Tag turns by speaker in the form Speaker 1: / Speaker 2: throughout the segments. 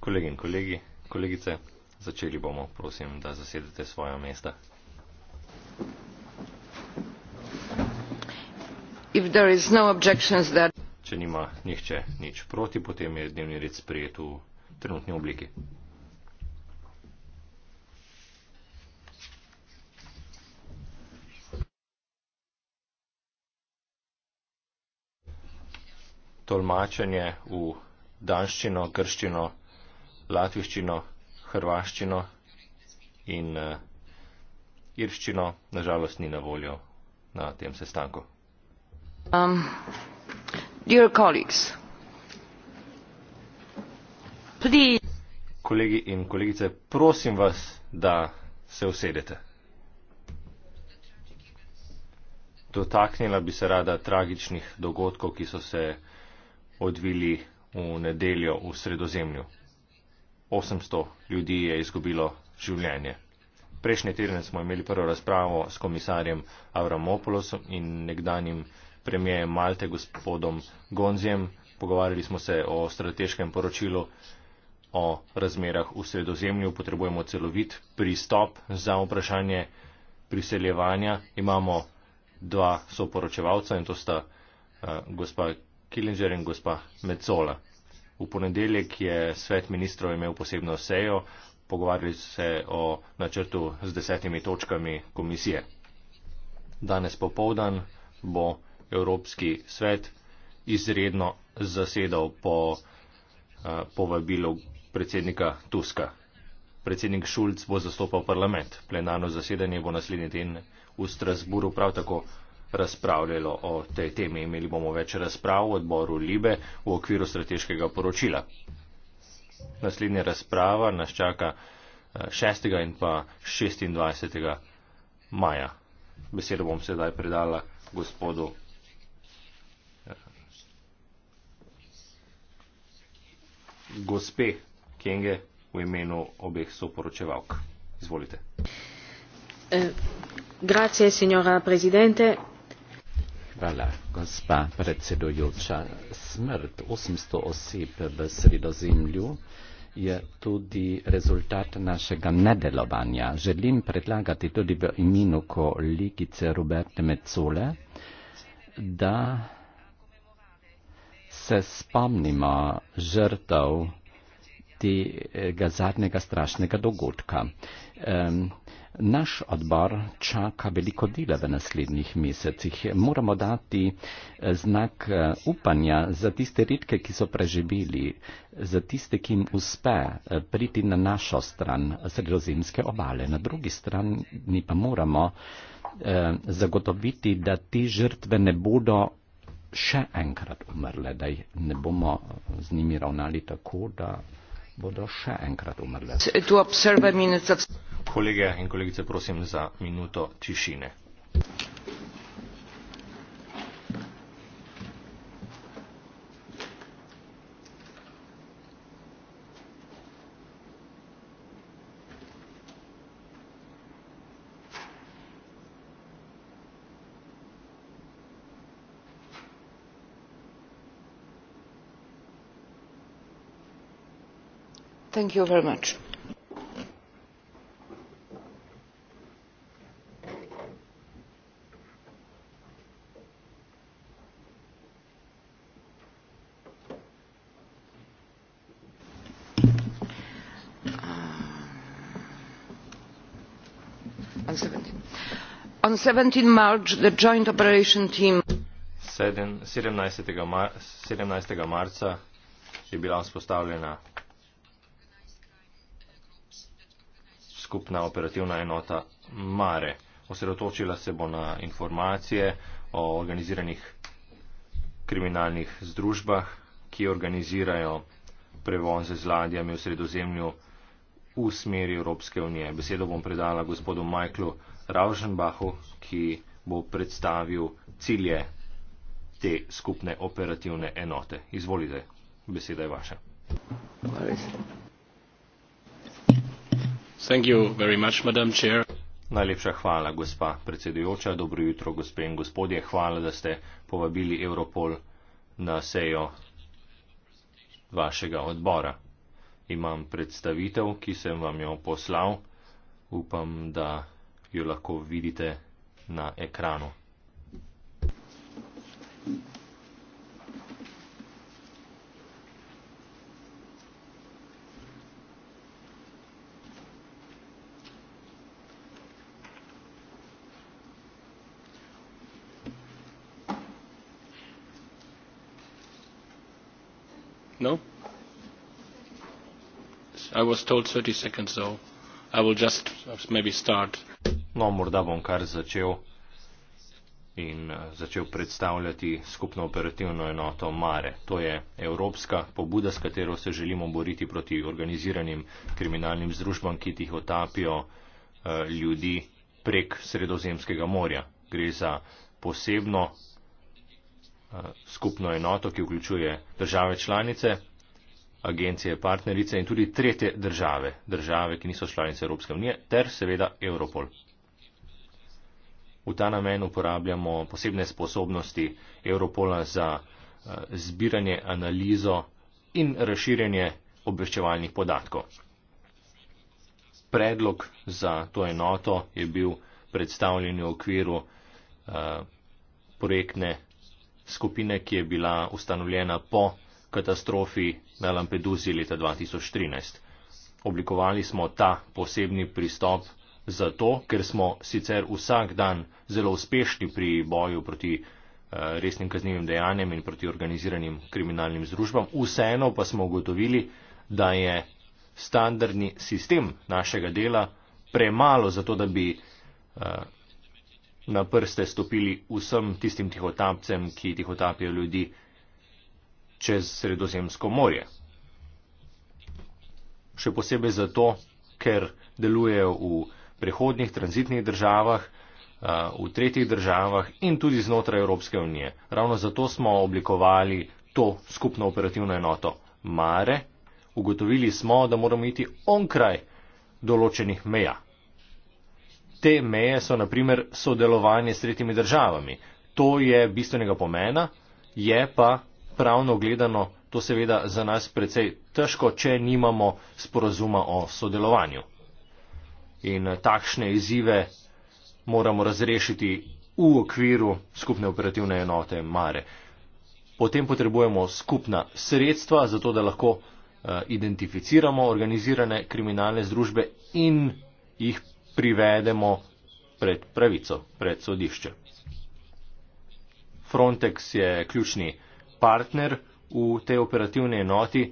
Speaker 1: kolegi in kolegice začeli bomo prosim da zasedete svoja mesta
Speaker 2: no
Speaker 1: če nima nihče nič proti potem je dnevni red sprejet v trenutni obliki tolmačenje v danščino, grščino, latviščino, hrvaščino in eh, irščino, nažalost, ni na voljo na tem sestanku.
Speaker 2: Um, dear colleagues, please.
Speaker 1: Kolegi in kolegice, prosim vas, da se usedete. Dotaknila bi se rada tragičnih dogodkov, ki so se odvili v nedeljo v sredozemlju. 800 ljudi je izgubilo življenje. Prejšnji teden smo imeli prvo razpravo s komisarjem Avramopolosom in nekdanjim premijejem Malte gospodom Gonzijem. Pogovarjali smo se o strateškem poročilu o razmerah v sredozemlju. Potrebujemo celovit pristop za vprašanje priseljevanja. Imamo dva soporočevalca in to sta uh, gospa Killinger in gospa Mecola. V ponedeljek je svet ministrov imel posebno sejo, pogovarjali se o načrtu z desetimi točkami komisije. Danes popovdan bo Evropski svet izredno zasedal po eh, povabilu predsednika Tuska. Predsednik Šulc bo zastopal parlament. Plenarno zasedanje bo naslednji teden v Strasburu prav tako razpravljalo o tej temi. Imeli bomo več razprav v odboru Libe v okviru strateškega poročila. Naslednja razprava nas čaka 6. Eh, in pa 26. maja. Besedo bom sedaj predala gospodu eh, gospe Kenge v imenu obeh soporočevalk. Izvolite.
Speaker 2: Eh, grazie, signora Presidente.
Speaker 3: Hvala, gospa predsedujoča. Smrt 800 oseb v sredozemlju je tudi rezultat našega nedelovanja. Želim predlagati tudi v imenu kolegice Roberte Mecole, da se spomnimo žrtev tega zadnjega strašnega dogodka. Um, Naš odbor čaka veliko dela v naslednjih mesecih. Moramo dati eh, znak eh, upanja za tiste redke, ki so preživeli, za tiste, ki jim uspe eh, priti na našo stran sredozemske obale. Na drugi strani pa moramo zagotoviti, da te žrtve ne bodo še enkrat umrle, da ne bomo z njimi ravnali tako, da bodo še enkrat umrle.
Speaker 1: Kolege in kolegice, prosim za minuto tišine.
Speaker 2: Thank you very much. On 17. March, the joint operation team
Speaker 1: 17. Mar 17. marca je bila vzpostavljena skupna operativna enota Mare. Osredotočila se bo na informacije o organiziranih kriminalnih združbah, ki organizirajo prevoze z ladjami v sredozemlju v smeri Evropske unije. Besedo bom predala gospodu Michaelu Rauschenbachu, ki bo predstavil cilje te skupne operativne enote. Izvolite, beseda je vaša. Najlepša hvala, gospa predsedujoča. Dobro jutro, gospe in gospodje. Hvala, da ste povabili Europol na sejo vašega odbora imam predstavitev, ki sem vam jo poslal. Upam, da jo lahko vidite na ekranu. No. Nope. I was told 30 seconds, so I will just maybe start. No, morda bom kar začel in eh, začel predstavljati skupno operativno enoto Mare. To je evropska pobuda, s katero se želimo boriti proti organiziranim kriminalnim združbam, ki tih otapijo eh, ljudi prek Sredozemskega morja. Gre za posebno eh, skupno enoto, ki vključuje države članice, agencije partnerice in tudi tretje države, države, ki niso članice Evropske unije, ter seveda Europol. V ta namen uporabljamo posebne sposobnosti Europola za eh, zbiranje, analizo in razširjanje obveščevalnih podatkov. Predlog za to enoto je bil predstavljen v okviru eh, projektne skupine, ki je bila ustanovljena po katastrofi na Lampeduzi leta 2013. Oblikovali smo ta posebni pristop zato, ker smo sicer vsak dan zelo uspešni pri boju proti eh, resnim kaznivim dejanjem in proti organiziranim kriminalnim združbam, vseeno pa smo ugotovili, da je standardni sistem našega dela premalo za to, da bi eh, na prste stopili vsem tistim tihotapcem, ki tihotapijo ljudi čez Sredozemsko morje. Še posebej zato, ker delujejo v prehodnih tranzitnih državah, eh, v tretjih državah in tudi znotraj Evropske unije. Ravno zato smo oblikovali to skupno operativno enoto Mare. Ugotovili smo, da moramo iti onkraj določenih meja. Te meje so naprimer sodelovanje s tretjimi državami. To je bistvenega pomena, je pa pravno gledano to seveda za nas precej težko, če nimamo sporazuma o sodelovanju. In eh, takšne izzive moramo razrešiti v okviru skupne operativne enote Mare. Potem potrebujemo skupna sredstva, zato da lahko eh, identificiramo organizirane kriminalne združbe in jih privedemo pred pravico, pred sodišče. Frontex je ključni partner v tej operativni enoti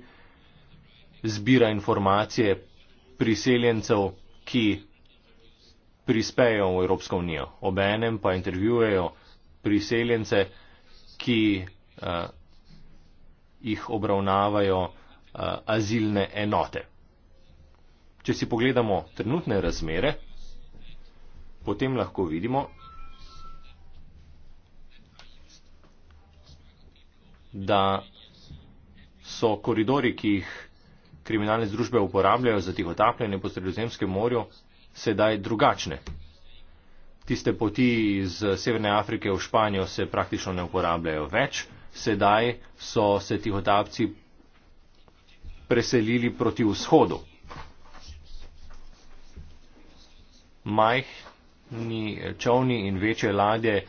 Speaker 1: zbira informacije priseljencev, ki prispejo v Evropsko unijo. Obenem pa intervjujejo priseljence, ki uh, jih obravnavajo uh, azilne enote. Če si pogledamo trenutne razmere, potem lahko vidimo, da so koridori, ki jih kriminalne združbe uporabljajo za tih otapljanje po sredozemskem morju, sedaj drugačne. Tiste poti iz Severne Afrike v Španijo se praktično ne uporabljajo več, sedaj so se tih otapci preselili proti vzhodu. Majhni čovni in večje ladje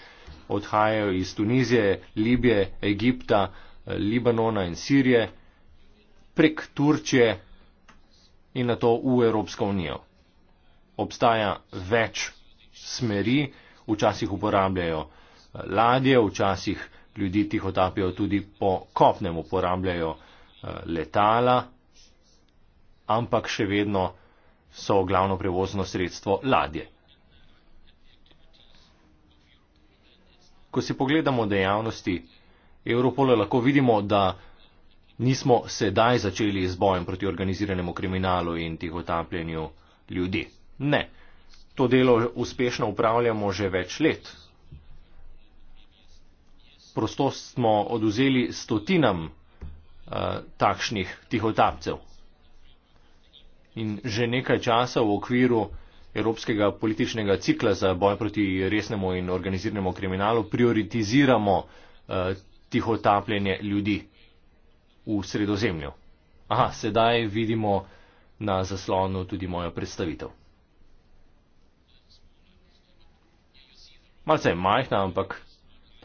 Speaker 1: odhajajo iz Tunizije, Libije, Egipta, eh, Libanona in Sirije prek Turčije in na to v Evropsko unijo. Obstaja več smeri, včasih uporabljajo eh, ladje, včasih ljudi tih otapijo tudi po kopnem, uporabljajo eh, letala, ampak še vedno so glavno prevozno sredstvo ladje. ko si pogledamo dejavnosti Europola, lahko vidimo, da nismo sedaj začeli z bojem proti organiziranemu kriminalu in tihotapljenju ljudi. Ne. To delo uspešno upravljamo že več let. Prostost smo oduzeli stotinam uh, takšnih tihotapcev. In že nekaj časa v okviru evropskega političnega cikla za boj proti resnemu in organiziranemu kriminalu prioritiziramo eh, tihotapljenje ljudi v sredozemlju. Aha, sedaj vidimo na zaslonu tudi mojo predstavitev. Malce je majhna, ampak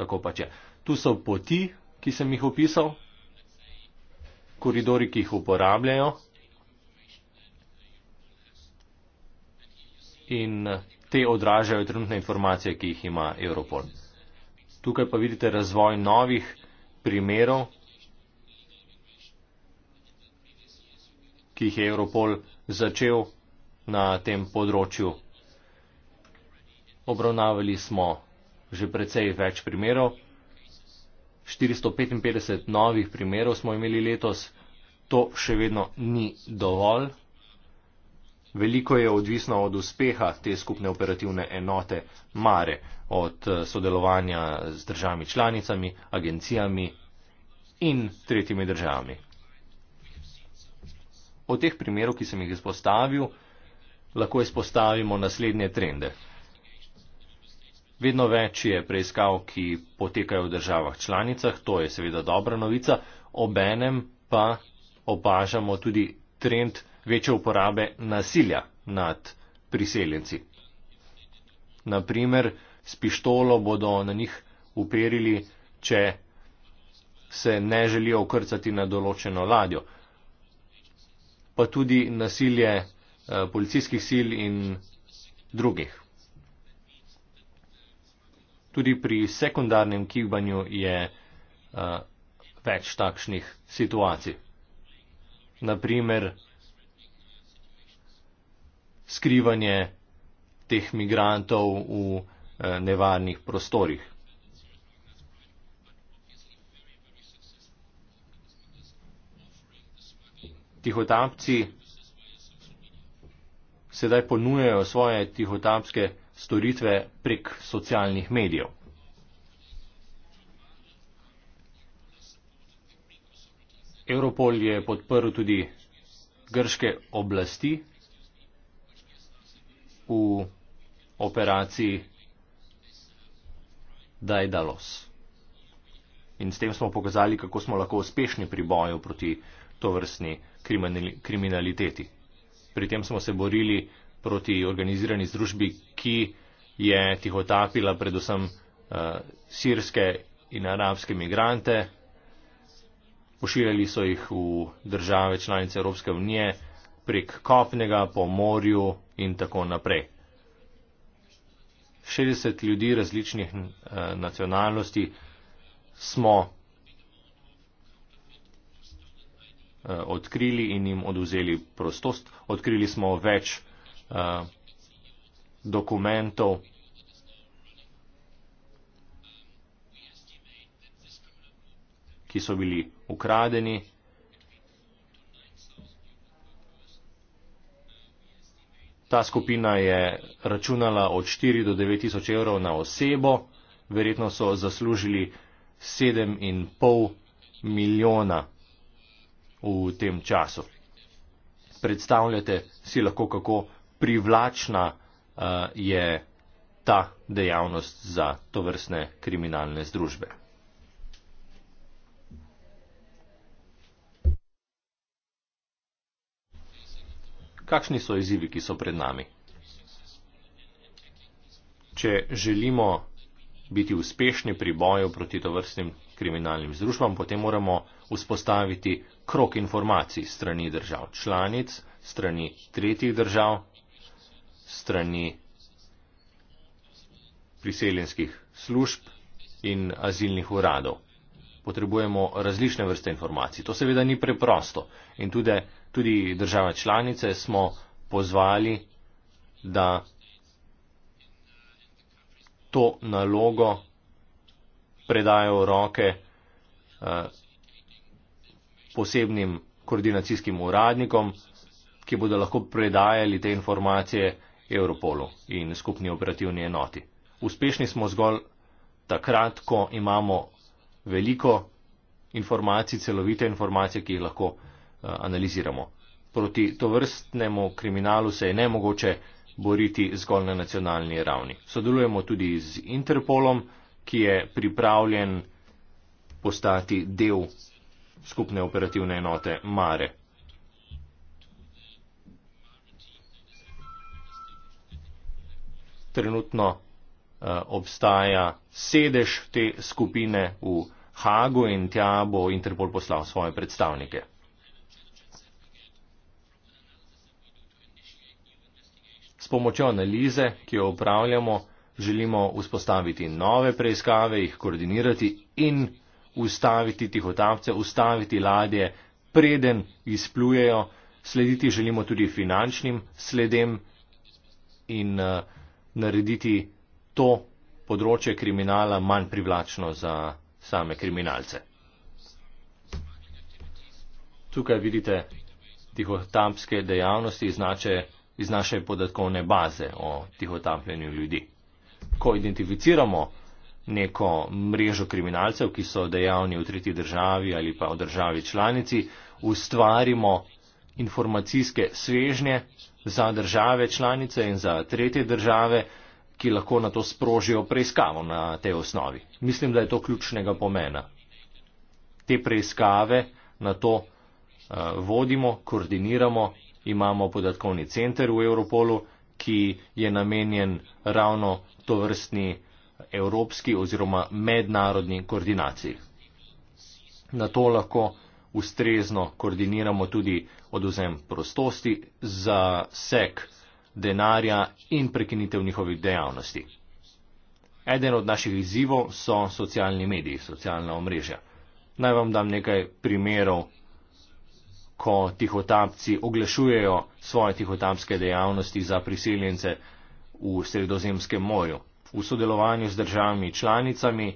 Speaker 1: tako pač je. Tu so poti, ki sem jih opisal, koridori, ki jih uporabljajo. in eh, te odražajo trenutne informacije, ki jih ima Europol. Tukaj pa vidite razvoj novih primerov, ki jih je Europol začel na tem področju. Obravnavali smo že precej več primerov. 455 novih primerov smo imeli letos. To še vedno ni dovolj. Veliko je odvisno od uspeha te skupne operativne enote Mare, od eh, sodelovanja z državami članicami, agencijami in tretjimi državami. Od teh primerov, ki sem jih izpostavil, lahko izpostavimo naslednje trende. Vedno več je preiskav, ki potekajo v državah članicah, to je seveda dobra novica, obenem pa opažamo tudi trend, večje uporabe nasilja nad priseljenci. Naprimer, s pištolo bodo na njih uperili, če se ne želijo okrcati na določeno ladjo. Pa tudi nasilje eh, policijskih sil in drugih. Tudi pri sekundarnem kibanju je uh, več takšnih situacij. Naprimer, skrivanje teh migrantov v eh, nevarnih prostorih. Tihotapci sedaj ponujejo svoje tihotapske storitve prek socialnih medijev. Europol je podprl tudi grške oblasti, v operaciji Daedalus. In s tem smo pokazali, kako smo lahko uspešni pri boju proti to vrstni kriminaliteti. Pri tem smo se borili proti organizirani združbi, ki je tihotapila predvsem uh, sirske in arabske migrante. Pošiljali so jih v države članice Evropske unije prek kopnega po morju in tako naprej. 60 ljudi različnih eh, nacionalnosti smo eh, odkrili in jim oduzeli prostost. Odkrili smo več eh, dokumentov. ki so bili ukradeni Ta skupina je računala od 4 do 9 tisoč evrov na osebo, verjetno so zaslužili 7,5 milijona v tem času. Predstavljate si lahko, kako privlačna uh, je ta dejavnost za to vrstne kriminalne združbe. kakšni so izzivi, ki so pred nami. Če želimo biti uspešni pri boju proti tovrstnim kriminalnim združbam, potem moramo vzpostaviti krok informacij strani držav članic, strani tretjih držav, strani priseljenskih služb in azilnih uradov. Potrebujemo različne vrste informacij. To seveda ni preprosto in tudi tudi država članice smo pozvali, da to nalogo predajo v roke eh, posebnim koordinacijskim uradnikom, ki bodo lahko predajali te informacije Europolu in skupni operativni enoti. Uspešni smo zgolj takrat, ko imamo veliko informacij, celovite informacije, ki jih lahko predajamo. Eh, analiziramo. Proti to vrstnemu kriminalu se je nemogoče boriti zgolj na nacionalni ravni. Sodelujemo tudi z Interpolom, ki je pripravljen postati del skupne operativne enote Mare. Trenutno uh, obstaja sedež te skupine v Hagu in tja bo Interpol poslal svoje predstavnike. pomočjo analize, ki jo upravljamo, želimo vzpostaviti nove preiskave, jih koordinirati in ustaviti tihotapce, ustaviti ladje, preden izplujejo, slediti želimo tudi finančnim sledem in uh, narediti to področje kriminala manj privlačno za same kriminalce. Tukaj vidite tihotapske dejavnosti, znače iz naše podatkovne baze o tihotapljenju ljudi. Ko identificiramo neko mrežo kriminalcev, ki so dejavni v tretji državi ali pa v državi članici, ustvarimo informacijske svežnje za države članice in za tretje države, ki lahko na to sprožijo preiskavo na tej osnovi. Mislim, da je to ključnega pomena. Te preiskave na to uh, vodimo, koordiniramo imamo podatkovni center v Europolu, ki je namenjen ravno to vrstni evropski oziroma mednarodni koordinaciji. Na to lahko ustrezno koordiniramo tudi oduzem prostosti za sek denarja in prekinitev njihovih dejavnosti. Eden od naših izzivov so socialni mediji, socialna omrežja. Naj vam dam nekaj primerov ko tihotapci oglašujejo svoje tihotapske dejavnosti za priseljence v Sredozemskem morju. V sodelovanju z državami članicami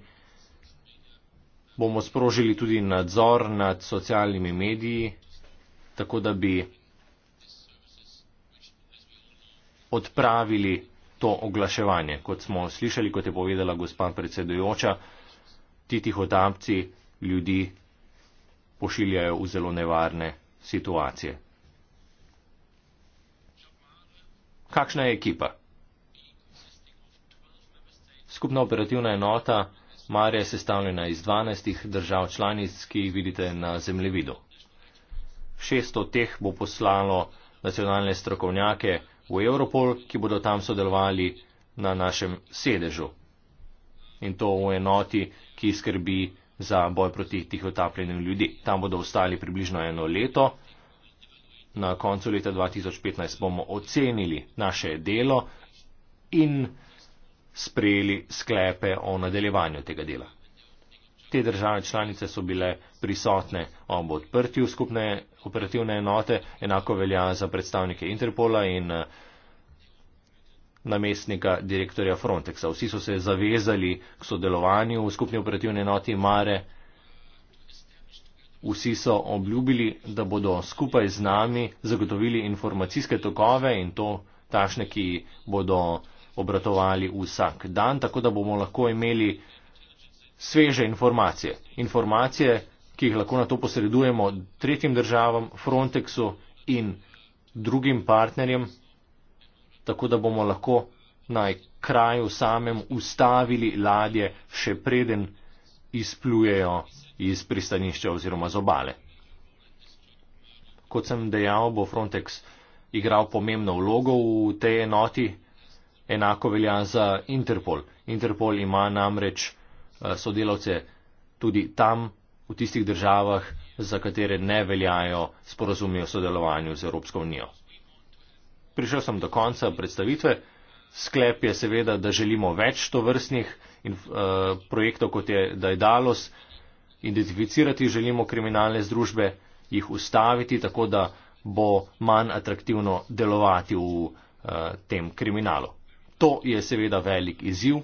Speaker 1: bomo sprožili tudi nadzor nad socialnimi mediji, tako da bi odpravili to oglaševanje. Kot smo slišali, kot je povedala gospa predsedujoča, ti tihotapci ljudi pošiljajo v zelo nevarne situacije. Kakšna je ekipa? Skupna operativna enota Marija je sestavljena iz 12 držav članic, ki jih vidite na zemljevidu. Šest od teh bo poslalo nacionalne strokovnjake v Europol, ki bodo tam sodelovali na našem sedežu. In to v enoti, ki skrbi za boj proti tihotapljenju ljudi. Tam bodo ostali približno eno leto. Na koncu leta 2015 bomo ocenili naše delo in sprejeli sklepe o nadaljevanju tega dela. Te države članice so bile prisotne ob odprtju skupne operativne enote, enako velja za predstavnike Interpola in uh, namestnika direktorja Frontexa. Vsi so se zavezali k sodelovanju v skupni operativni enoti Mare. Vsi so obljubili, da bodo skupaj z nami zagotovili informacijske tokove in to tašne, ki bodo obratovali vsak dan, tako da bomo lahko imeli sveže informacije. Informacije, ki jih lahko na to posredujemo tretjim državam, Frontexu in drugim partnerjem tako da bomo lahko na kraju samem ustavili ladje, še preden izplujejo iz pristanišča oziroma z obale. Kot sem dejal, bo Frontex igral pomembno vlogo v tej enoti, enako velja za Interpol. Interpol ima namreč eh, sodelavce tudi tam, v tistih državah, za katere ne veljajo sporozumijo sodelovanju z Evropsko unijo prišel sem do konca predstavitve. Sklep je seveda, da želimo več to vrstnih in, uh, projektov, kot je Daedalus. Identificirati želimo kriminalne združbe, jih ustaviti, tako da bo manj atraktivno delovati v uh, tem kriminalu. To je seveda velik izziv.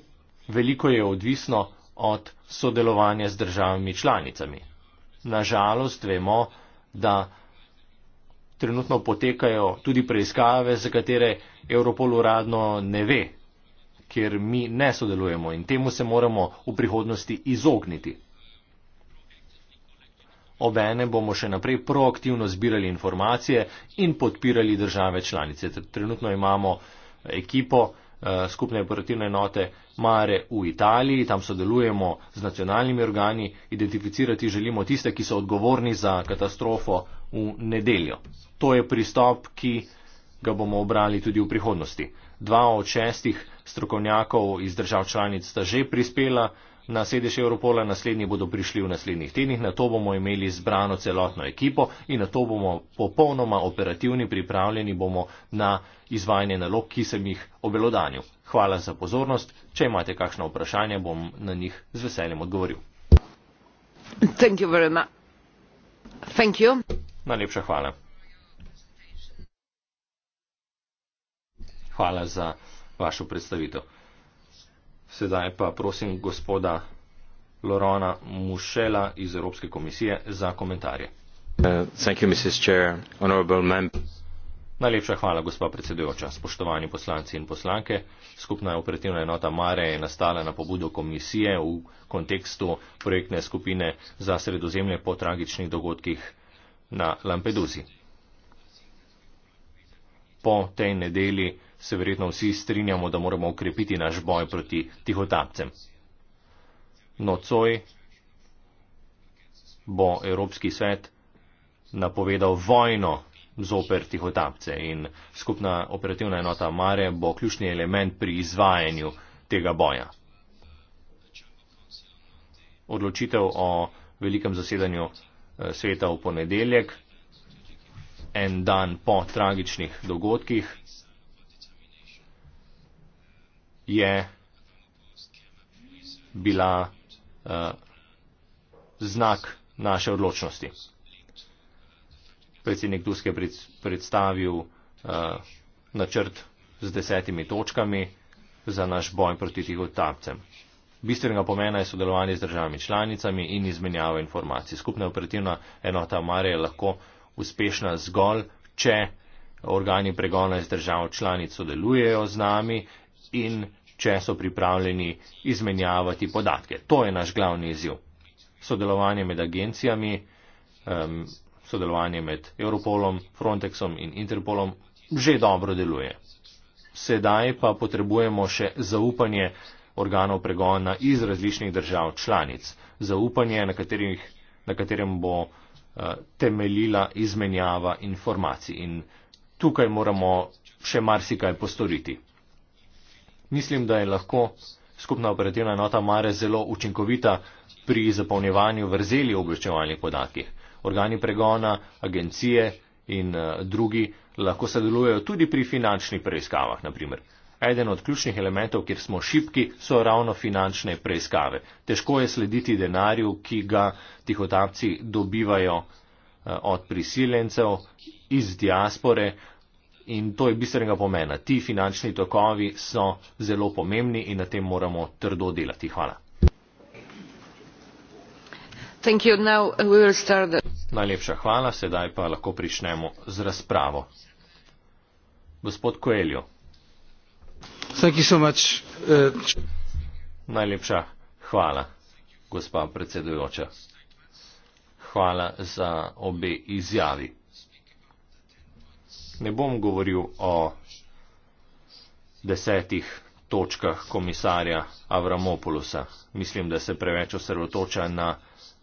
Speaker 1: Veliko je odvisno od sodelovanja z državami članicami. Nažalost, vemo, da trenutno potekajo tudi preiskave, za katere Europol uradno ne ve, ker mi ne sodelujemo in temu se moramo v prihodnosti izogniti. Obene bomo še naprej proaktivno zbirali informacije in podpirali države članice. Trenutno imamo eh, ekipo eh, skupne operativne enote Mare v Italiji, tam sodelujemo z nacionalnimi organi, identificirati želimo tiste, ki so odgovorni za katastrofo v nedeljo. To je pristop, ki ga bomo obrali tudi v prihodnosti. Dva od šestih strokovnjakov iz držav članic sta že prispela na sedež Europola, naslednji bodo prišli v naslednjih tednih, na to bomo imeli zbrano celotno ekipo in na to bomo popolnoma operativni, pripravljeni bomo na izvajanje nalog, ki sem jih obelodanil. Hvala za pozornost. Če imate kakšno vprašanje, bom na njih z veseljem odgovoril.
Speaker 2: Thank you very much. Thank you.
Speaker 1: Najlepša hvala. Hvala za vašo predstavitev. Sedaj pa prosim gospoda Lorona Mušela iz Evropske komisije za komentarje. Uh, Najlepša hvala, gospa predsedujoča. Spoštovani poslanci in poslanke, skupna operativna enota Mare je nastala na pobudo komisije v kontekstu projektne skupine za sredozemlje po tragičnih dogodkih na Lampedusi. Po tej nedelji se verjetno vsi strinjamo, da moramo ukrepiti naš boj proti tihotapcem. Nocoj bo Evropski svet napovedal vojno zoper tihotapce in skupna operativna enota Mare bo ključni element pri izvajanju tega boja. Odločitev o velikem zasedanju Eh, sveta v ponedeljek, en dan po tragičnih dogodkih, je bila uh, znak naše odločnosti. Predsednik Tusk je predstavil uh, načrt z desetimi točkami za naš boj proti tih otapcem. Bistvenega pomena je sodelovanje z državami članicami in izmenjava informacij. Skupna operativna enota Mare je lahko uspešna zgolj, če organi pregona iz držav članic sodelujejo z nami in če so pripravljeni izmenjavati podatke. To je naš glavni izziv. Sodelovanje med agencijami, um, sodelovanje med Europolom, Frontexom in Interpolom že dobro deluje. Sedaj pa potrebujemo še zaupanje organov pregona iz različnih držav članic. Zaupanje, na, katerih, na katerem bo uh, temeljila izmenjava informacij. In tukaj moramo še marsikaj postoriti. Mislim, da je lahko skupna operativna enota Mare zelo učinkovita pri zapolnjevanju vrzeli obveščevalnih podatkih. Organi pregona, agencije in uh, drugi lahko sodelujejo tudi pri finančnih preiskavah, naprimer. Uh, eden od ključnih elementov, kjer smo šipki, so ravno finančne preiskave. Težko je slediti denarju, ki ga tihotapci dobivajo eh, od prisilencev iz diaspore in to je bistvenega pomena. Ti finančni tokovi so zelo pomembni in na tem moramo trdo delati. Hvala.
Speaker 2: Uh, the...
Speaker 1: Najlepša hvala, sedaj pa lahko prišnemo z razpravo. Gospod Koeljo. Uh, Najlepša hvala, gospa predsedujoča. Hvala za obe izjavi. Ne bom govoril o desetih točkah komisarja Avramopolusa. Mislim, da se preveč osredotoča na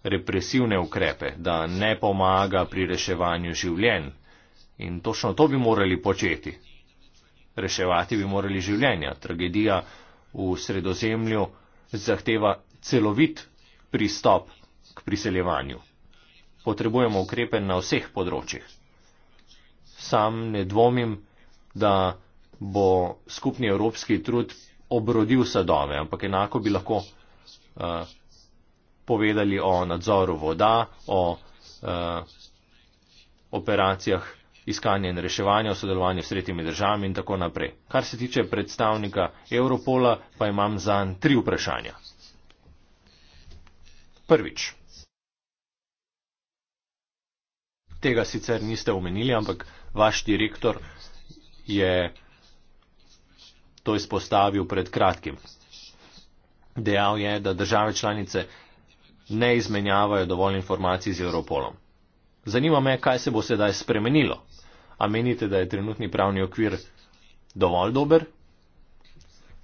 Speaker 1: represivne ukrepe, da ne pomaga pri reševanju življenj. In točno to bi morali početi, reševati bi morali življenja. Tragedija v sredozemlju zahteva celovit pristop k priseljevanju. Potrebujemo ukrepe na vseh področjih. Sam ne dvomim, da bo skupni evropski trud obrodil sadove, ampak enako bi lahko uh, povedali o nadzoru voda, o uh, operacijah iskanje in reševanje v sodelovanju s tretjimi državami in tako naprej. Kar se tiče predstavnika Europola, pa imam za tri vprašanja. Prvič. Tega sicer niste omenili, ampak vaš direktor je to izpostavil pred kratkim. Dejal je, da države članice ne izmenjavajo dovolj informacij z Europolom. Zanima me, kaj se bo sedaj spremenilo, A menite, da je trenutni pravni okvir dovolj dober?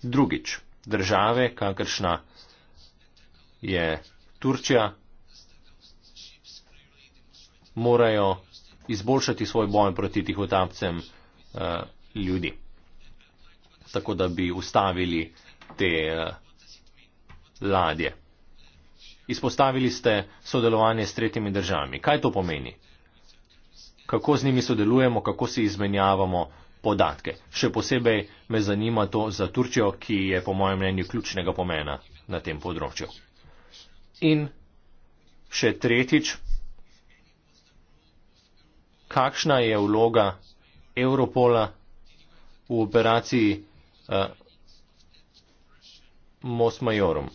Speaker 1: Drugič, države, kakršna je Turčija, morajo izboljšati svoj boj proti tihotapcem eh, ljudi, tako da bi ustavili te eh, ladje. Izpostavili ste sodelovanje s tretjimi državami. Kaj to pomeni? kako z njimi sodelujemo, kako si izmenjavamo podatke. Še posebej me zanima to za Turčijo, ki je po mojem mnenju ključnega pomena na tem področju. In še tretjič, kakšna je vloga Europola v operaciji uh, eh, Mos Majorum?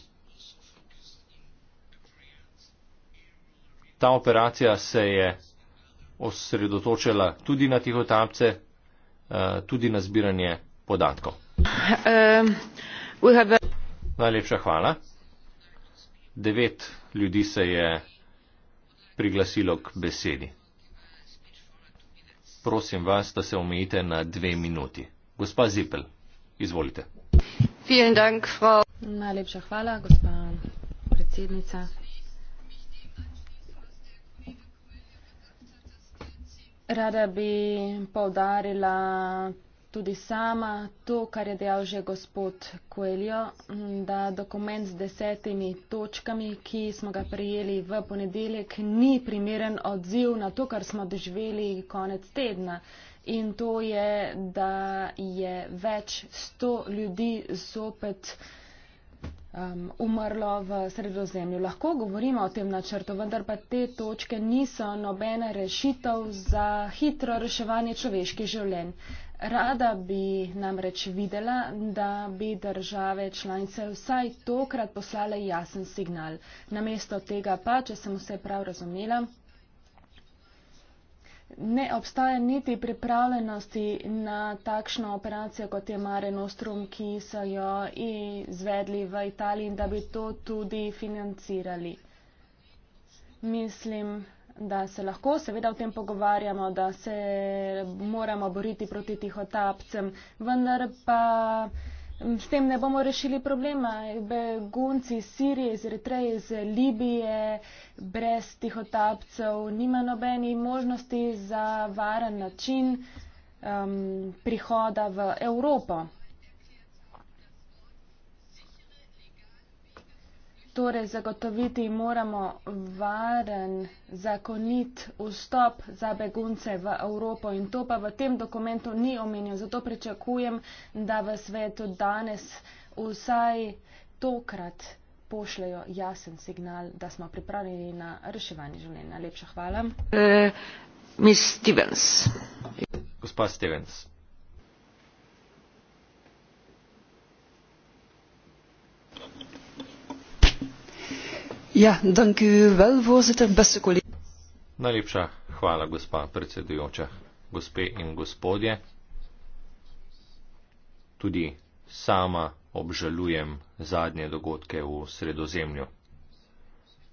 Speaker 1: Ta operacija se je osredotočila tudi na tihotapce, eh, tudi na zbiranje podatkov.
Speaker 2: Uh, a...
Speaker 1: Najlepša hvala. Devet ljudi se je priglasilo k besedi. Prosim vas, da se omejite na dve minuti. Gospa Zipel, izvolite.
Speaker 2: Dank, Najlepša hvala, gospa predsednica. Rada bi povdarila tudi sama to, kar je dejal že gospod Koeljo, da dokument s desetimi točkami, ki smo ga prijeli v ponedeljek, ni primeren odziv na to, kar smo doživeli konec tedna. In to je, da je več sto ljudi zopet um, umrlo v sredozemlju. Lahko govorimo o tem načrtu, vendar pa te točke niso nobena rešitev za hitro reševanje človeških življenj. Rada bi namreč videla, da bi države članice vsaj tokrat poslale jasen signal. Namesto tega pa, če sem vse prav razumela, ne obstaja niti pripravljenosti na takšno operacijo, kot je Mare Nostrum, ki so jo izvedli v Italiji in da bi to tudi financirali. Mislim, da se lahko seveda o tem pogovarjamo, da se moramo boriti proti tihotapcem, vendar pa s tem ne bomo rešili problema. Begunci iz Sirije, iz Eritreje, iz Libije, brez tih otapcev, nima nobeni možnosti za varen način um, prihoda v Evropo. Torej, zagotoviti moramo varen, zakonit vstop za begunce v Evropo in to pa v tem dokumentu ni omenjeno. Zato pričakujem, da v svetu danes vsaj tokrat pošljajo jasen signal, da smo pripravljeni na reševanje življenja. Najlepša hvala.
Speaker 3: Uh, Miss Stevens. Gospod
Speaker 1: Stevens.
Speaker 2: Ja, dank u wel, voorzitter, beste collega's.
Speaker 1: Najlepša hvala, gospa predsedujoča, gospe in gospodje. Tudi sama obžalujem zadnje dogodke v sredozemlju.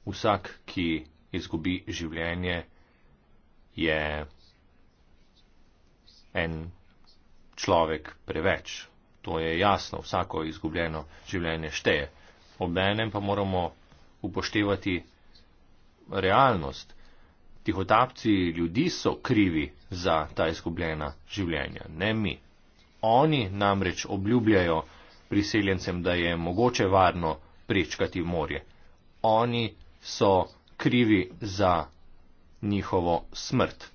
Speaker 1: Vsak, ki izgubi življenje, je en človek preveč. To je jasno, vsako izgubljeno življenje šteje. Obenem pa moramo upoštevati realnost. Tihotapci ljudi so krivi za ta izgubljena življenja, ne mi. Oni namreč obljubljajo priseljencem, da je mogoče varno prečkati morje. Oni so krivi za njihovo smrt.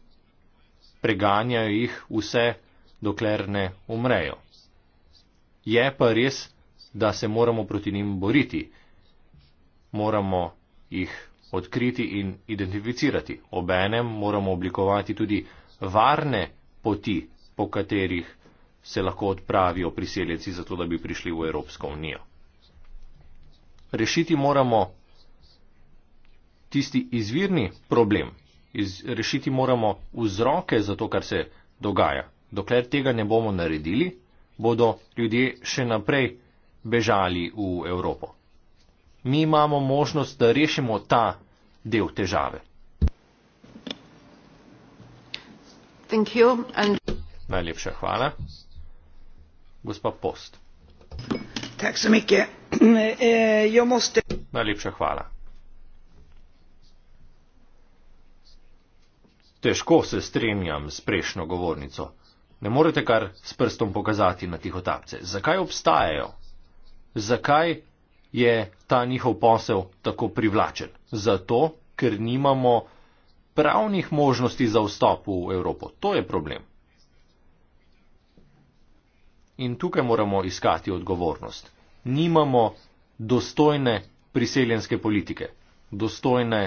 Speaker 1: Preganjajo jih vse, dokler ne umrejo. Je pa res, da se moramo proti njim boriti moramo jih odkriti in identificirati. Obenem moramo oblikovati tudi varne poti, po katerih se lahko odpravijo priseljenci, zato da bi prišli v Evropsko unijo. Rešiti moramo tisti izvirni problem, iz, rešiti moramo vzroke za to, kar se dogaja. Dokler tega ne bomo naredili, bodo ljudje še naprej bežali v Evropo mi imamo možnost, da rešimo ta del težave. And... Najlepša hvala. Gospa Post. Eh, Najlepša hvala. Težko se strinjam s prejšnjo govornico. Ne morete kar s prstom pokazati na tihotapce. Zakaj obstajajo? Zakaj je ta njihov posel tako privlačen. Zato, ker nimamo pravnih možnosti za vstop v Evropo. To je problem. In tukaj moramo iskati odgovornost. Nimamo dostojne priseljenske politike, dostojne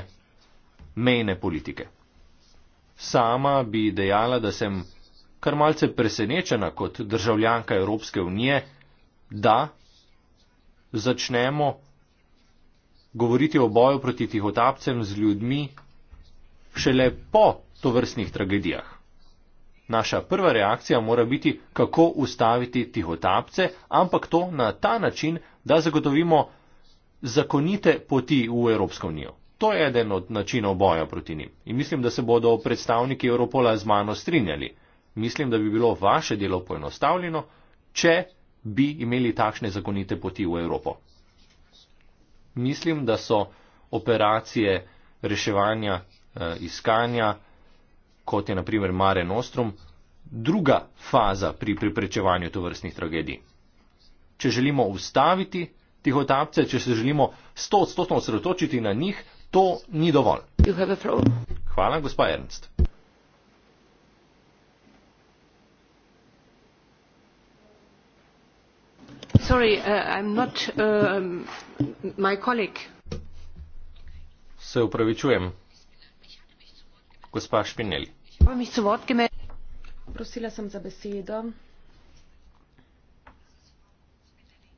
Speaker 1: mejne politike. Sama bi dejala, da sem kar malce presenečena kot državljanka Evropske unije, da začnemo govoriti o boju proti tihotapcem z ljudmi šele po tovrstnih tragedijah. Naša prva reakcija mora biti, kako ustaviti tihotapce, ampak to na ta način, da zagotovimo zakonite poti v Evropsko unijo. To je eden od načinov boja proti njim. In mislim, da se bodo predstavniki Evropola z mano strinjali. Mislim, da bi bilo vaše delo poenostavljeno, če bi imeli takšne zakonite poti v Evropo. Mislim, da so operacije reševanja eh, iskanja, kot je naprimer Mare Nostrum, druga faza pri preprečevanju tovrstnih tragedij. Če želimo ustaviti tihotapce, če se želimo sto odstotno osredotočiti na njih, to ni dovolj. Hvala, gospa Ernst.
Speaker 2: Uh, um,
Speaker 1: se upravičujem. Gospa Špinel.
Speaker 2: Prosila sem za besedo.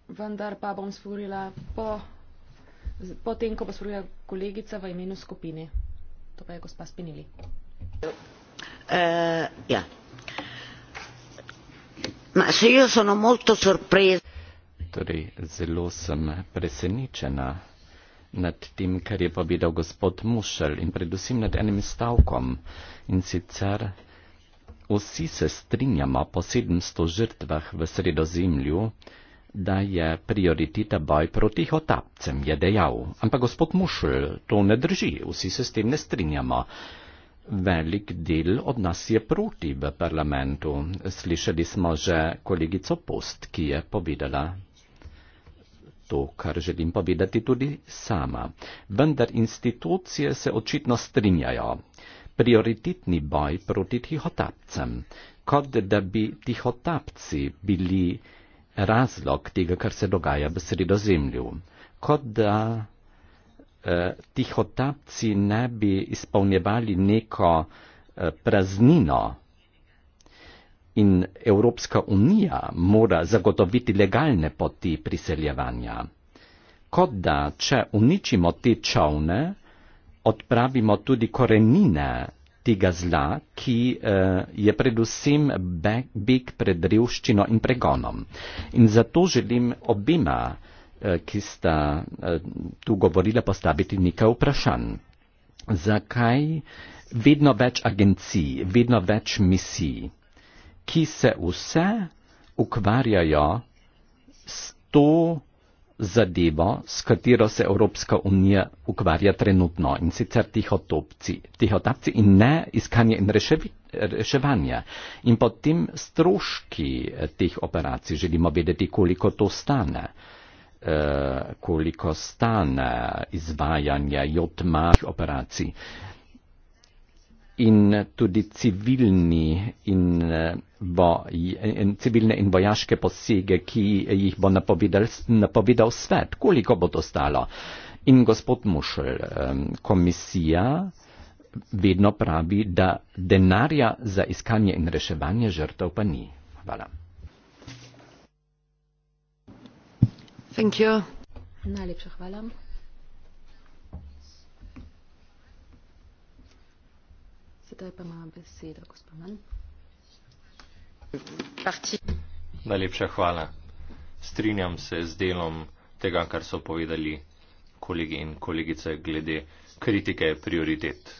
Speaker 2: Vendar pa bom spurila po, po tem, ko bo spurila kolegica v imenu skupine. To pa je gospa Spinili. Uh,
Speaker 3: eh, ja. Ma se jo sono molto sorpresa torej zelo sem presenečena nad tem, kar je povedal gospod Mušel in predvsem nad enim stavkom in sicer vsi se strinjamo po 700 žrtvah v sredozemlju, da je prioriteta boj proti hotapcem, je dejal. Ampak gospod Mušel, to ne drži, vsi se s tem ne strinjamo. Velik del od nas je proti v parlamentu. Slišali smo že kolegico Post, ki je povedala to, kar želim povedati tudi sama. Vendar institucije se očitno strinjajo. Prioritetni boj proti tihotapcem, kot da bi tihotapci bili razlog tega, kar se dogaja v sredozemlju, kot da eh, tihotapci ne bi izpolnjevali neko eh, praznino in Evropska unija mora zagotoviti legalne poti priseljevanja. Kot da, če uničimo te čovne, odpravimo tudi korenine tega zla, ki eh, je predvsem beg pred revščino in pregonom. In zato želim obima, eh, ki sta eh, tu govorila, postaviti nekaj vprašanj. Zakaj vedno več agencij, vedno več misij? ki se vse ukvarjajo s to zadevo, s katero se Evropska unija ukvarja trenutno in sicer tihotopci, tihotapci in ne iskanje in reševi, reševanje. In potem stroški eh, teh operacij, želimo vedeti, koliko to stane, e, koliko stane izvajanje jotmah operacij in tudi civilni in eh, boj, in civilne in vojaške posege, ki jih bo napovedal, napovedal svet, koliko bo to stalo. In gospod Mušel, eh, komisija vedno pravi, da denarja za iskanje in reševanje žrtev pa ni. Hvala.
Speaker 2: Najlepša hvala. Zdaj pa ima besedo gospod Man.
Speaker 1: Najlepša hvala. Strinjam se z delom tega, kar so povedali kolegi in kolegice glede kritike prioritet.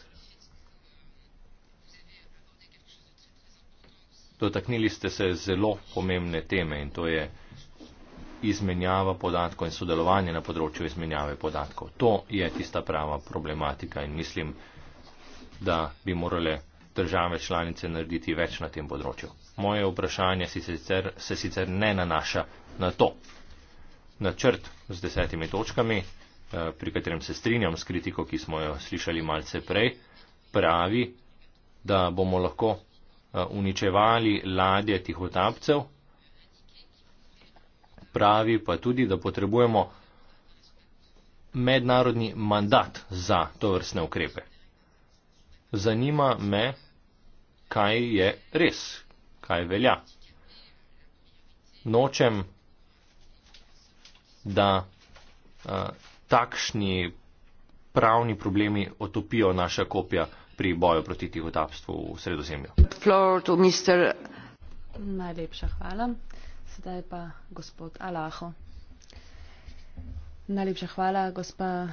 Speaker 1: Dotaknili ste se zelo pomembne teme in to je izmenjava podatkov in sodelovanje na področju izmenjave podatkov. To je tista prava problematika in mislim, da bi morale države članice narediti več na tem področju. Moje vprašanje si sicer, se sicer ne nanaša na to. Načrt z desetimi točkami, eh, pri katerem se strinjam s kritiko, ki smo jo slišali malce prej, pravi, da bomo lahko eh, uničevali ladje tihotapcev, pravi pa tudi, da potrebujemo mednarodni mandat za to vrstne ukrepe zanima me, kaj je res, kaj velja. Nočem, da a, takšni pravni problemi otopijo naša kopija pri boju proti tihotapstvu v sredozemlju.
Speaker 2: Najlepša hvala. Sedaj pa gospod Alaho. Najlepša hvala, gospa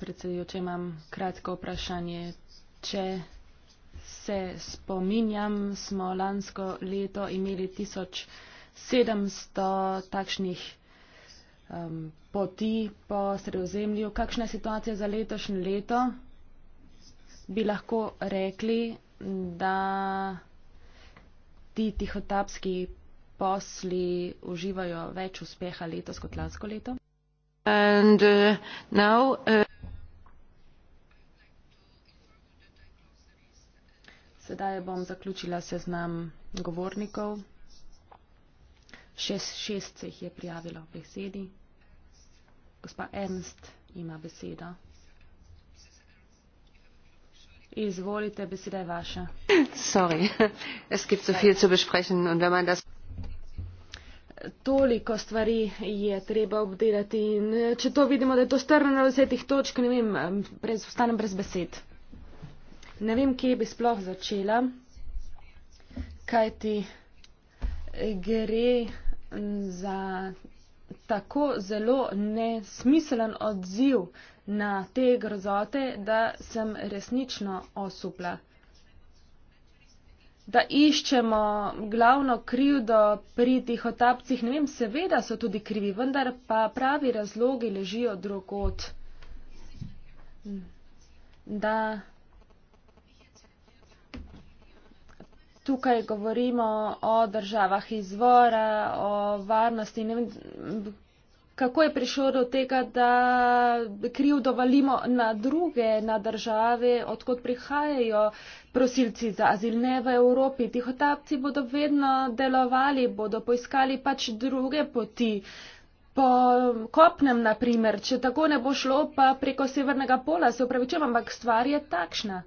Speaker 2: predsedujoča. Imam kratko vprašanje če se spominjam, smo lansko leto imeli 1700 takšnih um, poti po sredozemlju. Kakšna je situacija za letošnje leto? Bi lahko rekli, da ti tihotapski posli uživajo več uspeha letos kot lansko leto? And, uh, now, uh Sedaj bom zaključila seznam govornikov. Šest, šest se jih je prijavilo v besedi. Gospa Ernst ima besedo. Izvolite, beseda je vaša. Sorry, es gibt so viel zu besprechen und wenn man das... Toliko stvari je treba obdelati in eh, če to vidimo, da je to strno na vse tih točk, ne vem, eh, brez, ostanem brez besed ne vem, kje bi sploh začela, kajti eh, gre mm, za tako zelo nesmiselen odziv na te grozote, da sem resnično osupla. Da iščemo glavno krivdo pri tih otapcih, ne vem, seveda so tudi krivi, vendar pa pravi razlogi ležijo drugot. Da tukaj govorimo o državah izvora, o varnosti. Ne, kako je prišlo do tega, da krivdo valimo na druge, na države, odkot prihajajo prosilci za azil, ne v Evropi. Tihotapci bodo vedno delovali, bodo poiskali pač druge poti. Po kopnem, naprimer, če tako ne bo šlo, pa preko severnega pola se upravičujem, ampak stvar je takšna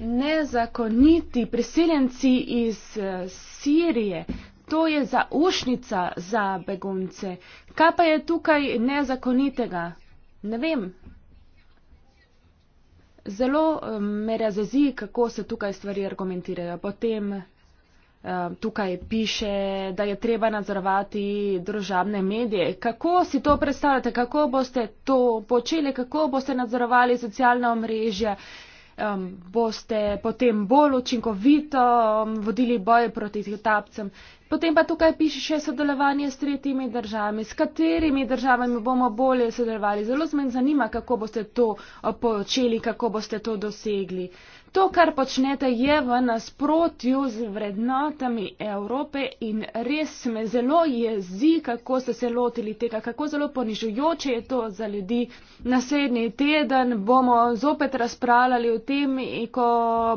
Speaker 2: nezakoniti priseljenci iz eh, Sirije. To je zaušnica za begunce. Kaj pa je tukaj nezakonitega? Ne vem. Zelo eh, me razezi, kako se tukaj stvari argumentirajo. Potem eh, tukaj piše, da je treba nadzorovati državne medije. Kako si to predstavljate? Kako boste to počeli? Kako boste nadzorovali socialna omrežja? um, boste potem bolj učinkovito um, vodili boje proti tapcem. Potem pa tukaj piše še sodelovanje s tretjimi državami. S katerimi državami bomo bolje sodelovali? Zelo me zanima, kako boste to eh, počeli, kako boste to dosegli. Uh, To, kar počnete, je v nasprotju z vrednotami Evrope in res me zelo jezi, kako ste se lotili tega, kako zelo ponižujoče je to za ljudi. Naslednji teden bomo zopet razpravljali o tem, ko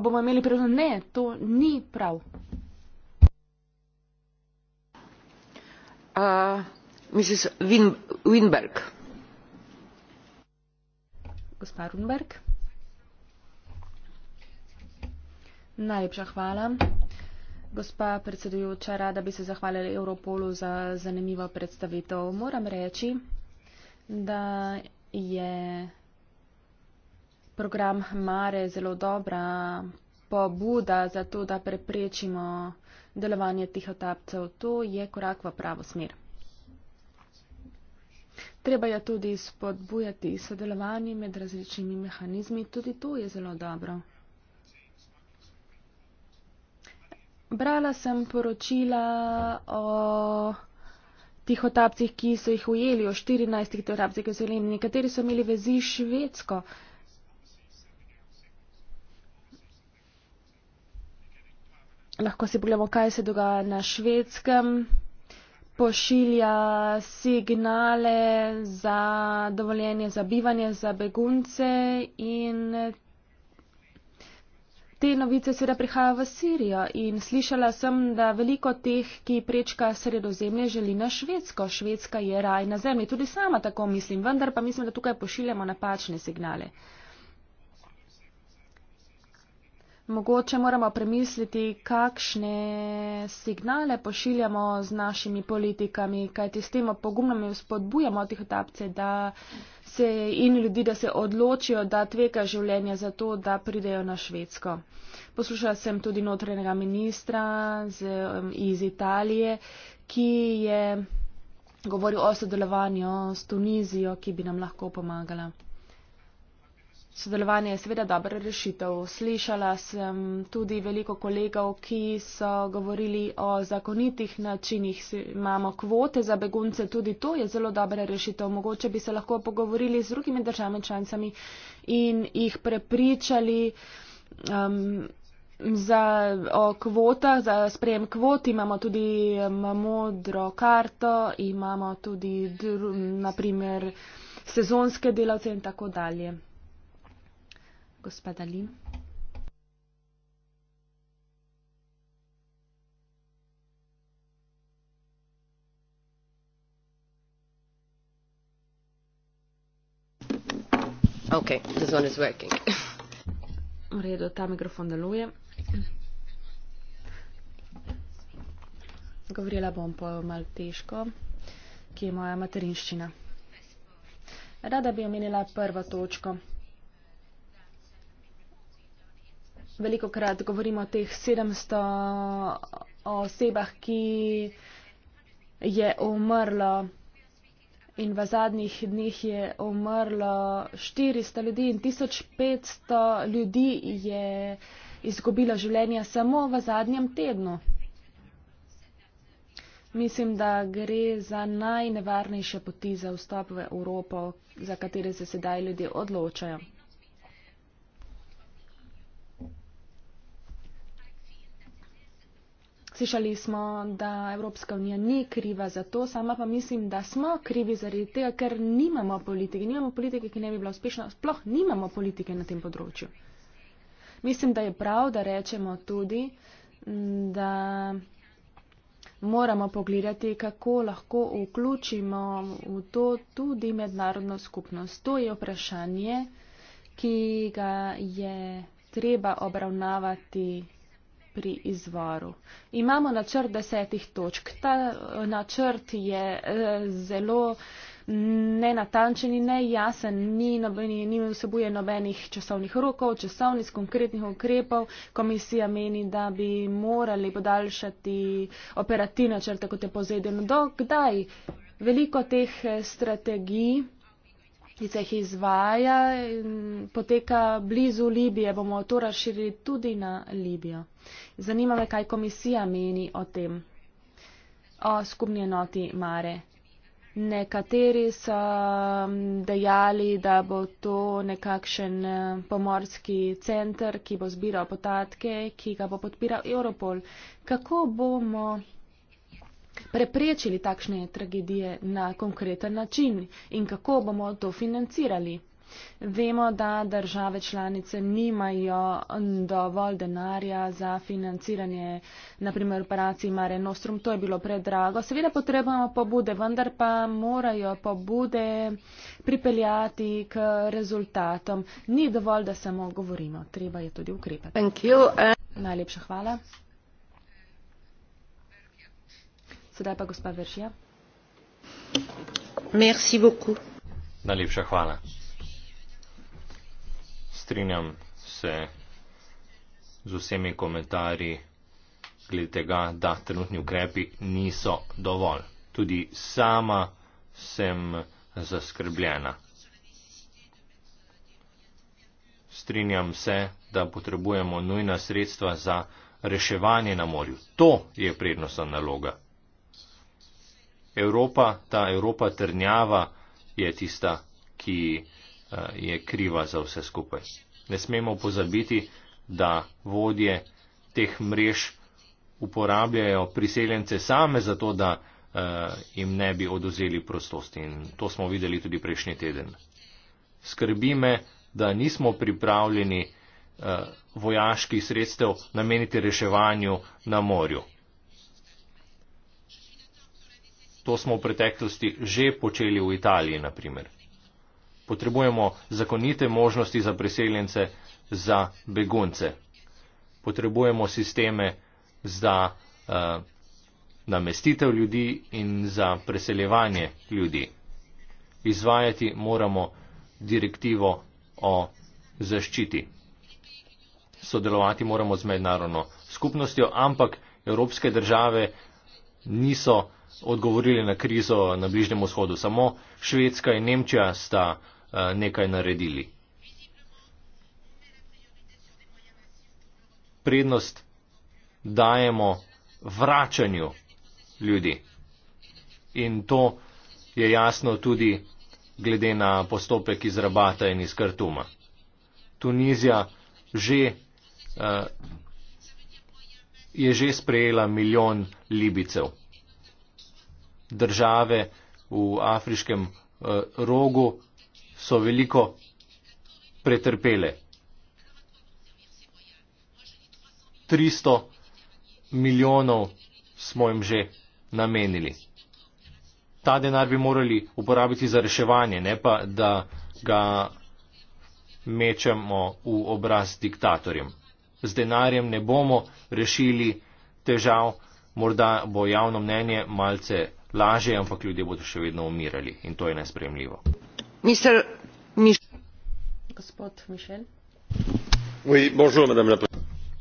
Speaker 2: bomo imeli priložnost, ne, to ni prav. Uh, Mrs. Win Winberg. Gospa Runberg. Najlepša hvala. Gospa predsedujoča, rada bi se zahvalila Europolu za zanimivo predstavitev. Moram reči, da je program Mare zelo dobra pobuda za to, da preprečimo delovanje tihotapcev. To je korak v pravo smer. Treba je tudi spodbujati sodelovanje med različnimi mehanizmi. Tudi to je zelo dobro. brala sem poročila o tih otapcih, ki so jih ujeli, o 14 otapcih, ki so jih nekateri so imeli vezi s Švedsko. Lahko si pogledamo, kaj se dogaja na švedskem. Pošilja signale za dovoljenje za bivanje za begunce in te novice seveda prihaja v Sirijo in slišala sem, da veliko teh, ki prečka sredozemlje, želi na Švedsko. Švedska je raj na zemlji. Tudi sama tako mislim, vendar pa mislim, da tukaj pošiljamo napačne signale. Mogoče moramo premisliti, kakšne signale pošiljamo z našimi politikami, kajti s tem pogumno mi spodbujamo tih otapce, da se, in ljudi, da se odločijo, da tveka življenje za to, da pridejo na Švedsko. Poslušala sem tudi notrenega ministra z, iz Italije, ki je govoril o sodelovanju s Tunizijo, ki bi nam lahko pomagala. Sodelovanje je seveda dobra rešitev. Slišala sem tudi veliko kolegov, ki so govorili o zakonitih načinih. Imamo kvote za begunce, tudi to je zelo dobra rešitev. Mogoče bi se lahko pogovorili z drugimi državami članicami in jih prepričali. Um, Za, kvota, za sprejem kvot imamo tudi um, modro karto, imamo tudi, dru, naprimer, sezonske delavce in tako dalje. Gospoda Lim.
Speaker 1: Ok, this one is working.
Speaker 2: V redu, ta mikrofon deluje. Govorila bom po malo težko, ki je moja materinščina. Rada bi omenila prvo točko. veliko krat govorimo o teh 700 osebah, ki je umrlo in v zadnjih dneh je umrlo 400 ljudi in 1500 ljudi je izgubilo življenje samo v zadnjem tednu. Mislim, da gre za najnevarnejše poti za vstop v Evropo, za katere se sedaj ljudje odločajo. Slišali smo, da Evropska unija ni kriva za to, sama pa mislim, da smo krivi zaradi tega, ker nimamo politike. Nimamo politike, ki ne bi bila uspešna. Sploh nimamo politike na tem področju. Mislim, da je prav, da rečemo tudi, mm, da moramo pogledati, kako lahko vključimo v to tudi mednarodno skupnost. To je vprašanje, ki ga je treba obravnavati pri izvoru. Imamo načrt desetih točk. Ta eh, načrt je eh, zelo nenatančen in nejasen, ni, nobeni, ni vsebuje nobenih časovnih rokov, časovnic, konkretnih ukrepov. Komisija meni, da bi morali podaljšati operativne načrte, kot je pozedeno. Dokdaj? Veliko teh eh, strategij ki se jih izvaja in poteka blizu Libije. Bomo to razširili tudi na Libijo. Zanima me, kaj komisija meni o tem, o skupni enoti Mare. Nekateri so dejali, da bo to nekakšen pomorski center, ki bo zbiral podatke, ki ga bo podpiral Europol. Kako bomo preprečili takšne tragedije na konkreten način in kako bomo to financirali. Vemo, da države članice nimajo dovolj denarja za financiranje, naprimer operacij Mare Nostrum, to je bilo predrago. Seveda potrebujemo pobude, vendar pa morajo pobude pripeljati k rezultatom. Ni dovolj, da samo govorimo, treba je tudi ukrepati. Eh. Najlepša hvala. Sedaj pa gospa Veržija.
Speaker 3: Merci beaucoup.
Speaker 1: Najlepša hvala. Strinjam se z vsemi komentarji glede tega, da trenutni ukrepi niso dovolj. Tudi sama sem zaskrbljena. Strinjam se, da potrebujemo nujna sredstva za reševanje na morju. To je prednostna naloga. Evropa, ta Evropa trnjava je tista, ki eh, je kriva za vse skupaj. Ne smemo pozabiti, da vodje teh mrež uporabljajo priseljence same zato, da eh, jim ne bi oduzeli prostosti. In to smo videli tudi prejšnji teden. Skrbi me, da nismo pripravljeni eh, vojaških sredstev nameniti reševanju na morju. To smo v preteklosti že počeli v Italiji, na primer. Potrebujemo zakonite možnosti za preseljence, za begunce. Potrebujemo sisteme za uh, namestitev ljudi in za preseljevanje ljudi. Izvajati moramo direktivo o zaščiti. Sodelovati moramo z mednarodno skupnostjo, ampak evropske države niso odgovorili na krizo na Bližnjem vzhodu. Samo Švedska in Nemčija sta eh, nekaj naredili. Prednost dajemo vračanju ljudi. In to je jasno tudi glede na postopek iz Rabata in iz Kartuma. Tunizija že, uh, je že sprejela milijon libicev države v afriškem eh, rogu so veliko pretrpele. 300 milijonov smo jim že namenili. Ta denar bi morali uporabiti za reševanje, ne pa da ga mečemo v obraz diktatorjem. Z denarjem ne bomo rešili težav, morda bo javno mnenje malce lažje, ampak ljudje bodo še vedno umirali in to je nespremljivo.
Speaker 2: Mister, miš... Gospod Mišel.
Speaker 1: Oui, bonjour, la...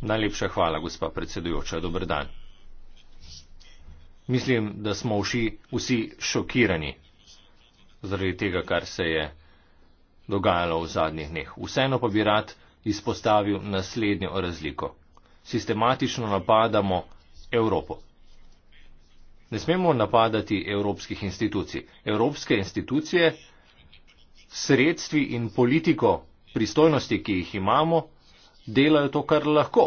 Speaker 1: Najlepša hvala, gospa predsedujoča. Dobr dan. Mislim, da smo vsi, vsi šokirani zaradi tega, kar se je dogajalo v zadnjih dneh. Vseeno pa bi rad izpostavil naslednjo razliko. Sistematično napadamo Evropo. Ne smemo napadati evropskih institucij. Evropske institucije, sredstvi in politiko pristojnosti, ki jih imamo, delajo to, kar lahko.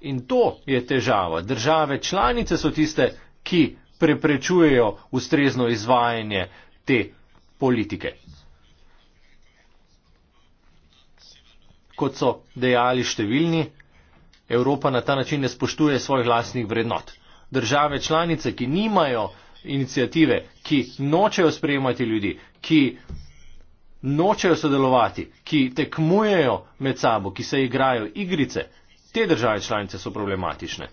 Speaker 1: In to je težava. Države članice so tiste, ki preprečujejo ustrezno izvajanje te politike. Kot so dejali številni, Evropa na ta način ne spoštuje svojih vlastnih vrednot države članice, ki nimajo inicijative, ki nočejo sprejemati ljudi, ki nočejo sodelovati, ki tekmujejo med sabo, ki se igrajo igrice, te države članice so problematične.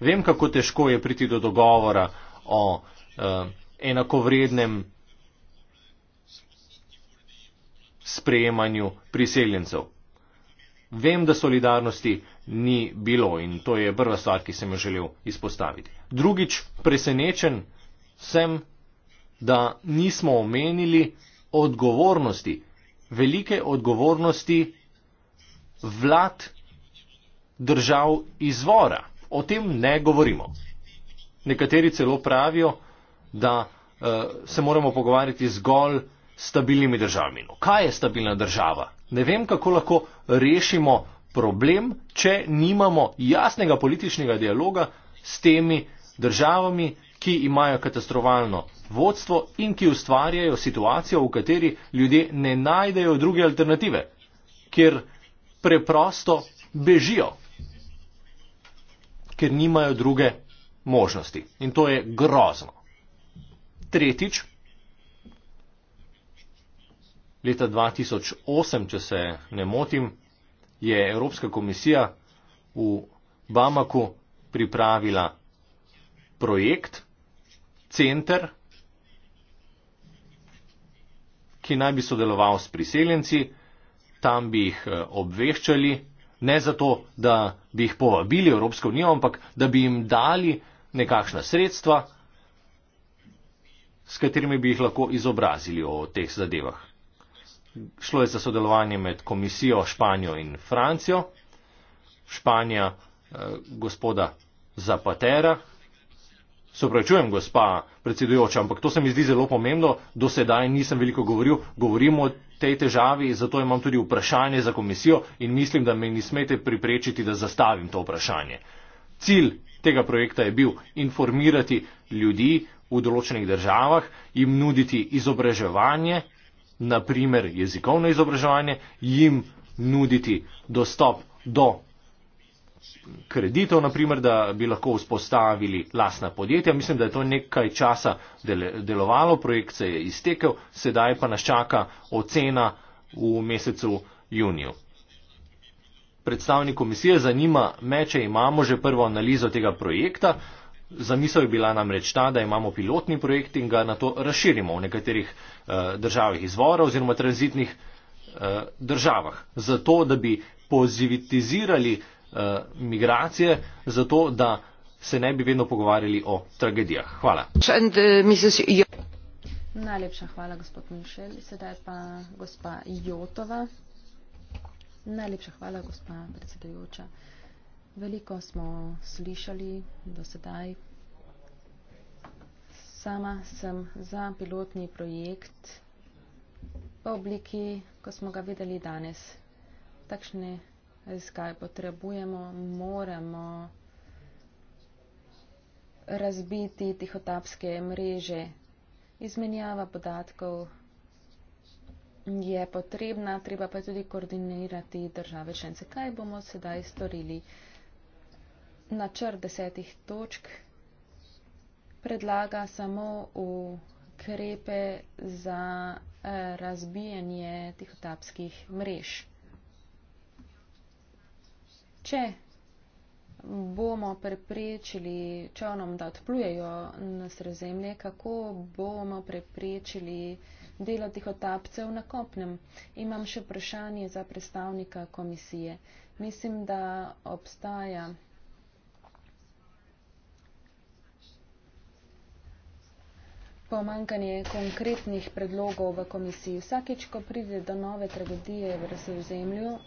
Speaker 1: Vem, kako težko je priti do dogovora o eh, enakovrednem sprejemanju priseljencev. Vem, da solidarnosti ni bilo in to je prva stvar, ki sem jo želel izpostaviti. Drugič, presenečen sem, da nismo omenili odgovornosti, velike odgovornosti vlad držav izvora. O tem ne govorimo. Nekateri celo pravijo, da uh, se moramo pogovarjati zgolj s stabilnimi državami. No, kaj je stabilna država? ne vem, kako lahko rešimo problem, če nimamo jasnega političnega dialoga s temi državami, ki imajo katastrofalno vodstvo in ki ustvarjajo situacijo, v kateri ljudje ne najdejo druge alternative, ker preprosto bežijo, ker nimajo druge možnosti. In to je grozno. Tretjič, leta 2008, če se ne motim, je Evropska komisija v Bamaku pripravila projekt, center, ki naj bi sodeloval s priseljenci, tam bi jih eh, obveščali, ne zato, da bi jih povabili Evropsko unijo, ampak da bi jim dali nekakšna sredstva, s katerimi bi jih lahko izobrazili o teh zadevah šlo je za sodelovanje med komisijo Španijo in Francijo. Španija eh, gospoda Zapatera. Se upravičujem, gospa predsedujoča, ampak to se mi zdi zelo pomembno. Do sedaj nisem veliko govoril. Govorimo o tej težavi, zato imam tudi vprašanje za komisijo in mislim, da me ni smete priprečiti, da zastavim to vprašanje. Cilj tega projekta je bil informirati ljudi v določenih državah, jim nuditi izobraževanje naprimer jezikovno izobraževanje, jim nuditi dostop do kreditov, naprimer, da bi lahko vzpostavili lasna podjetja. Mislim, da je to nekaj časa delovalo, projekt se je iztekel, sedaj pa nas čaka ocena v mesecu juniju. Predstavnik komisije zanima me, če imamo že prvo analizo tega projekta. Zamisel je bila namreč ta, da imamo pilotni projekt in ga na to razširimo v nekaterih eh, državah izvora oziroma tranzitnih eh, državah. Zato, da bi pozivitizirali eh, migracije, zato, da se ne bi vedno pogovarjali o tragedijah. Hvala.
Speaker 2: Eh, Najlepša hvala, gospod Mišel. Sedaj pa gospa Jotova. Najlepša hvala, gospa predsedajoča. Veliko smo slišali do sedaj. Sama sem za pilotni projekt v obliki, ko smo ga videli danes. Takšne raziskave potrebujemo, moramo razbiti tihotapske mreže. Izmenjava podatkov je potrebna, treba pa tudi koordinirati države šence. Kaj bomo sedaj storili? načrt desetih točk predlaga samo ukrepe za eh, razbijanje tihotapskih mrež. Če bomo preprečili čovnom, da odplujejo na sredozemlje, kako bomo preprečili delo tihotapcev na kopnem? Imam še vprašanje za predstavnika komisije. Mislim, da obstaja. pomankanje konkretnih predlogov v komisiji. Vsakeč, ko pride do nove tragedije v razsevzemlju,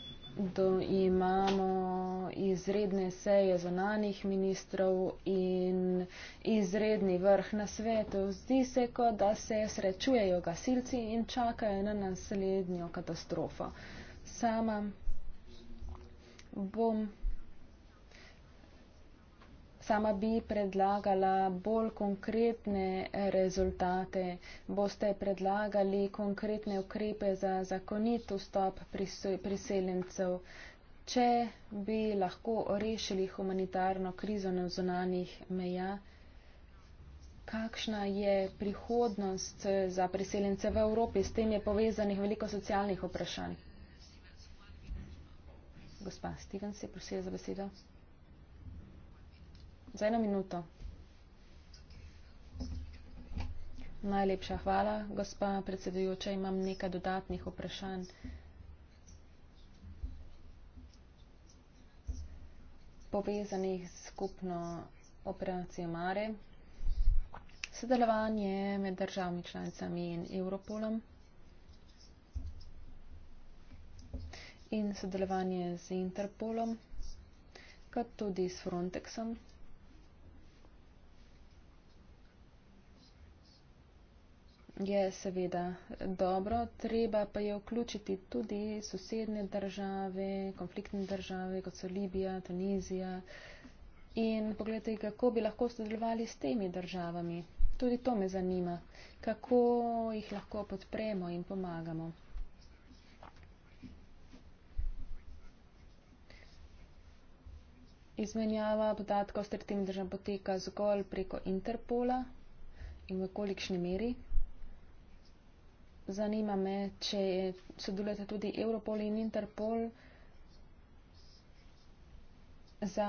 Speaker 2: Do, imamo izredne seje zonanih ministrov in izredni vrh na svetu. Zdi se, kot da se srečujejo gasilci in čakajo na naslednjo katastrofo. Sama bom sama bi predlagala bolj konkretne rezultate. Boste predlagali konkretne ukrepe za zakonit vstop priseljencev. Če bi lahko rešili humanitarno krizo na zonanih meja, kakšna je prihodnost eh, za priseljence v Evropi? S tem je povezanih veliko socialnih vprašanj. Gospa Steven, se prosila za besedo. Za eno minuto. Najlepša hvala, gospa predsedujoča. Imam nekaj dodatnih vprašanj. povezanih s skupno operacijo Mare, sodelovanje med državami članicami in Europolom in sodelovanje z Interpolom, kot tudi s Frontexom, je seveda dobro, treba pa je vključiti tudi sosednje države, konfliktne države, kot so Libija, Tunizija. In pogledajte, kako bi lahko sodelovali s temi državami. Tudi to me zanima, kako jih lahko podpremo in pomagamo. Izmenjava podatkov s tretjimi državami poteka zgolj preko Interpola in v kolikšni meri zanima me, če sodelujete tudi Europol in Interpol za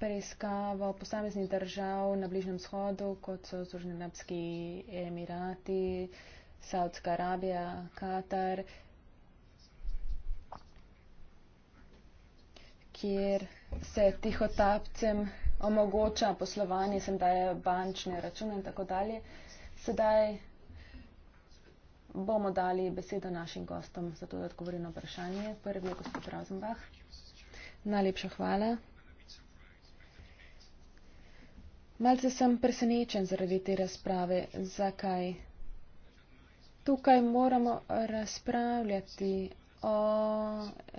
Speaker 2: preiskavo posameznih držav na Bližnjem shodu, kot so Združene Arabske Emirati, Saudska Arabija, Katar, kjer se tihotapcem omogoča poslovanje, sem daje bančne račune in tako dalje. Sedaj bomo dali besedo našim gostom, zato da odgovorim na vprašanje. Prvi je gospod Rosenbach. Najlepša hvala. Malce sem presenečen zaradi te razprave. Zakaj? Tukaj moramo razpravljati o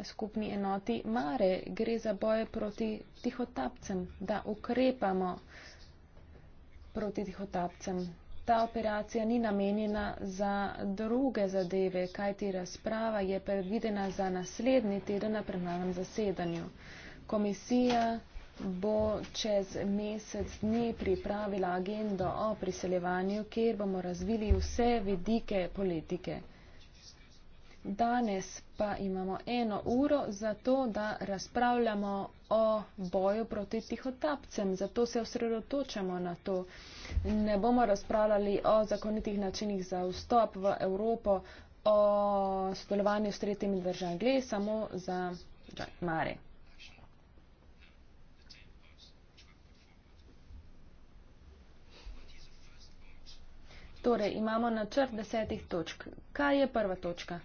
Speaker 2: skupni enoti Mare. Gre za boje proti tihotapcem, da ukrepamo proti tihotapcem ta operacija ni namenjena za druge zadeve, kaj ti razprava je predvidena za naslednji teden na plenarnem zasedanju. Komisija bo čez mesec dni pripravila agendo o priseljevanju, kjer bomo razvili vse vidike politike. Danes pa imamo eno uro za to, da razpravljamo o boju proti tihotapcem, zato se osredotočamo na to. Ne bomo razpravljali o zakonitih načinih za vstop v Evropo, o sodelovanju s tretjimi državami, gre samo za Mare. Torej, imamo načrt desetih točk. Kaj je prva točka?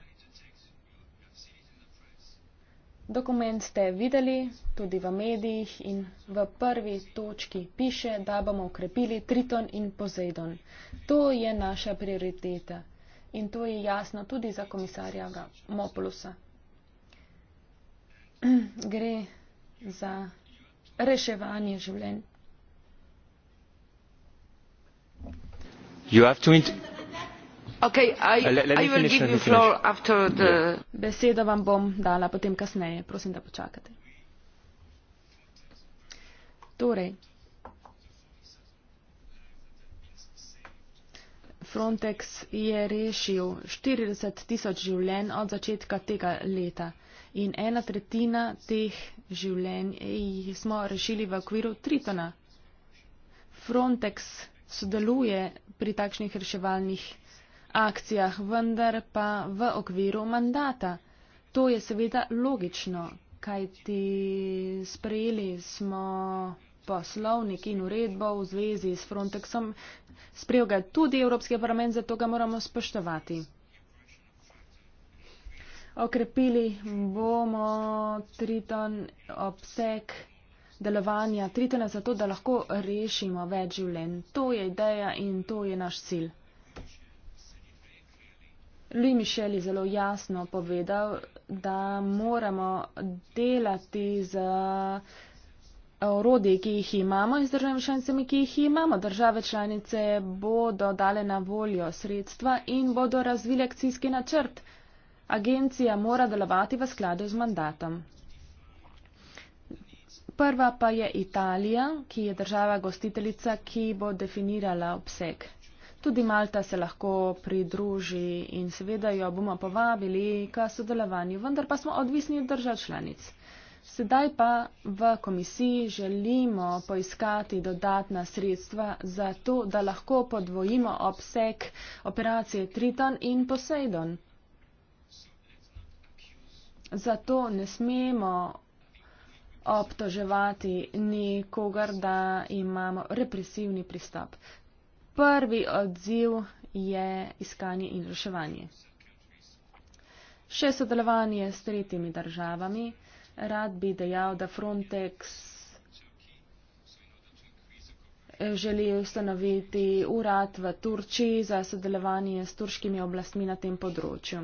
Speaker 2: Dokument ste videli tudi v medijih in v prvi točki piše, da bomo ukrepili Triton in Poseidon. To je naša prioriteta in to je jasno tudi za komisarja Moplusa. Gre za reševanje življenj besedo vam bom dala potem kasneje prosim da počakate torej Frontex je rešil 40 tisoč življenj od začetka tega leta in ena tretjina teh življenj smo rešili v okviru Tritona. Frontex sodeluje pri takšnih reševalnih akcijah, vendar pa v okviru mandata. To je seveda logično, kajti sprejeli smo poslovnik in uredbo v zvezi s Frontexom, sprejel ga tudi Evropski parlament, zato ga moramo spoštovati. Okrepili bomo Triton obseg delovanja Tritona, zato da lahko rešimo več življenj. To je ideja in to je naš cilj. Louis Michel je zelo jasno povedal, da moramo delati z orodje, ki jih imamo in z državami članicami, ki jih imamo. Države članice bodo dale na voljo sredstva in bodo razvile akcijski načrt. Agencija mora delovati v skladu z mandatom. Prva pa je Italija, ki je država gostiteljica, ki bo definirala obseg Tudi Malta se lahko pridruži in seveda jo bomo povabili k sodelovanju, vendar pa smo odvisni od držav članic. Sedaj pa v komisiji želimo poiskati dodatna sredstva za to, da lahko podvojimo obseg operacije Triton in Poseidon. Zato ne smemo obtoževati nikogar, da imamo represivni pristop prvi odziv je iskanje in reševanje. Še sodelovanje s tretjimi državami. Rad bi dejal, da Frontex želi ustanoviti urad v Turčiji za sodelovanje s turškimi oblastmi na tem področju.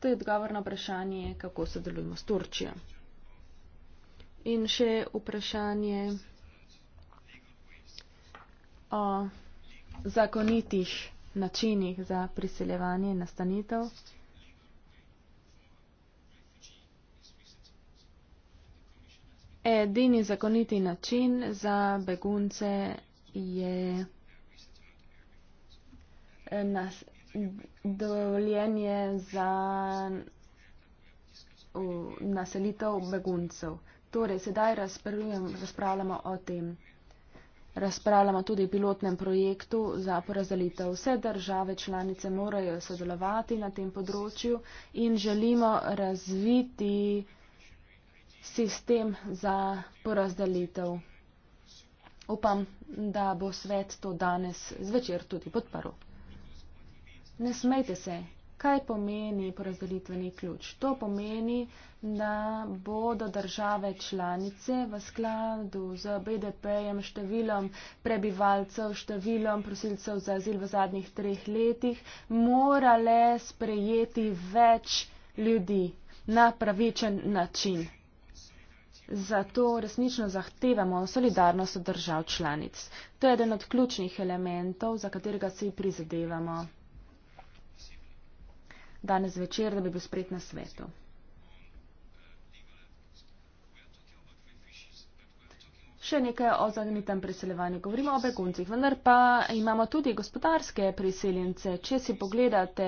Speaker 2: To je odgovor na vprašanje, kako sodelujemo s Turčijo. In še vprašanje o zakonitiš načinih za priseljevanje in nastanitev. Edini zakoniti način za begunce je eh, nas, dovoljenje za v, naselitev beguncev. Torej, sedaj razpravljamo o tem razpravljamo tudi pilotnem projektu za porazdelitev. Vse države članice morajo sodelovati na tem področju in želimo razviti sistem za porazdelitev. Upam, da bo svet to danes zvečer tudi podparil. Ne smejte se, Kaj pomeni porazdelitveni ključ? To pomeni, da bodo države članice v skladu z BDP-jem, številom prebivalcev, številom prosilcev za azil v zadnjih treh letih, morale sprejeti več ljudi na pravičen način. Zato resnično zahtevamo solidarnost držav članic. To je eden od ključnih elementov, za katerega si prizadevamo danes večer, da bi bil spret na svetu. Še nekaj o zagnitem priseljevanju. Govorimo o beguncih, vendar pa imamo tudi gospodarske priseljence. Če si pogledate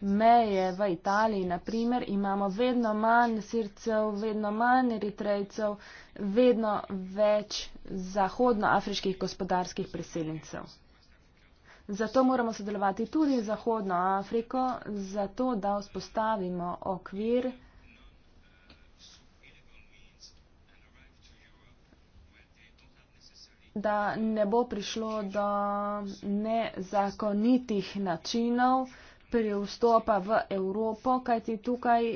Speaker 2: meje v Italiji, naprimer, imamo vedno manj sircev, vedno manj eritrejcev, vedno več zahodnoafriških gospodarskih priseljencev. Zato moramo sodelovati tudi z Zahodno Afriko, zato da vzpostavimo okvir, da ne bo prišlo do nezakonitih načinov pri vstopa v Evropo, kajti tukaj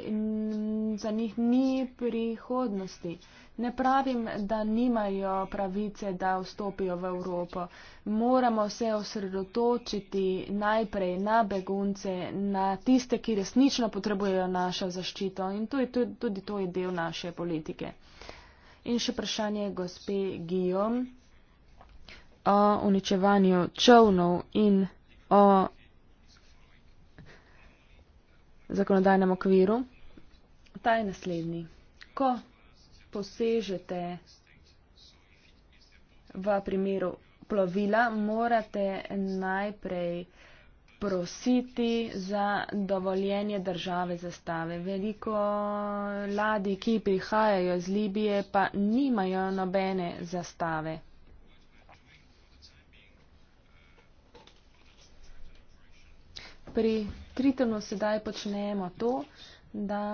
Speaker 2: za njih ni prihodnosti. Ne pravim, da nimajo pravice, da vstopijo v Evropo. Moramo se osredotočiti najprej na begunce, na tiste, ki resnično potrebujejo našo zaščito in tudi, tudi, tudi to je del naše politike. In še vprašanje gospe Gijom o uničevanju čovnov in o zakonodajnem okviru. Ta je naslednji. Ko posežete v primeru plovila, morate najprej prositi za dovoljenje države zastave. Veliko ladi, ki prihajajo iz Libije, pa nimajo nobene zastave. Pri Tritonu sedaj počnemo to, da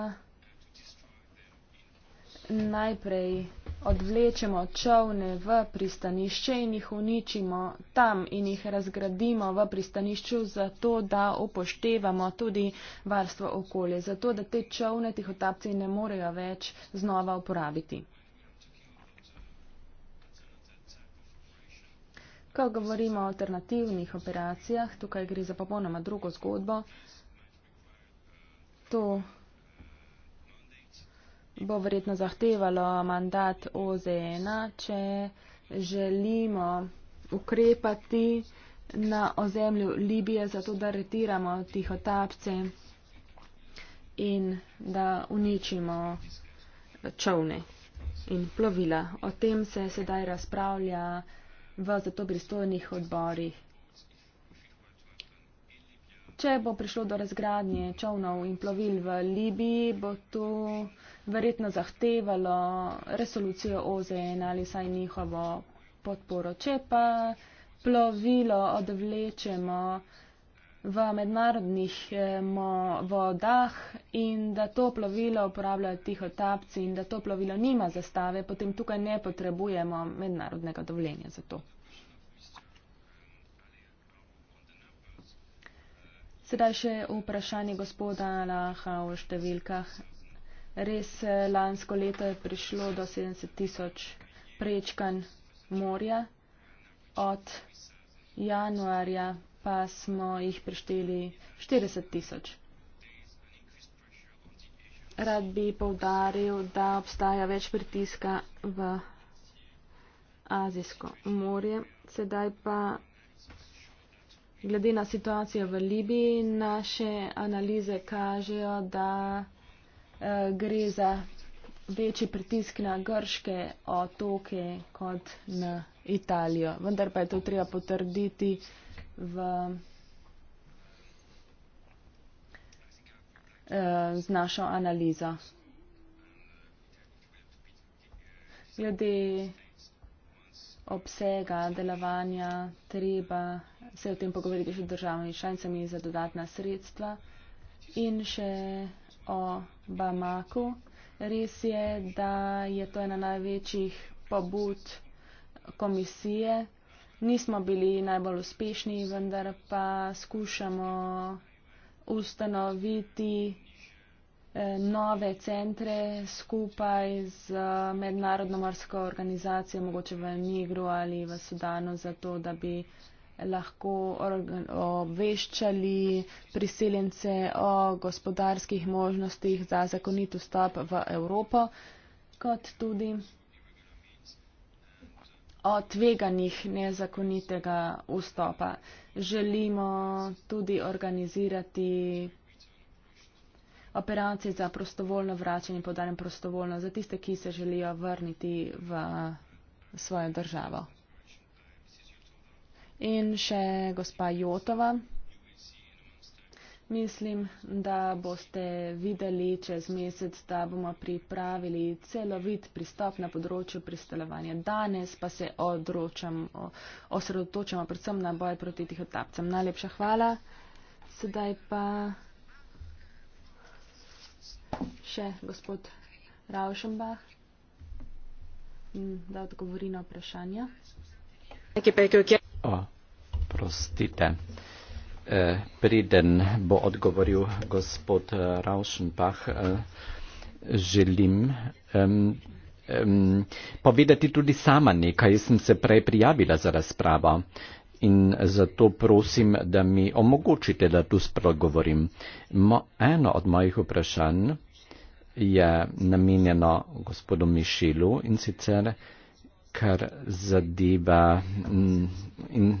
Speaker 2: najprej odvlečemo čovne v pristanišče in jih uničimo tam in jih razgradimo v pristanišču, zato da upoštevamo tudi varstvo okolje, zato da te čovne tih otapci ne morejo več znova uporabiti. Ko govorimo o alternativnih operacijah, tukaj gre za popolnoma drugo zgodbo. To bo verjetno zahtevalo mandat OZN, če želimo ukrepati na ozemlju Libije, zato da retiramo tihotapce in da uničimo čovne in plovila. O tem se sedaj razpravlja v zato pristojnih odborih. Če bo prišlo do razgradnje čovnov in plovil v Libiji, bo to verjetno zahtevalo resolucijo OZN ali saj njihovo podporo. Če pa plovilo odvlečemo v mednarodnih eh, vodah in da to plovilo uporabljajo tiho tapci in da to plovilo nima zastave, potem tukaj ne potrebujemo mednarodnega dovoljenja za to. Sedaj še vprašanje gospoda Laha o številkah res eh, lansko leto je prišlo do 70 tisoč prečkan morja. Od januarja pa smo jih prišteli 40 tisoč. Rad bi povdaril, da obstaja več pritiska v Azijsko morje. Sedaj pa glede na situacijo v Libiji, naše analize kažejo, da Eh, gre za večji pritisk na grške otoke kot na Italijo. Vendar pa je to treba potrditi v eh, z našo analizo. Glede obsega delovanja, treba se o tem pogovoriti še z državami članicami za dodatna sredstva in še o Bamaku. Res je, da je to ena največjih pobud komisije. Nismo bili najbolj uspešni, vendar pa skušamo ustanoviti eh, nove centre skupaj z mednarodno morsko organizacijo, mogoče v Nigru ali v Sudanu, zato da bi lahko obveščali priseljence o gospodarskih možnostih za zakonit vstop v Evropo, kot tudi o tveganjih nezakonitega vstopa. Želimo tudi organizirati operacije za prostovoljno vračanje, podarjam prostovoljno, za tiste, ki se želijo vrniti v svojo državo. In še gospa Jotova. Mislim, da boste videli čez mesec, da bomo pripravili celovit pristop na področju pristelovanja. Danes pa se odročam, osredotočamo predvsem na boj proti tih otapcem. Najlepša hvala. Sedaj pa še gospod Raušenbach, mm, da odgovori na vprašanja. Thank you, thank you.
Speaker 3: Oprostite. E, preden bo odgovoril gospod e, Rauschenbach, e, želim povedati tudi sama nekaj. Jaz sem se prej prijavila za razpravo in zato prosim, da mi omogočite, da tu spregovorim. Eno od mojih vprašanj je namenjeno gospodu Mišelu in sicer kar zadeva mm, in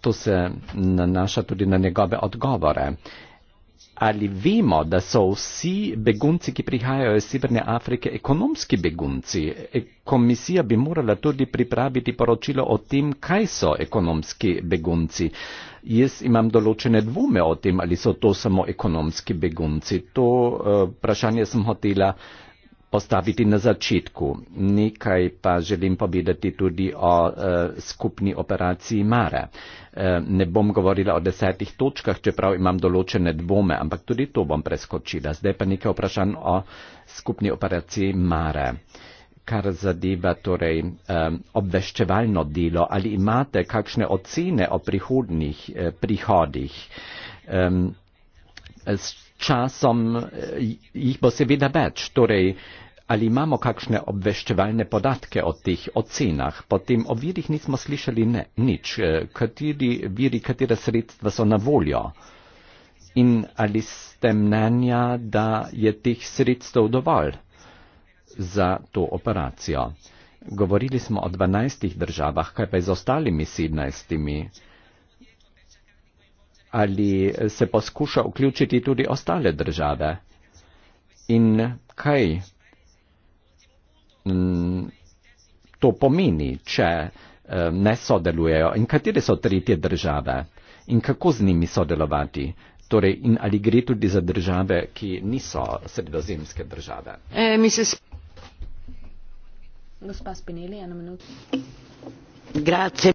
Speaker 3: to se nanaša tudi na njegove odgovore. Ali vemo, da so vsi begunci, ki prihajajo iz Severne Afrike, ekonomski begunci? E, komisija bi morala tudi pripraviti poročilo o tem, kaj so ekonomski begunci. Jaz imam določene dvome o tem, ali so to samo ekonomski begunci. To eh, vprašanje sem hotela postaviti na začetku. Nekaj pa želim povedati tudi o e, skupni operaciji Mare. E, ne bom govorila o desetih točkah, čeprav imam določene dvome, ampak tudi to bom preskočila. Zdaj pa nekaj vprašanj o skupni operaciji Mare. Kar zadeva torej e, obveščevalno delo, ali imate kakšne ocene o prihodnih e, prihodih? E, časom eh, jih bo seveda več. Torej, ali imamo kakšne obveščevalne podatke o teh ocenah? Po tem o virih nismo slišali ne, nič. Eh, kateri viri, katera sredstva so na voljo? In ali ste mnenja, da je teh sredstev dovolj za to operacijo? Govorili smo o 12 državah, kaj pa je z ostalimi 17? ali se poskuša vključiti tudi ostale države. In kaj to pomeni, če eh, ne sodelujejo in katere so tretje države in kako z njimi sodelovati. Torej, in ali gre tudi za države, ki niso sredozemske države?
Speaker 2: E, mises... Gospa Spinelli, eno minuto.
Speaker 3: Grazie.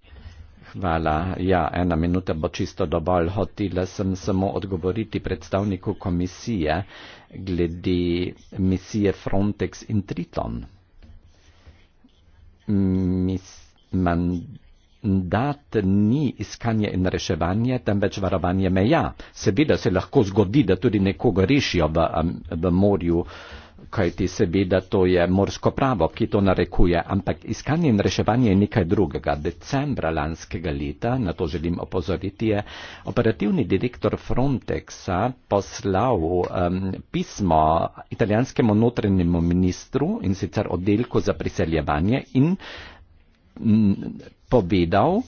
Speaker 3: Hvala. Ja, ena minuta bo čisto dovolj. Hotila sem samo odgovoriti predstavniku komisije glede misije Frontex in Triton. Mis, mandat ni iskanje in reševanje, temveč varovanje meja. Seveda se lahko zgodi, da tudi nekoga rešijo v, v morju. Uh, kajti seveda to je morsko pravo, ki to narekuje, ampak iskanje in reševanje je nekaj drugega. Decembra lanskega leta, na to želim opozoriti, je operativni direktor Frontexa poslal um, pismo italijanskemu notrenjemu ministru in sicer oddelku za priseljevanje in m, povedal,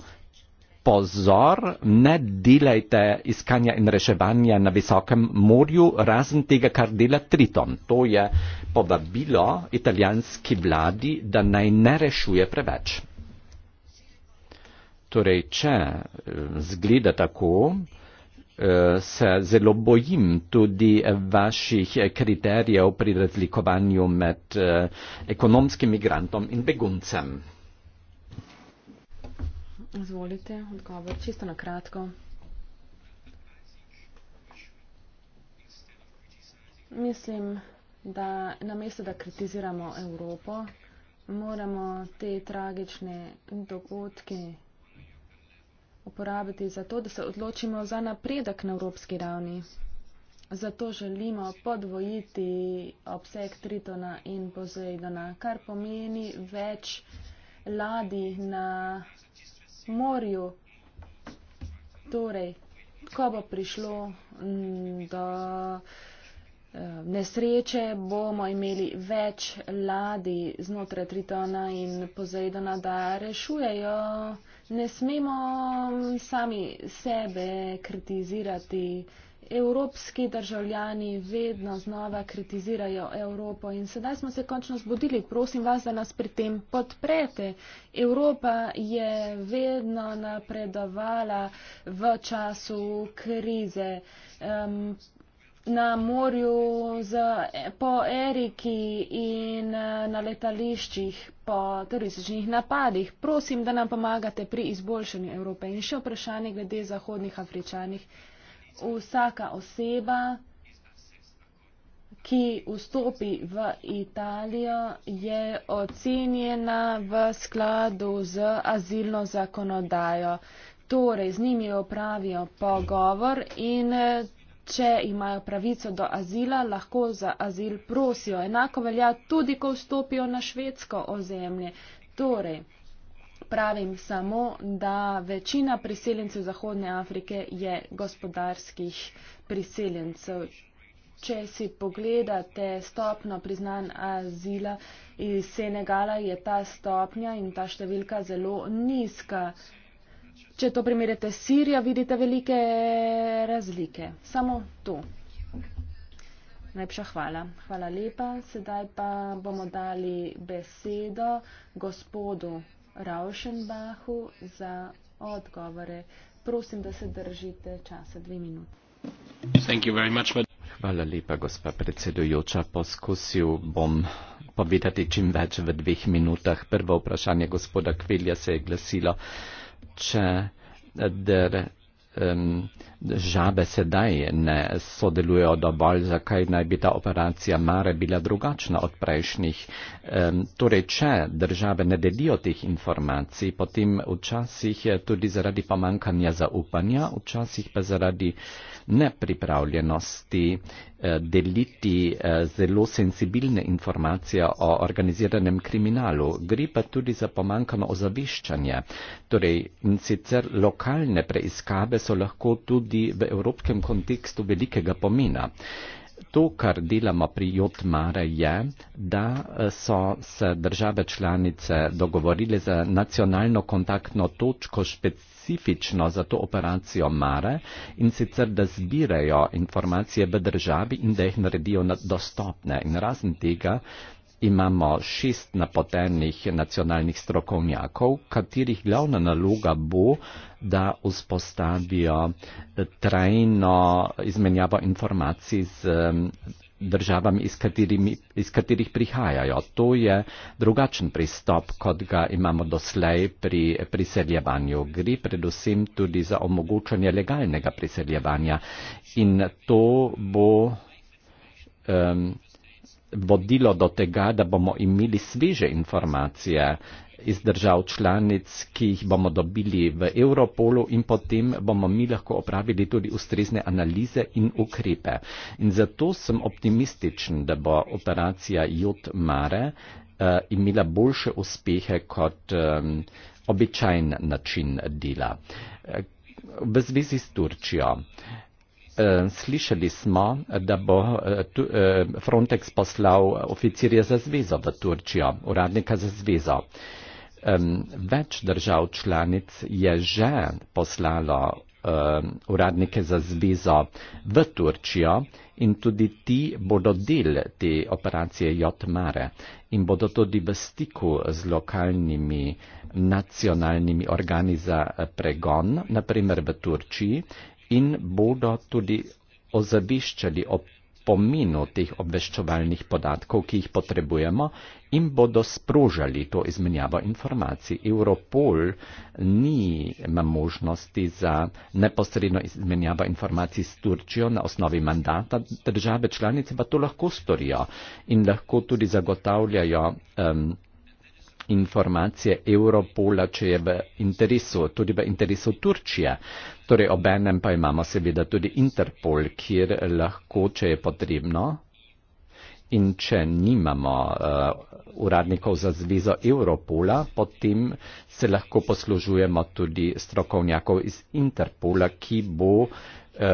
Speaker 3: pozor, ne delajte iskanja in reševanja na visokem morju, razen tega, kar dela Triton. To je povabilo italijanski vladi, da naj ne rešuje preveč. Torej, če eh, zgleda tako, eh, se zelo bojim tudi eh, vaših kriterijev pri razlikovanju med ekonomskim migrantom in beguncem.
Speaker 2: Izvolite, odgovor čisto na kratko. Mislim, da namesto, da kritiziramo Evropo, moramo te tragične dogodke uporabiti za to, da se odločimo za napredek na evropski ravni. Zato želimo podvojiti obseg Tritona in Pozejdona, kar pomeni več ladi na morju. Torej, ko bo prišlo do eh, nesreče, bomo imeli več ladi znotraj Tritona in Pozejdona, da rešujejo. Ne smemo sami sebe kritizirati evropski državljani vedno znova kritizirajo Evropo in sedaj smo se končno zbudili. Prosim vas, da nas pri tem podprete. Evropa je vedno napredovala v času krize. Um, na morju z, po Eriki in na letališčih po terorističnih napadih. Prosim, da nam pomagate pri izboljšanju Evrope. In še vprašanje glede zahodnih afričanih vsaka oseba, ki vstopi v Italijo, je ocenjena v skladu z azilno zakonodajo. Torej, z njimi opravijo pogovor in če imajo pravico do azila, lahko za azil prosijo. Enako velja tudi, ko vstopijo na švedsko ozemlje. Torej, pravim samo, da večina priseljencev Zahodne Afrike je gospodarskih priseljencev. Če si pogledate stopno priznan azila iz Senegala, je ta stopnja in ta številka zelo nizka. Če to primerjate s Sirijo, vidite velike razlike. Samo to. Najlepša hvala. Hvala lepa. Sedaj pa bomo dali besedo gospodu Rauschenbachu za odgovore. Prosim, da se držite časa dve minuti.
Speaker 3: Hvala lepa, gospa predsedujoča. Poskusil bom povedati čim več v dveh minutah. Prvo vprašanje gospoda Kvelja se je glasilo, če der um, žabe sedaj ne sodelujejo dovolj, zakaj naj bi ta operacija Mare bila drugačna od prejšnjih. Torej, če države ne delijo teh informacij, potem včasih tudi zaradi pomankanja zaupanja, včasih pa zaradi nepripravljenosti eh, deliti eh, zelo sensibilne informacije o organiziranem kriminalu. Gre pa tudi za pomankano ozaviščanje. Torej, in sicer lokalne preiskave so lahko tudi tudi v evropskem kontekstu velikega pomena. To, kar delamo pri Jotmare, je, da eh, so se države članice dogovorile za nacionalno kontaktno točko specifično za to operacijo Mare in sicer, da zbirajo informacije v državi in da jih naredijo dostopne. In razen tega, Imamo šest napotenih nacionalnih strokovnjakov, katerih glavna naloga bo, da vzpostavijo eh, trajno izmenjavo informacij z mm, državami, iz, katerimi, iz katerih prihajajo. To je drugačen pristop, kot ga imamo doslej pri priseljevanju. Gre predvsem tudi za omogočanje legalnega priseljevanja in to bo. Um, vodilo do tega, da bomo imeli sveže informacije iz držav članic, ki jih bomo dobili v Europolu in potem bomo mi lahko opravili tudi ustrezne analize in ukrepe. In zato sem optimističen, da bo operacija Jot Mare uh, imela boljše uspehe kot um, običajen način dela. Eh, v zvezi s Turčijo. Uh, Eh, slišali smo, da bo eh, eh, Frontex poslal oficirje za zvezo v Turčijo, uradnika za zvezo. Več držav članic je že poslalo uradnike za zvezo v Turčijo in tudi ti bodo del te operacije Jotmare in bodo tudi v stiku z lokalnimi nacionalnimi organi za pregon, naprimer v Turčiji, in bodo tudi ozaviščali ob pominu teh obveščevalnih podatkov, ki jih potrebujemo in bodo sprožali to izmenjavo informacij. Europol nima možnosti za neposredno izmenjavo informacij s Turčijo na osnovi mandata, države članice pa to lahko storijo in lahko tudi zagotavljajo um, informacije Europola, če je v interesu, tudi v interesu Turčije. Torej obenem pa imamo seveda tudi Interpol, kjer lahko, če je potrebno in če nimamo uh, uradnikov za zvezo Europola, potem se lahko poslužujemo tudi strokovnjakov iz Interpola, ki bo eh,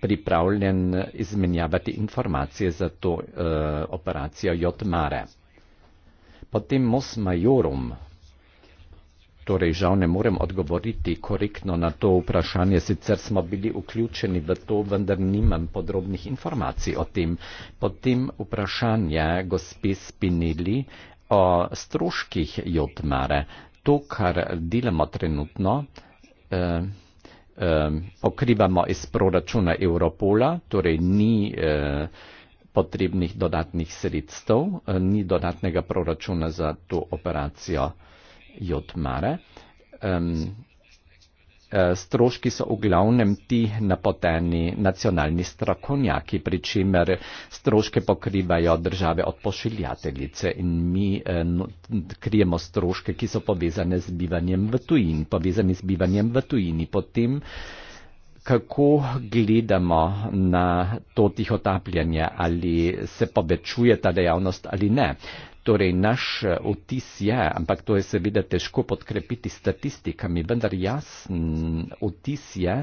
Speaker 3: pripravljen izmenjavati informacije za to uh, operacijo Jotmare potem mos majorum. Torej, žal ne morem odgovoriti korektno na to vprašanje, sicer smo bili vključeni v to, vendar nimam podrobnih informacij o tem. Potem vprašanje gospe Spinelli o stroških Jotmare. To, kar delamo trenutno, eh, eh, pokrivamo iz proračuna Europola, torej ni. Eh, potrebnih dodatnih sredstev, eh, ni dodatnega proračuna za to operacijo Jotmare. Eh, stroški so v glavnem ti napoteni nacionalni strokovnjaki, pri čemer stroške pokrivajo države od pošiljateljice in mi eh, no, krijemo stroške, ki so povezane z bivanjem v tujini, povezani z bivanjem v tujini. Potem kako gledamo na to tihotapljanje, ali se povečuje ta dejavnost ali ne. Torej, naš eh, vtis je, ampak to je seveda težko podkrepiti statistikami, vendar jasen vtis je,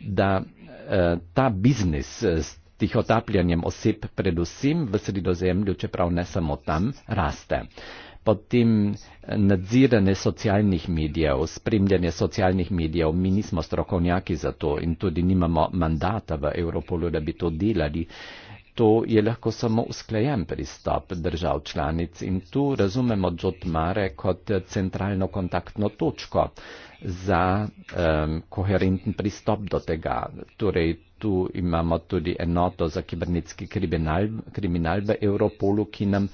Speaker 3: da eh, ta biznis eh, s tihotapljanjem oseb predvsem v sredozemlju, čeprav ne samo tam, raste. Eh, potem eh, nadziranje socialnih medijev, spremljanje socialnih medijev. Mi nismo strokovnjaki za to in tudi nimamo mandata v Evropolu, da bi to delali. To je lahko samo usklajen pristop držav članic in tu razumemo Džotmare kot eh, centralno kontaktno točko za um, koherenten pristop do tega. Torej, tu imamo tudi enoto za kibernetski kriminal, kriminal v Evropolu, ki nam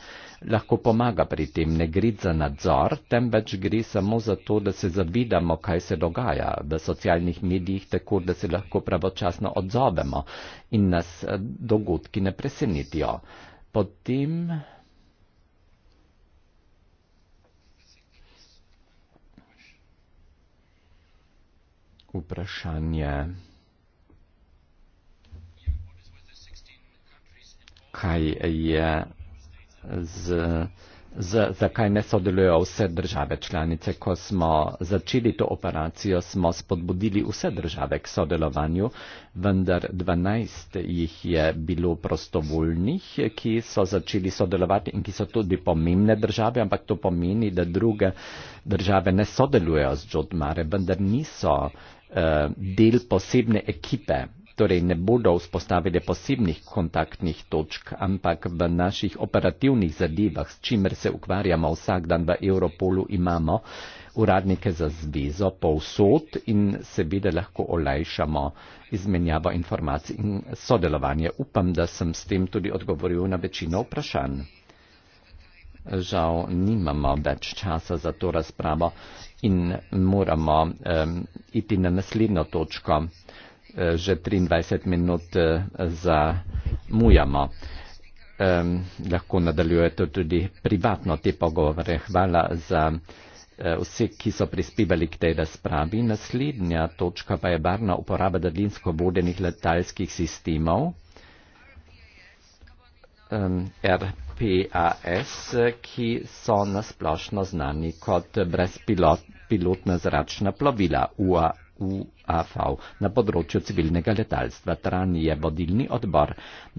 Speaker 3: lahko pomaga pri tem. Ne gre za nadzor, temveč gre samo za to, da se zavidamo, kaj se dogaja v socialnih medijih, tako da se lahko pravočasno odzovemo in nas eh, dogodki ne presenetijo. Potem. Vprašanje, kaj je z, z, zakaj ne sodelujo vse države članice. Ko smo začeli to operacijo, smo spodbudili vse države k sodelovanju, vendar 12 jih je bilo prostovoljnih, ki so začeli sodelovati in ki so tudi pomembne države, ampak to pomeni, da druge države ne sodelujo z Džodmare, vendar niso eh, del posebne ekipe torej ne bodo vzpostavili posebnih kontaktnih točk, ampak v naših operativnih zadevah, s čimer se ukvarjamo vsak dan v Europolu, imamo uradnike za zvezo povsod in seveda lahko olajšamo izmenjavo informacij in sodelovanje. Upam, da sem s tem tudi odgovoril na večino vprašanj. Žal nimamo več časa za to razpravo in moramo um, iti na naslednjo točko že 23 minut eh, zamujamo. Um, lahko nadaljujete tudi privatno te pogovore. Hvala za uh, vse, ki so prispevali k tej razpravi. Naslednja točka pa je varna uporaba daljinsko vodenih letalskih sistemov um, RPAS, ki so nasplošno znani kot brezpilotna zračna plovila UAS. UAV na področju civilnega letalstva. Tran je vodilni odbor.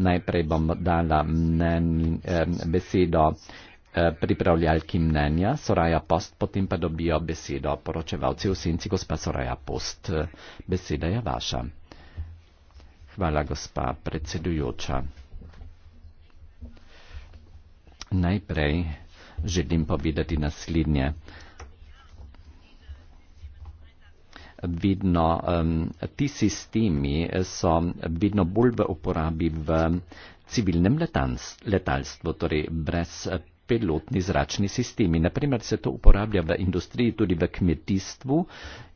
Speaker 3: Najprej bom dala mnen, eh, besedo eh, pripravljalki mnenja Soraja Post, potem pa dobijo besedo poročevalci v senci gospa Soraja Post. Beseda je vaša. Hvala, gospa predsedujoča. Najprej želim povedati naslednje. Eh, vidno, ti sistemi so vidno bolj v uporabi v civilnem letalstvu, torej brez eh, pilotni zračni sistemi. Naprimer se to uporablja v industriji, tudi v kmetijstvu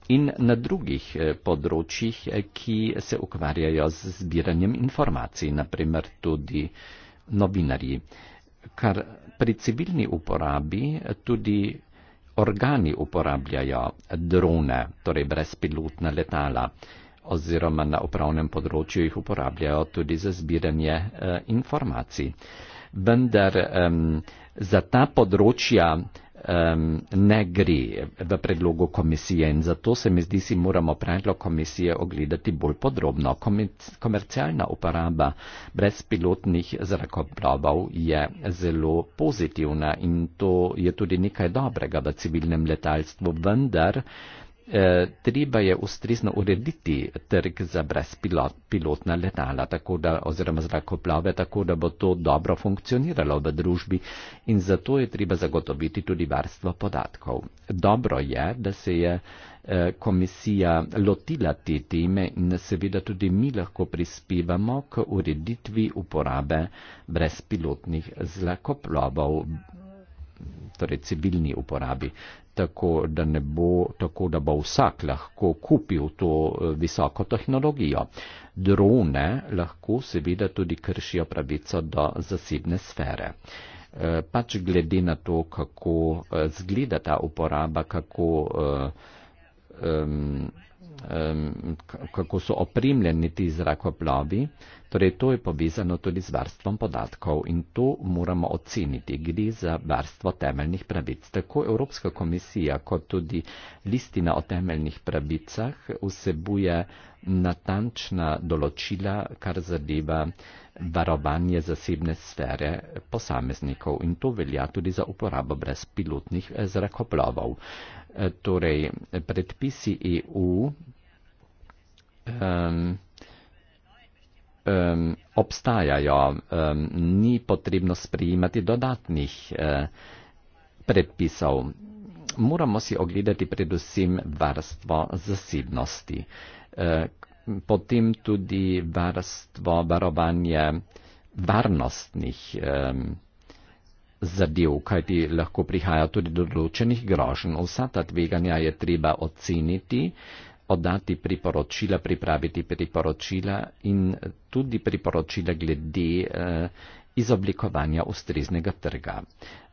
Speaker 3: in na drugih eh, področjih, eh, ki se ukvarjajo z zbiranjem informacij, naprimer tudi novinarji. Kar pri civilni uporabi tudi organi uporabljajo drone, torej brezpilotna letala, oziroma na upravnem področju jih uporabljajo tudi za zbiranje eh, informacij. Vendar um, za ta področja um, ne gre v predlogu komisije in zato se mi zdi, si moramo predlog komisije ogledati bolj podrobno. Komercialna uporaba brezpilotnih zrakoplovov je zelo pozitivna in to je tudi nekaj dobrega v civilnem letalstvu, vendar Eh, treba je ustrezno urediti trg za brezpilotna letala tako da, oziroma zrakoplave, tako da bo to dobro funkcioniralo v družbi in zato je treba zagotoviti tudi varstvo podatkov. Dobro je, da se je eh, komisija lotila te teme in seveda tudi mi lahko prispevamo k ureditvi uporabe brezpilotnih zrakoplovov torej civilni uporabi tako da, bo, tako da bo vsak lahko kupil to eh, visoko tehnologijo. Drone lahko seveda tudi kršijo pravico do zasebne sfere. Eh, pač glede na to, kako eh, zgleda ta uporaba, kako, um, um, kako so opremljeni ti zrakoplovi, Torej, to je povezano tudi z varstvom podatkov in to moramo oceniti. Gre za varstvo temeljnih pravic. Tako Evropska komisija, kot tudi listina o temeljnih pravicah vsebuje natančna določila, kar zadeva varovanje zasebne sfere posameznikov in to velja tudi za uporabo brezpilotnih eh, zrakoplovov. Eh, torej, predpisi EU um, ehm, um, obstajajo, um, ni potrebno sprejemati dodatnih uh, predpisov. Moramo si ogledati predvsem varstvo zasebnosti, uh, potem tudi varstvo varovanje varnostnih um, zadev, kajti lahko prihaja tudi do določenih grožen. Vsa ta tveganja je treba oceniti, oddati priporočila, pripraviti priporočila in tudi priporočila glede eh, izoblikovanja ustreznega trga.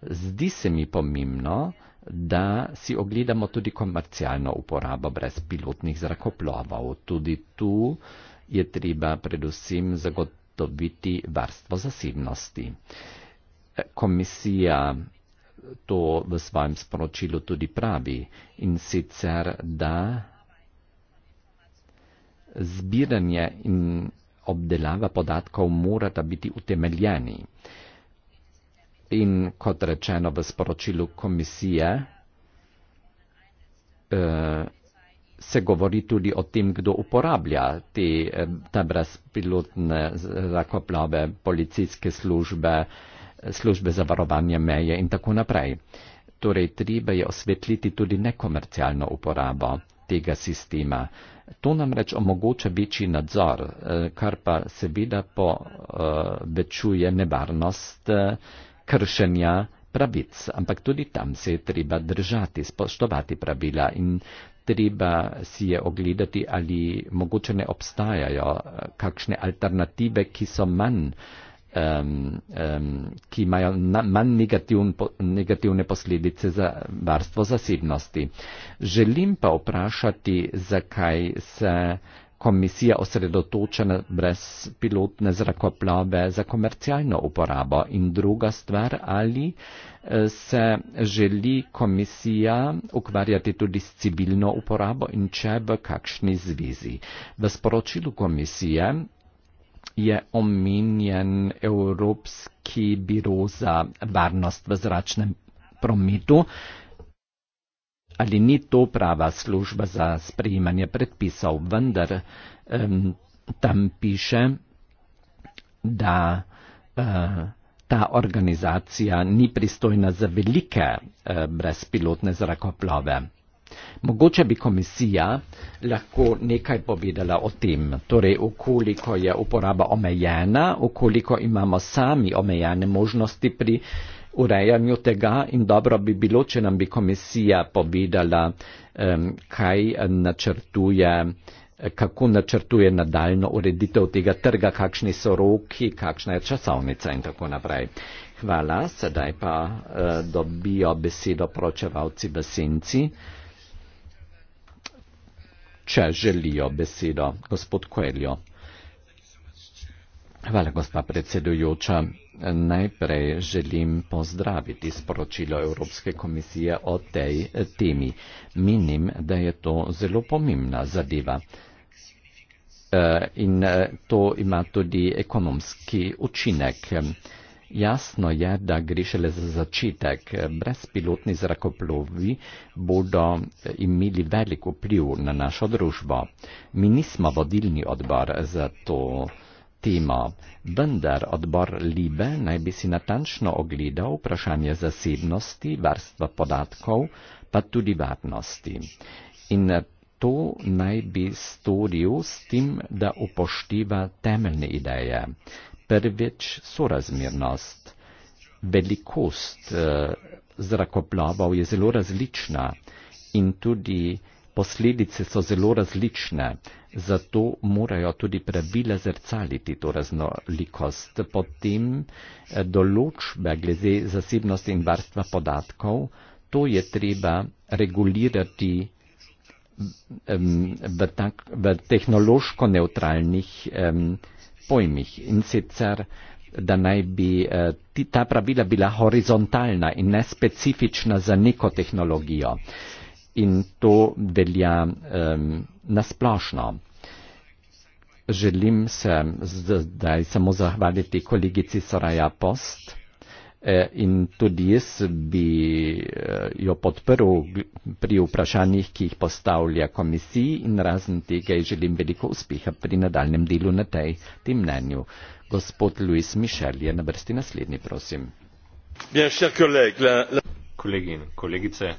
Speaker 3: Zdi se mi pomembno, da si ogledamo tudi komercialno uporabo brezpilotnih zrakoplovov. Tudi tu je treba predvsem zagotoviti varstvo zasebnosti. Komisija to v svojem sporočilu tudi pravi in sicer, da zbiranje in obdelava podatkov morata biti utemeljeni. In kot rečeno v sporočilu komisije, eh, se govori tudi o tem, kdo uporablja te, eh, ta brezpilotne zrakoplove, policijske službe, službe za varovanje meje in tako naprej. Torej, treba je osvetliti tudi nekomercialno uporabo tega sistema. To namreč omogoča večji nadzor, eh, kar pa seveda povečuje eh, nevarnost eh, kršenja pravic. Ampak tudi tam se je treba držati, spoštovati pravila in treba si je ogledati, ali mogoče ne obstajajo kakšne alternative, ki so manj um, um, ki imajo na, manj negativn, po, negativne posledice za varstvo zasebnosti. Želim pa vprašati, zakaj se komisija osredotoča na brezpilotne zrakoplove za komercialno uporabo in druga stvar, ali e, se želi komisija ukvarjati tudi s civilno uporabo in če v kakšni zvezi. V sporočilu komisije je omenjen Evropski biro za varnost v zračnem prometu. Ali ni to prava služba za sprejemanje predpisov, vendar um, tam piše, da uh, ta organizacija ni pristojna za velike uh, brezpilotne zrakoplove. Mogoče bi komisija lahko nekaj povedala o tem, torej ukoliko je uporaba omejena, ukoliko imamo sami omejene možnosti pri urejanju tega in dobro bi bilo, če nam bi komisija povedala, kaj načrtuje, kako načrtuje nadaljno ureditev tega trga, kakšni so roki, kakšna je časovnica in tako naprej. Hvala, sedaj pa eh, dobijo besedo pročevalci v senci če želijo besedo. Gospod Koeljo. Hvala, gospa predsedujoča. Najprej želim pozdraviti sporočilo Evropske komisije o tej temi. Menim, da je to zelo pomembna zadeva. Eh, in eh, to ima tudi ekonomski učinek. Jasno je, da gre šele za začetek. Brezpilotni zrakoplovi bodo imeli velik vpliv na našo družbo. Mi nismo vodilni odbor za to temo, vendar odbor Libe naj bi si natančno ogledal vprašanje zasebnosti, varstva podatkov, pa tudi varnosti. In to naj bi storil s tem, da upošteva temeljne ideje prvič sorazmernost. Velikost uh, eh, zrakoplavov je zelo različna in tudi posledice so zelo različne, zato morajo tudi pravila zrcaliti to raznolikost. Potem uh, določbe glede zasebnosti in varstva podatkov, to je treba regulirati um, v, tak, v tehnološko neutralnih. Um, pojmih in sicer, da naj bi eh, ta pravila bila horizontalna in nespecifična za neko tehnologijo. In to velja um, nasplošno. Želim se zdaj samo zahvaliti kolegici Soraya Post. Eh, in tudi jaz bi eh, jo podprl pri vprašanjih, ki jih postavlja komisiji in razen tega želim veliko uspeha pri nadaljem delu na tej, tem mnenju. Gospod Luis Mišel je na vrsti naslednji, prosim.
Speaker 1: Kolegi in kolegice,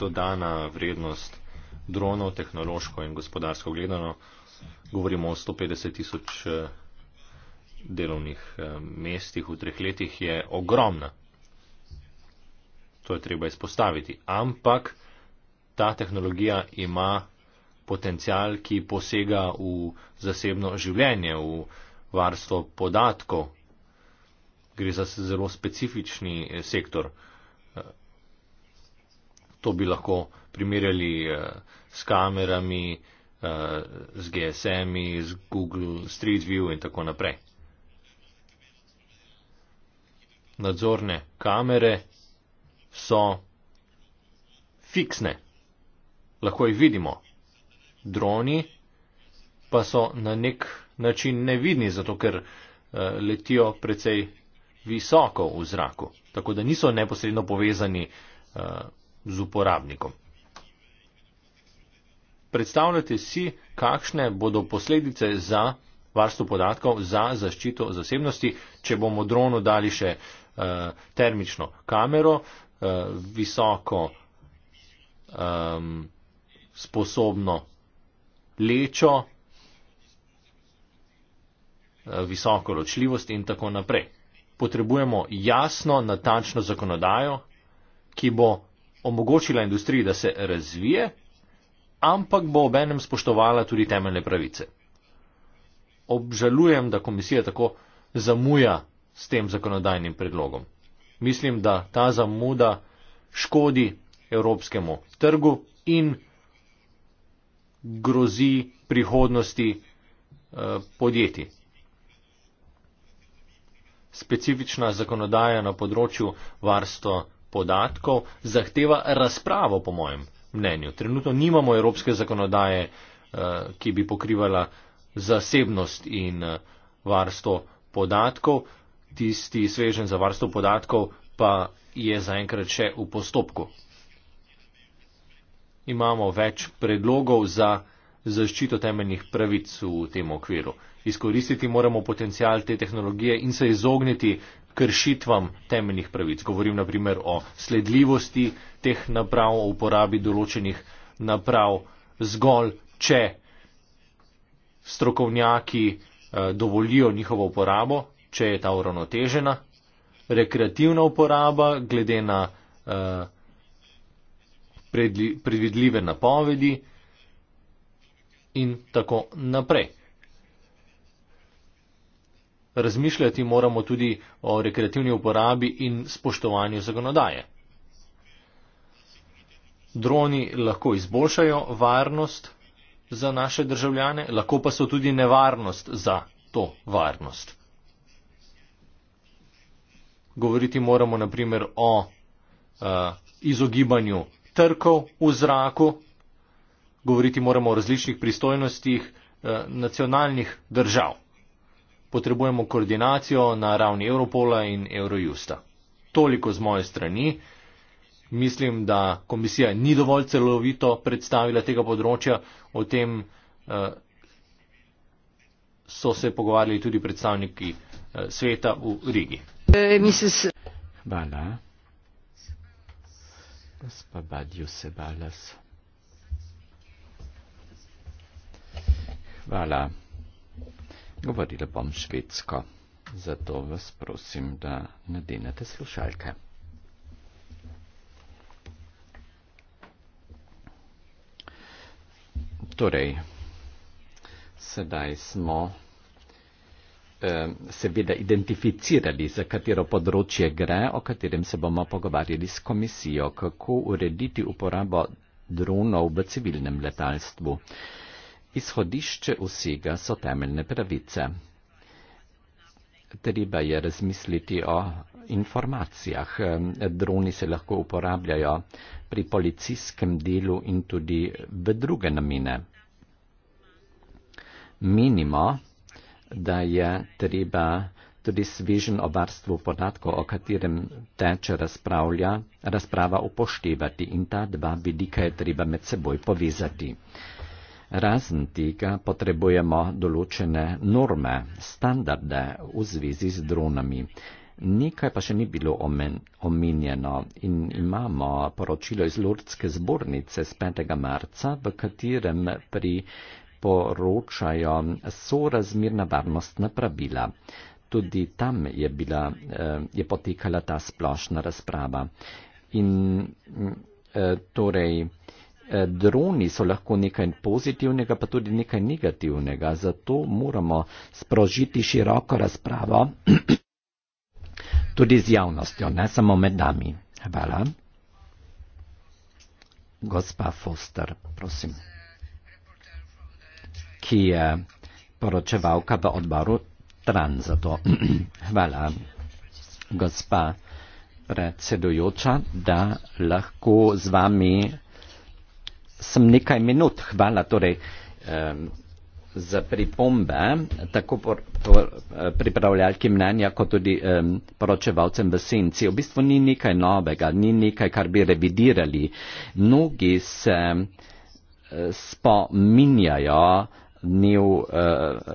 Speaker 1: dodana vrednost dronov, tehnološko in gospodarsko gledano, govorimo o 150 tisoč eh, delovnih eh, mestih v treh letih je ogromna. To je treba izpostaviti. Ampak ta tehnologija ima potencial, ki posega v zasebno življenje, v varstvo podatkov. Gre za zelo specifični eh, sektor. Eh, to bi lahko primerjali s kamerami, z GSM-i, z Google Street View in tako naprej nadzorne kamere so fiksne, lahko jih vidimo. Droni pa so na nek način nevidni, zato ker eh, letijo precej visoko v zraku, tako da niso neposredno povezani eh, z uporabnikom. Predstavljate si, kakšne bodo posledice za varstvo podatkov, za zaščito zasebnosti, če bomo dronu dali še uh, eh, termično kamero, eh, visoko eh, sposobno lečo, eh, visoko ločljivost in tako naprej. Potrebujemo jasno, natančno zakonodajo, ki bo omogočila industriji, da se razvije, ampak bo obenem spoštovala tudi temeljne pravice. Obžalujem, da komisija tako zamuja s tem zakonodajnim predlogom. Mislim, da ta zamuda škodi evropskemu trgu in grozi prihodnosti eh, podjetij. Specifična zakonodaja na področju varstva podatkov zahteva razpravo, po mojem mnenju. Trenutno nimamo evropske zakonodaje, eh, ki bi pokrivala zasebnost in eh, varstvo podatkov tisti svežen za varstvo podatkov pa je zaenkrat še v postopku. Imamo več predlogov za zaščito temeljnih pravic v tem okviru. Izkoristiti moramo potencial te tehnologije in se izogniti kršitvam temeljnih pravic. Govorim naprimer o sledljivosti teh naprav, o uporabi določenih naprav zgolj, če strokovnjaki eh, dovolijo njihovo uporabo, če je ta uravnotežena, rekreativna uporaba glede na eh, predvidljive napovedi in tako naprej. Razmišljati moramo tudi o rekreativni uporabi in spoštovanju zakonodaje. Droni lahko izboljšajo varnost za naše državljane, lahko pa so tudi nevarnost za to varnost govoriti moramo na primer o uh, izogibanju trkov v zraku, govoriti moramo o različnih pristojnostih uh, nacionalnih držav. Potrebujemo koordinacijo na ravni Europola in Eurojusta. Toliko z moje strani. Mislim, da komisija ni dovolj celovito predstavila tega področja. O tem uh, so se pogovarjali tudi
Speaker 3: predstavniki uh, sveta v Rigi. Eh, Bala. Gospa Badjo Sebalas. Hvala. Govorila bom švedsko, zato vas prosim, da nadenete slušalke. Torej, sedaj smo Eh, seveda identificirali, za katero področje gre, o katerem se bomo pogovarjali s komisijo, kako urediti uporabo dronov v civilnem letalstvu. Izhodišče vsega so temeljne pravice. Treba je razmisliti o informacijah. Eh, droni se lahko uporabljajo pri policijskem delu in tudi v druge namene. Minimo, da je treba tudi svežen o varstvu podatkov, o katerem teče razpravlja, razprava upoštevati in ta dva vidika je treba med seboj povezati. Razen tega potrebujemo določene norme, standarde v zvezi z dronami. Nekaj pa še ni bilo omen, omenjeno in imamo poročilo iz Lurdske zbornice z 5. marca, v katerem pri sporočajo sorazmirna varnostna pravila. Tudi tam je, bila, eh, je potekala ta splošna razprava. In mm, eh, torej, eh, droni so lahko nekaj pozitivnega, pa tudi nekaj negativnega, zato moramo sprožiti široko razpravo tudi z javnostjo, ne samo med nami. Hvala. Gospa Foster, prosim ki je poročevalka v odboru Transato. Hvala, gospa predsedujoča, da lahko z vami sem nekaj minut. Hvala torej eh, za pripombe tako por, por, pripravljalki mnenja, kot tudi eh, poročevalcem v senci. V bistvu ni nekaj novega, ni nekaj, kar bi revidirali. Mnogi se eh, spominjajo, dnev,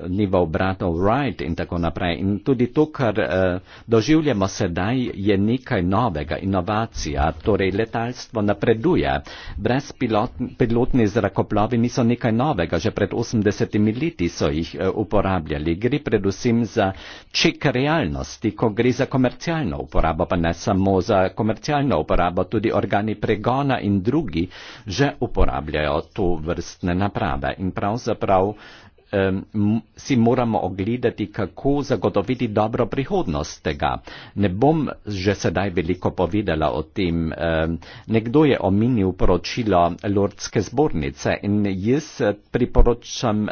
Speaker 3: dnevov eh, bratov Wright in tako naprej. In tudi to, kar eh, doživljamo sedaj, je nekaj novega, inovacija, torej letalstvo napreduje. Brezpilotni zrakoplovi niso nekaj novega, že pred 80 leti so jih eh, uporabljali. Gre predvsem za ček realnosti, ko gre za komercialno uporabo, pa ne samo za komercialno uporabo, tudi organi pregona in drugi že uporabljajo to vrstne naprave. In pravzaprav si moramo ogledati, kako zagotoviti dobro prihodnost tega. Ne bom že sedaj veliko povedala o tem. Nekdo je omenil poročilo Lordske zbornice in jaz priporočam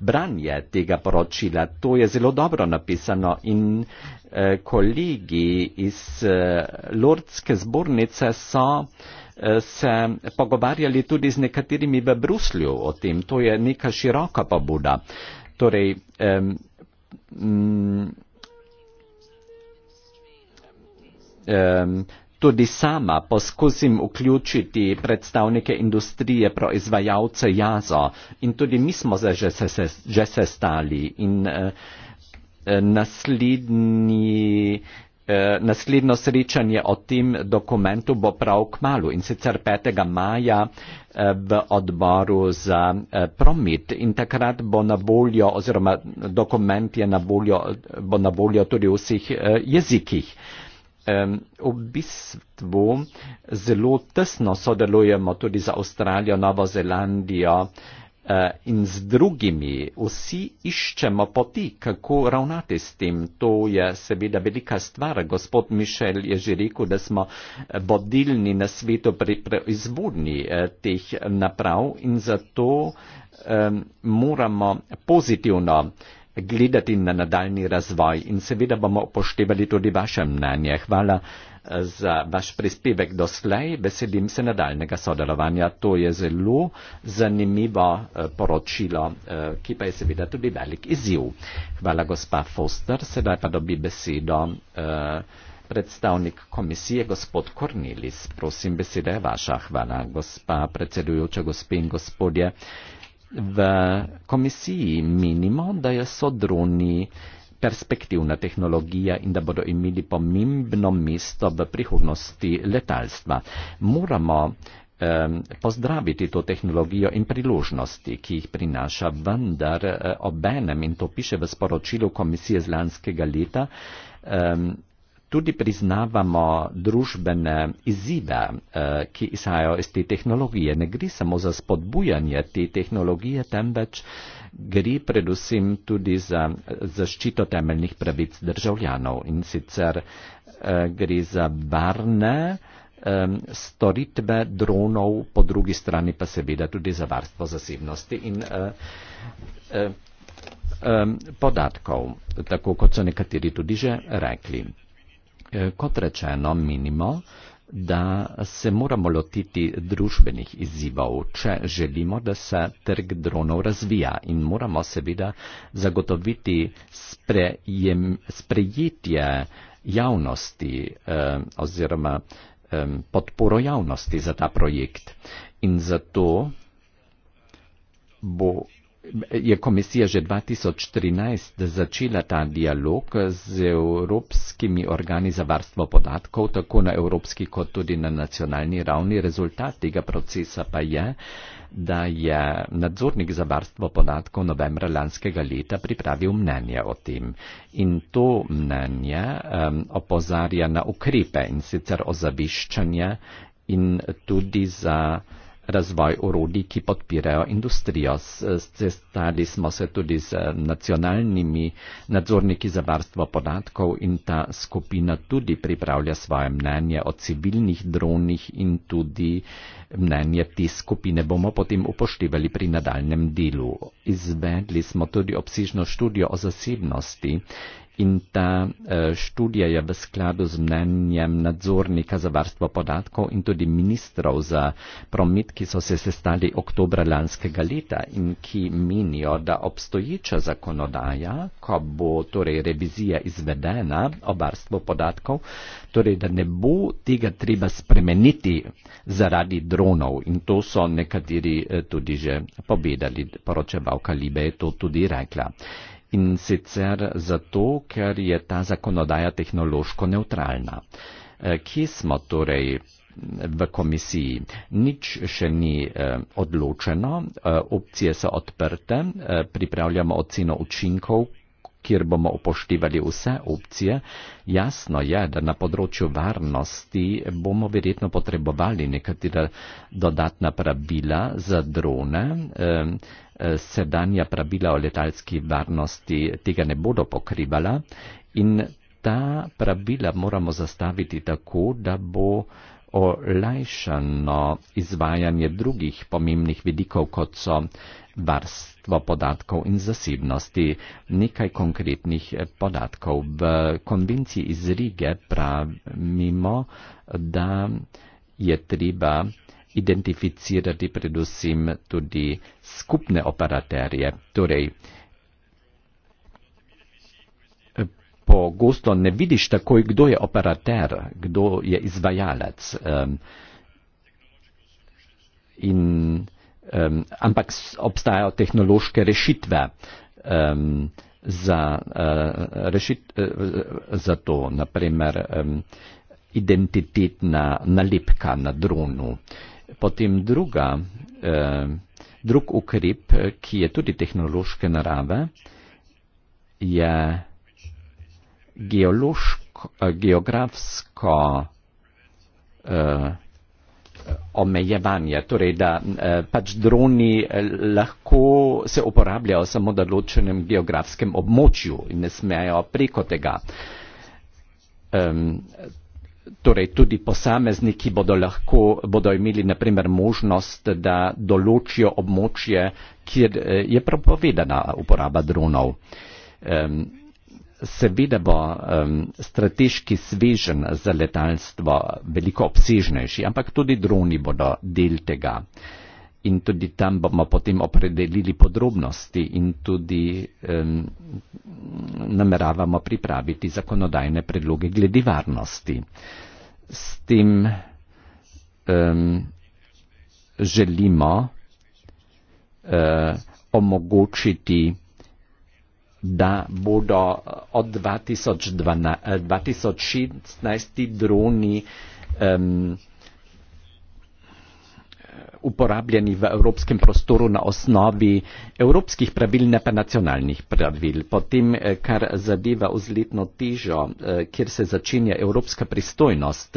Speaker 3: branje tega poročila. To je zelo dobro napisano in eh, kolegi iz eh, Lordske zbornice so se pogovarjali tudi z nekaterimi v Bruslju o tem. To je neka široka pobuda. Torej, um, um, Tudi sama poskusim vključiti predstavnike industrije, proizvajalce jazo in tudi mi smo že se, se, že se stali in eh, naslednji. Eh, Eh, naslednjo srečanje o tem dokumentu bo prav k malu in sicer 5. maja eh, v odboru za eh, promet in takrat bo na voljo oziroma dokument je na voljo, bo na voljo tudi v vseh jezikih. V bistvu zelo tesno sodelujemo tudi za Avstralijo, Novo Zelandijo, Eh, in z drugimi vsi iščemo poti, kako ravnati s tem. To je seveda velika stvar. Gospod Mišel je že rekel, da smo vodilni na svetu pri proizvodnji eh, teh naprav in zato eh, moramo pozitivno gledati na nadaljni razvoj in seveda bomo upoštevali tudi vaše mnenje. Hvala za vaš prispevek doslej. Veselim se nadaljnega sodelovanja. To je zelo zanimivo eh, poročilo, eh, ki pa je seveda tudi velik izziv. Hvala gospa Foster. Sedaj pa dobi besedo eh, predstavnik komisije, gospod Kornelis. Prosim, beseda je vaša. Hvala, gospa predsedujoča, gospe in gospodje. V komisiji minimo, da so droni eh, perspektivna tehnologija in da bodo imeli pomembno mesto v prihodnosti letalstva. Moramo pozdraviti to tehnologijo in priložnosti, ki jih prinaša, vendar eh, obenem, in to piše v sporočilu komisije z lanskega leta, tudi priznavamo družbene izzive, eh, ki izhajajo iz te tehnologije. Ne gre samo za spodbujanje te tehnologije, temveč gre predvsem tudi za zaščito temeljnih pravic državljanov in sicer eh, gre za varne storitve dronov, po drugi strani pa seveda tudi za varstvo zasebnosti in eh, podatkov, tako kot so nekateri tudi že rekli. Eh, kot rečeno, minimo, da se moramo lotiti družbenih izzivov, če želimo, da se trg dronov razvija in moramo seveda zagotoviti sprejem, sprejetje javnosti eh, oziroma eh, podporo javnosti za ta projekt. In zato bo je komisija že 2013 začela ta dialog z evropskimi organi za varstvo podatkov, tako na evropski kot tudi na nacionalni ravni. Rezultat tega procesa pa je, da je nadzornik za varstvo podatkov novembra lanskega leta pripravil mnenje o tem. In to mnenje um, opozarja na ukrepe in sicer o zaviščanje in tudi za razvoj orodij, ki podpirajo industrijo. Sestali smo se tudi z nacionalnimi nadzorniki za varstvo podatkov in ta skupina tudi pripravlja svoje mnenje o civilnih dronih in tudi mnenje te skupine bomo potem upoštevali pri nadaljem delu. Izvedli smo tudi obsežno študijo o zasebnosti in ta e, študija je v skladu z mnenjem nadzornika za varstvo podatkov in tudi ministrov za promet, ki so se sestali oktobra lanskega leta in ki menijo, da obstoječa zakonodaja, ko bo torej revizija izvedena o varstvu podatkov, torej da ne bo tega treba spremeniti zaradi dronov in to so nekateri e, tudi že povedali, poročevalka Libe je to tudi rekla in sicer zato, ker je ta zakonodaja tehnološko neutralna. Eh, kje smo torej mm, v komisiji? Nič še ni eh, odločeno, eh, opcije so odprte, pripravljamo oceno učinkov, kjer bomo upoštevali vse opcije. Jasno je, da na področju varnosti bomo verjetno potrebovali nekatera dodatna pravila za drone. Eh, sedanja pravila o letalski varnosti tega ne bodo pokrivala in ta pravila moramo zastaviti tako, da bo olajšano izvajanje drugih pomembnih vidikov, kot so varstvo podatkov in zasebnosti. Nekaj konkretnih eh, podatkov. V konvenciji iz Rige pravimo, da je treba identificirati predvsem tudi skupne operaterje, torej pogosto ne vidiš takoj, kdo je operater, kdo je izvajalec. Um, in, um, ampak obstajajo tehnološke rešitve um, za, uh, rešit, uh, za to, naprimer um, identitetna nalepka na dronu. Potem druga, uh, drug ukrep, ki je tudi tehnološke narave, je geološko, eh, geografsko eh, omejevanje, torej da eh, pač droni eh, lahko se uporabljajo samo na določenem geografskem območju in ne smejo preko tega. Um, torej tudi posamezniki bodo, lahko, bodo imeli naprimer možnost, da določijo območje, kjer eh, je prepovedana uporaba dronov. Um, seveda bo um, strateški svežen za letalstvo veliko obsežnejši, ampak tudi droni bodo del tega. In tudi tam bomo potem opredelili podrobnosti in tudi um, nameravamo pripraviti zakonodajne predloge glede varnosti. S tem um, želimo uh, omogočiti da bodo eh, od 2012, 2016 eh, droni um, uporabljeni v evropskem prostoru na osnovi evropskih pravil, ne pa nacionalnih pravil. Potem, eh, kar zadeva vzletno težo, kjer se začenja evropska pristojnost,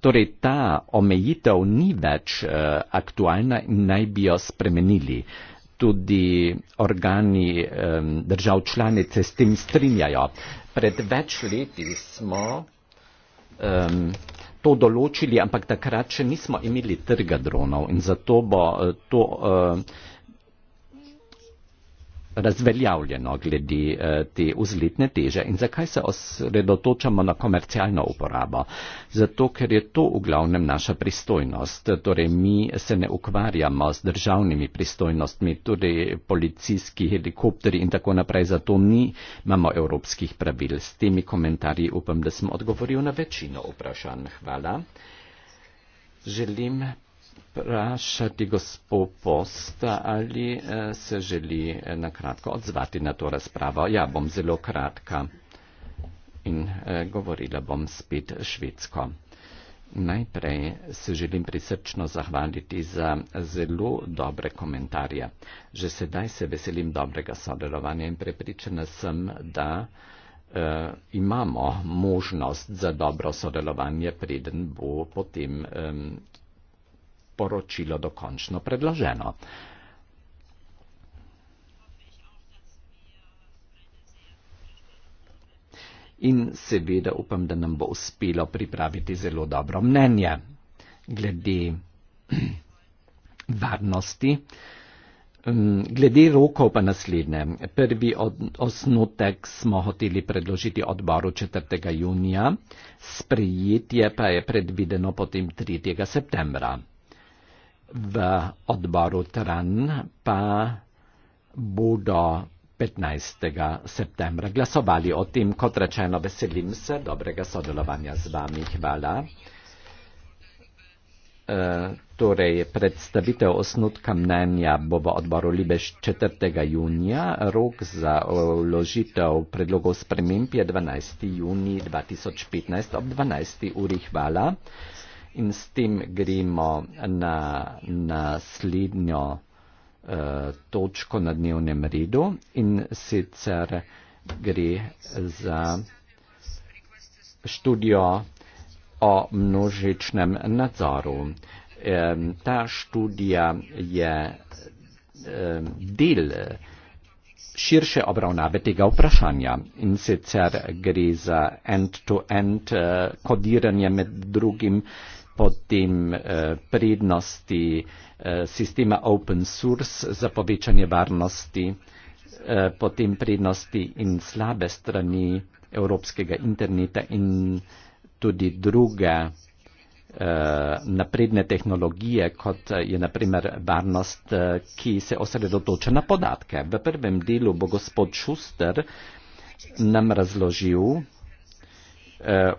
Speaker 3: torej ta omejitev ni več aktualna in naj bi jo spremenili tudi organi držav članice s tem strinjajo. Pred več leti smo um, to določili, ampak takrat še nismo imeli trga dronov in zato bo eh, to. Uh, razveljavljeno glede eh, te vzletne teže in zakaj se osredotočamo na komercialno uporabo. Zato, ker je to v glavnem naša pristojnost. Torej, mi se ne ukvarjamo z državnimi pristojnostmi, tudi torej policijski helikopteri in tako naprej. Zato ni, imamo evropskih pravil. S temi komentarji upam, da sem odgovoril na večino vprašanj. Hvala. Želim vprašati gospo Posta, ali eh, se želi eh, na kratko odzvati na to razpravo. Ja, bom zelo kratka in eh, govorila bom spet švedsko. Najprej se želim prisrčno zahvaliti za zelo dobre komentarje. Že sedaj se veselim dobrega sodelovanja in prepričana sem, da eh, imamo možnost za dobro sodelovanje, preden bo potem eh, poročilo dokončno predloženo. In seveda upam, da nam bo uspelo pripraviti zelo dobro mnenje glede varnosti. Mm, glede rokov pa naslednje. Prvi od, osnutek smo hoteli predložiti odboru 4. junija, sprejetje pa je predvideno potem 3. septembra v odboru teran pa bodo 15. septembra glasovali o tem. Kot rečeno, veselim se dobrega sodelovanja z vami. Hvala. E, torej, predstavitev osnutka mnenja bo v odboru Libeš 4. junija. Rok za vložitev predlogov sprememb je 12. juni 2015 ob 12. uri. Hvala in s tem gremo na naslednjo eh, točko na dnevnem redu in sicer gre za študijo o množičnem nadzoru. E, ta študija je e, del širše obravnave tega vprašanja in sicer gre za end-to-end -end, eh, e, kodiranje med drugim potem eh, prednosti eh, sistema open source za povečanje varnosti, eh, potem prednosti in slabe strani evropskega interneta in tudi druge napredne tehnologije, kot je naprimer varnost, ki se osredotoča na podatke. V prvem delu bo gospod Šuster nam razložil,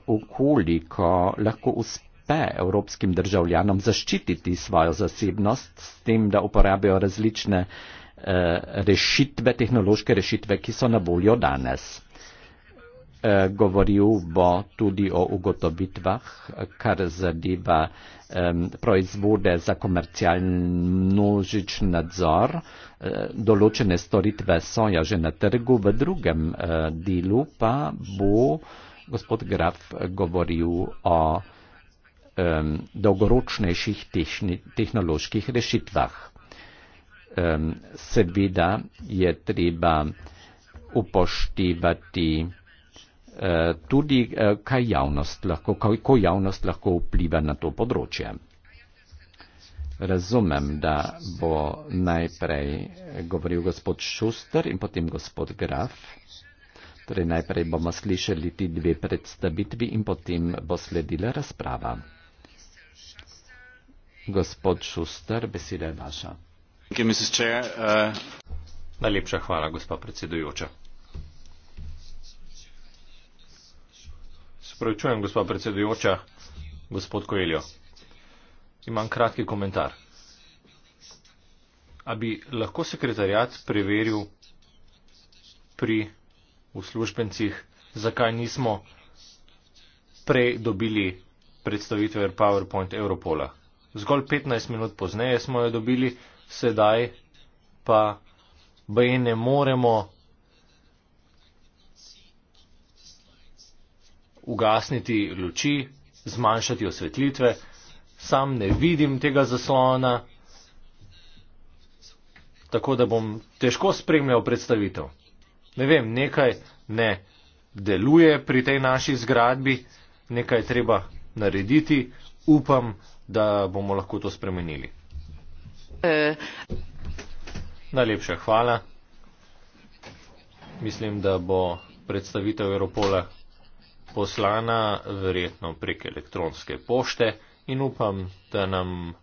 Speaker 3: ukoliko lahko uspešno uspe evropskim državljanom zaščititi svojo zasebnost s tem, da uporabijo različne eh, rešitve, tehnološke rešitve, ki so na voljo danes. Eh, govoril bo tudi o ugotovitvah, kar zadeva proizvode za komercialnožičen nadzor. Eh, določene storitve so ja že na trgu, v drugem delu pa bo gospod Graf govoril o um, dolgoročnejših tehni, tehnoloških rešitvah. Um, seveda je treba upoštevati uh, tudi, uh, kaj javnost lahko, kako javnost lahko vpliva na to področje. Razumem, da bo najprej govoril gospod Šuster in potem gospod Graf. Torej najprej bomo slišali ti dve predstavitvi in potem bo sledila razprava gospod Šuster, beseda je vaša.
Speaker 1: Uh, Najlepša hvala, gospod predsedujoča. Spravičujem, gospod predsedujoča, gospod Koeljo. Imam kratki komentar. A bi lahko sekretarjat preveril pri uslužbencih, zakaj nismo prej dobili predstavitve PowerPoint Europola? zgolj 15 minut pozneje smo jo dobili, sedaj pa BE ne moremo ugasniti luči, zmanjšati osvetlitve, sam ne vidim tega zaslona, tako da bom težko spremljal predstavitev. Ne vem, nekaj ne deluje pri tej naši zgradbi, nekaj treba narediti, upam, da bomo lahko to spremenili. E. Najlepša hvala. Mislim, da bo predstavitev Europola poslana verjetno prek elektronske pošte in upam, da nam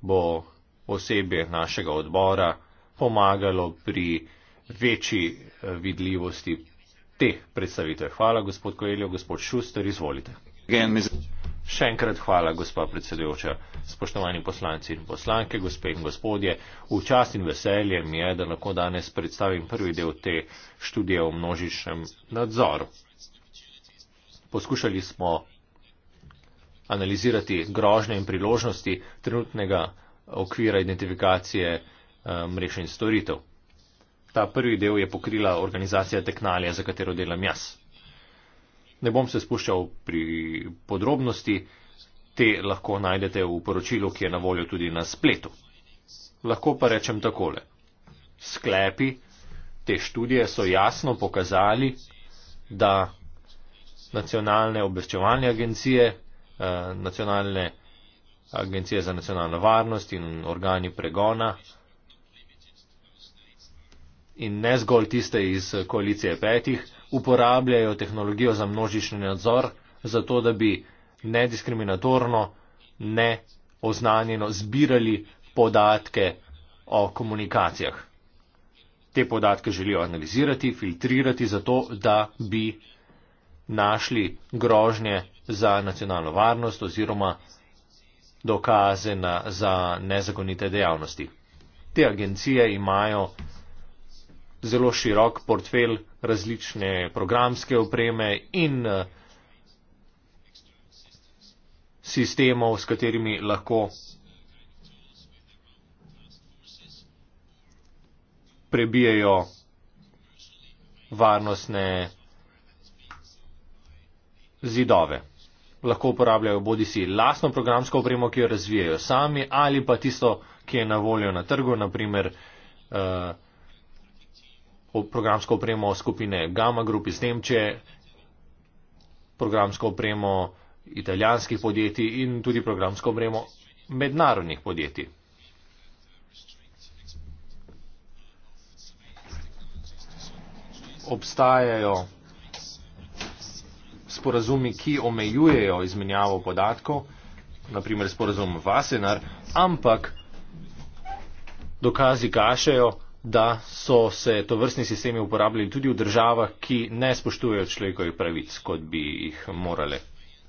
Speaker 1: bo osebje našega odbora pomagalo pri večji eh, vidljivosti te predstavitve. Hvala, gospod Koeljo, gospod Šuster, izvolite. Again, Še enkrat hvala, gospa predsedujoča, spoštovani poslanci in poslanke, gospe in gospodje. V čast in veselje mi je, da lahko danes predstavim prvi del te študije o množičnem nadzoru. Poskušali smo analizirati grožne in priložnosti trenutnega okvira identifikacije eh, mrež in storitev. Ta prvi del je pokrila organizacija Teknalija, za katero delam jaz. Ne bom se spuščal pri podrobnosti, te lahko najdete v poročilu, ki je na voljo tudi na spletu. Lahko pa rečem takole. Sklepi te študije so jasno pokazali, da nacionalne obveščevalne agencije, eh, nacionalne agencije za nacionalno varnost in organi pregona in ne zgolj tiste iz eh, koalicije petih, uporabljajo tehnologijo za množični nadzor, zato da bi nediskriminatorno, ne oznanjeno zbirali podatke o komunikacijah. Te podatke želijo analizirati, filtrirati, zato da bi našli grožnje za nacionalno varnost oziroma dokaze na, za nezakonite dejavnosti. Te agencije imajo zelo širok portfelj različne programske opreme in eh, sistemov, s katerimi lahko prebijajo varnostne zidove. Lahko uporabljajo bodi si lastno programsko opremo, ki jo razvijajo sami, ali pa tisto, ki je na voljo na trgu, naprimer uh, eh, programsko opremo skupine Gamma Group iz Nemčije, programsko opremo italijanskih podjetij in tudi programsko opremo mednarodnih podjetij. Obstajajo sporazumi, ki omejujejo izmenjavo podatkov, naprimer sporazum Vasenar, ampak dokazi kažejo, da so se to vrstni sistemi uporabljali tudi v državah, ki ne spoštujejo človekovih pravic, kot bi jih morali.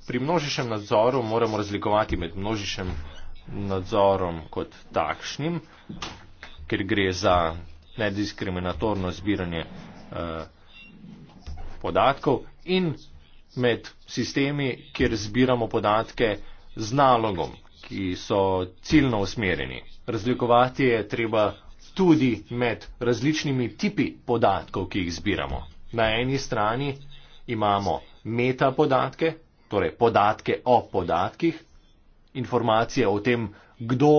Speaker 1: Pri množičnem nadzoru moramo razlikovati med množičnim nadzorom kot takšnim, ker gre za nediskriminatorno zbiranje eh, podatkov in med sistemi, kjer zbiramo podatke z nalogom, ki so ciljno usmerjeni. Razlikovati je treba tudi med različnimi tipi podatkov, ki jih zbiramo. Na eni strani imamo metapodatke, torej podatke o podatkih, informacije o tem, kdo,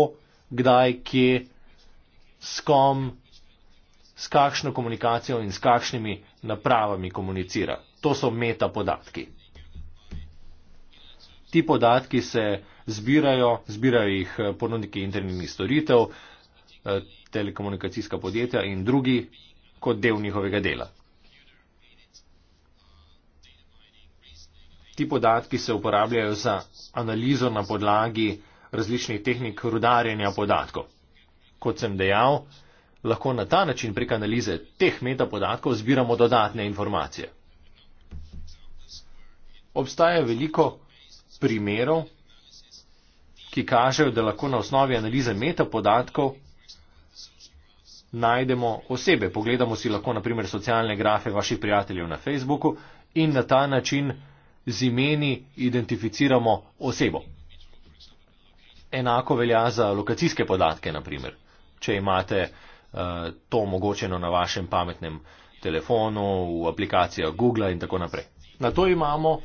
Speaker 1: kdaj, kje, s kom, s kakšno komunikacijo in s kakšnimi napravami komunicira. To so metapodatki. Ti podatki se zbirajo, zbirajo jih eh, ponudniki internetnih storitev, eh, telekomunikacijska podjetja in drugi kot del njihovega dela. Ti podatki se uporabljajo za analizo na podlagi različnih tehnik rudarjenja podatkov. Kot sem dejal, lahko na ta način prek analize teh metapodatkov zbiramo dodatne informacije. Obstaja veliko primerov, ki kažejo, da lahko na osnovi analize metapodatkov najdemo osebe. Pogledamo si lahko naprimer socialne grafe vaših prijateljev na Facebooku in na ta način z imeni identificiramo osebo. Enako velja za lokacijske podatke, naprimer. Če imate uh, to omogočeno na vašem pametnem telefonu, v aplikacijo Google in tako naprej. Na to imamo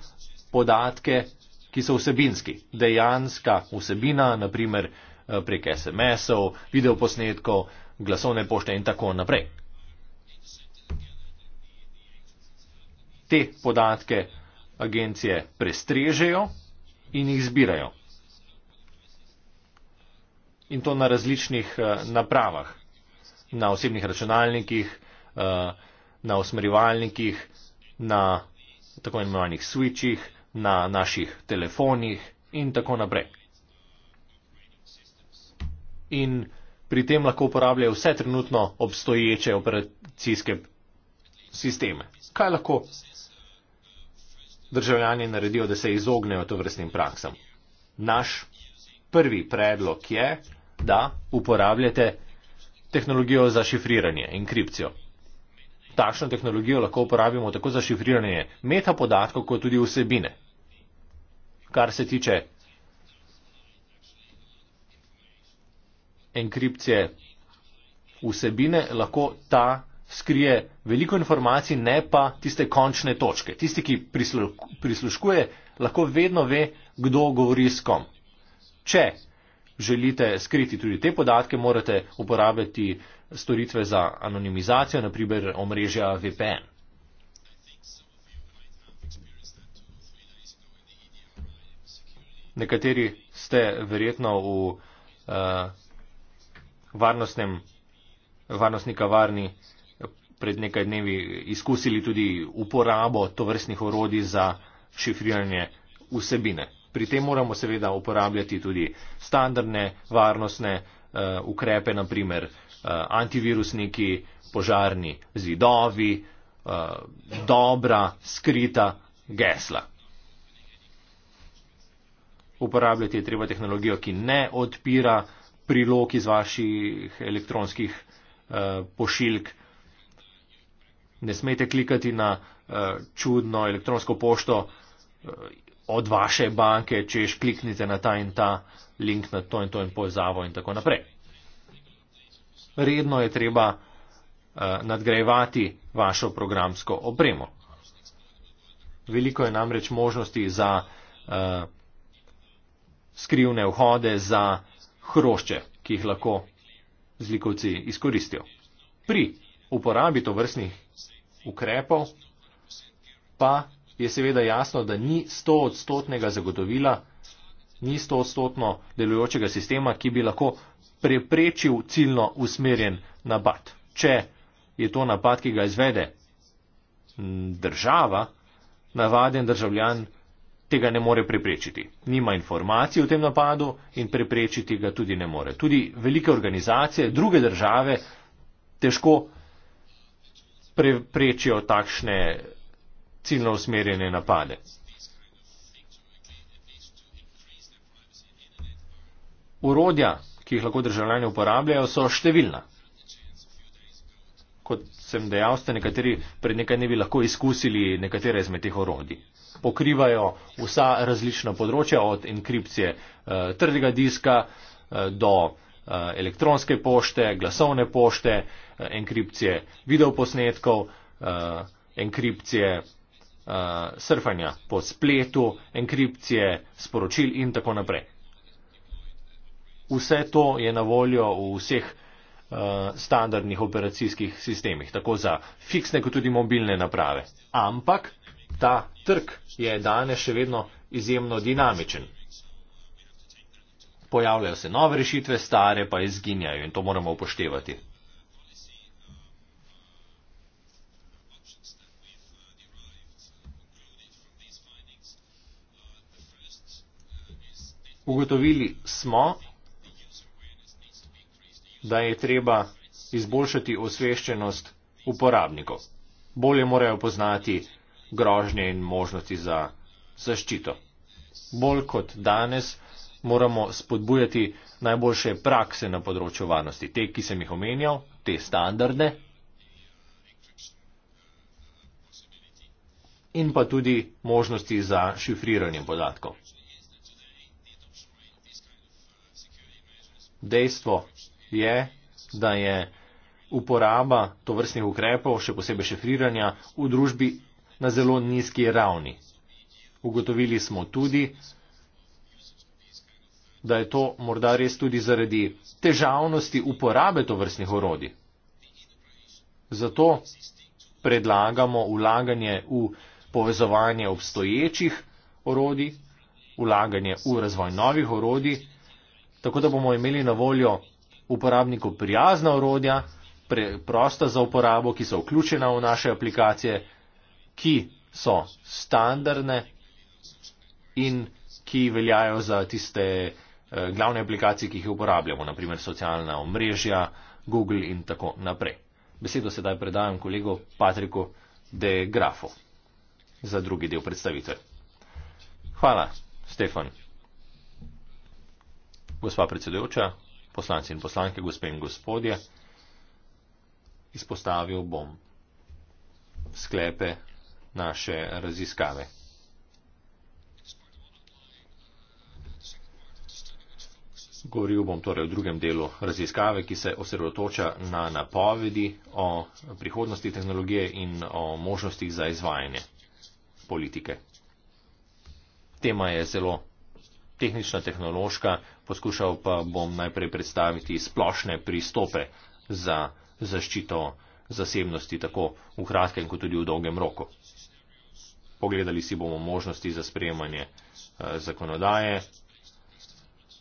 Speaker 1: podatke, ki so vsebinski. Dejanska vsebina, naprimer eh, prek SMS-ov, videoposnetkov, uh, glasovne pošte in tako naprej. Te podatke agencije prestrežejo in jih zbirajo. In to na različnih eh, napravah, na osebnih računalnikih, eh, na usmerjevalnikih, na tako imenovanih switchih, na naših telefonih in tako naprej. In pri tem lahko uporabljajo vse trenutno obstoječe operacijske sisteme. Kaj lahko državljani naredijo, da se izognejo to vrstnim praksam? Naš prvi predlog je, da uporabljate tehnologijo za šifriranje, enkripcijo. Takšno tehnologijo lahko uporabimo tako za šifriranje metapodatkov, kot tudi vsebine. Kar se tiče enkripcije vsebine, lahko ta skrije veliko informacij, ne pa tiste končne točke. Tisti, ki prisluškuje, lahko vedno ve, kdo govori s kom. Če želite skriti tudi te podatke, morate uporabljati storitve za anonimizacijo, naprimer omrežja VPN. Nekateri ste verjetno v uh, varnostnem, varnostni kavarni pred nekaj dnevi izkusili tudi uporabo tovrstnih orodij za šifriranje vsebine. Pri tem moramo seveda uporabljati tudi standardne varnostne uh, ukrepe, naprimer uh, eh, antivirusniki, požarni zidovi, uh, dobra skrita gesla. Uporabljati je treba tehnologijo, ki ne odpira uh, prilog iz vaših elektronskih eh, pošiljk. Ne smete klikati na eh, čudno elektronsko pošto eh, od vaše banke, češ kliknite na ta in ta link na to in to in povezavo in tako naprej. Redno je treba nadgrajevati vašo programsko opremo. Veliko je namreč možnosti za uh, skrivne vhode, za uh, hrošče, ki jih lahko zlikovci izkoristijo. Pri uporabi tovrstnih ukrepov pa je seveda jasno, da ni 100 odstotnega zagotovila, ni 100 odstotno delujočega sistema, ki bi lahko preprečil ciljno usmerjen napad. Če je to napad, ki ga izvede država, navaden državljan, tega ne more preprečiti. Nima informacij o tem napadu in preprečiti ga tudi ne more. Tudi velike organizacije, druge države težko preprečijo takšne ciljno usmerjene napade. Urodja, ki jih lahko državljani uporabljajo, so številna. Kot sem dejal, ste nekateri pred nekaj dnevi lahko izkusili nekatere izmed teh orodij pokrivajo vsa različna področja, od enkripcije uh, trdega diska uh, do uh, elektronske pošte, glasovne pošte, uh, enkripcije videoposnetkov, uh, enkripcije uh, surfanja po spletu, enkripcije sporočil in tako naprej. Vse to je na voljo v vseh standardnih operacijskih sistemih, tako za fiksne kot tudi mobilne naprave. Ampak ta trg je danes še vedno izjemno dinamičen. Pojavljajo se nove rešitve, stare pa izginjajo in to moramo upoštevati. Ugotovili smo, da je treba izboljšati osveščenost uporabnikov. Bolje morajo poznati grožnje in možnosti za zaščito. Bolj kot danes moramo spodbujati najboljše prakse na področju varnosti, te, ki sem jih omenjal, te standarde in pa tudi možnosti za šifriranje podatkov. Dejstvo je, da je uporaba tovrstnih ukrepov, še posebej šifriranja, v družbi na zelo nizki ravni. Ugotovili smo tudi, da je to morda res tudi zaradi težavnosti uporabe tovrstnih orodij. Zato predlagamo ulaganje v povezovanje obstoječih orodij, ulaganje v razvoj novih orodij, tako da bomo imeli na voljo uporabniku prijazna orodja, preprosta za uporabo, ki so vključena v naše aplikacije, ki so standardne in ki veljajo za tiste eh, glavne aplikacije, ki jih uporabljamo, naprimer socialna omrežja, Google in tako naprej. Besedo sedaj predajam kolegu Patriku De Grafu za drugi del predstavitve. Hvala, Stefan. Gospa predsedujoča, poslanci in poslanke, gospe in gospodje, izpostavil bom sklepe naše raziskave. Govoril bom torej o drugem delu raziskave, ki se osredotoča na napovedi o prihodnosti tehnologije in o možnostih za izvajanje politike. Tema je zelo tehnična, tehnološka, poskušal pa bom najprej predstaviti splošne pristope za zaščito zasebnosti tako v kratkem kot tudi v dolgem roku. Pogledali si bomo možnosti za sprejemanje eh, zakonodaje,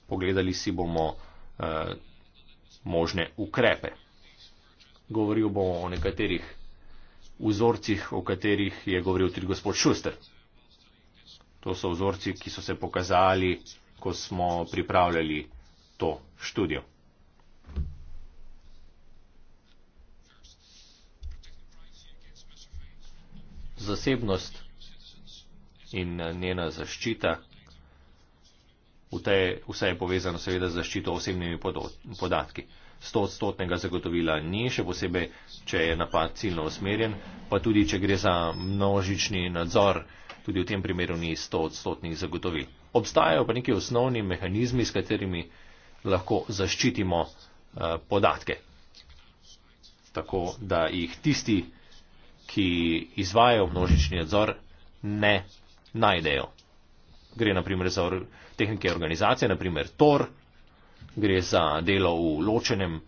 Speaker 1: pogledali si bomo eh, možne ukrepe. Govoril bom o nekaterih vzorcih, o katerih je govoril tudi gospod Šuster. To so vzorci, ki so se pokazali, ko smo pripravljali to študijo. zasebnost in eh, njena zaščita. Te, vse je povezano seveda z zaščito osebnimi podatki. 100-odstotnega zagotovila ni, še posebej, če je napad ciljno usmerjen, pa tudi, če gre za množični nadzor, tudi v tem primeru ni 100-odstotnih zagotovil. Obstajajo pa neki osnovni mehanizmi, s katerimi lahko zaščitimo uh, podatke, tako da jih tisti, ki izvajajo množični nadzor, ne najdejo. Gre naprimer za or tehnike organizacije, naprimer TOR, gre za delo v ločenem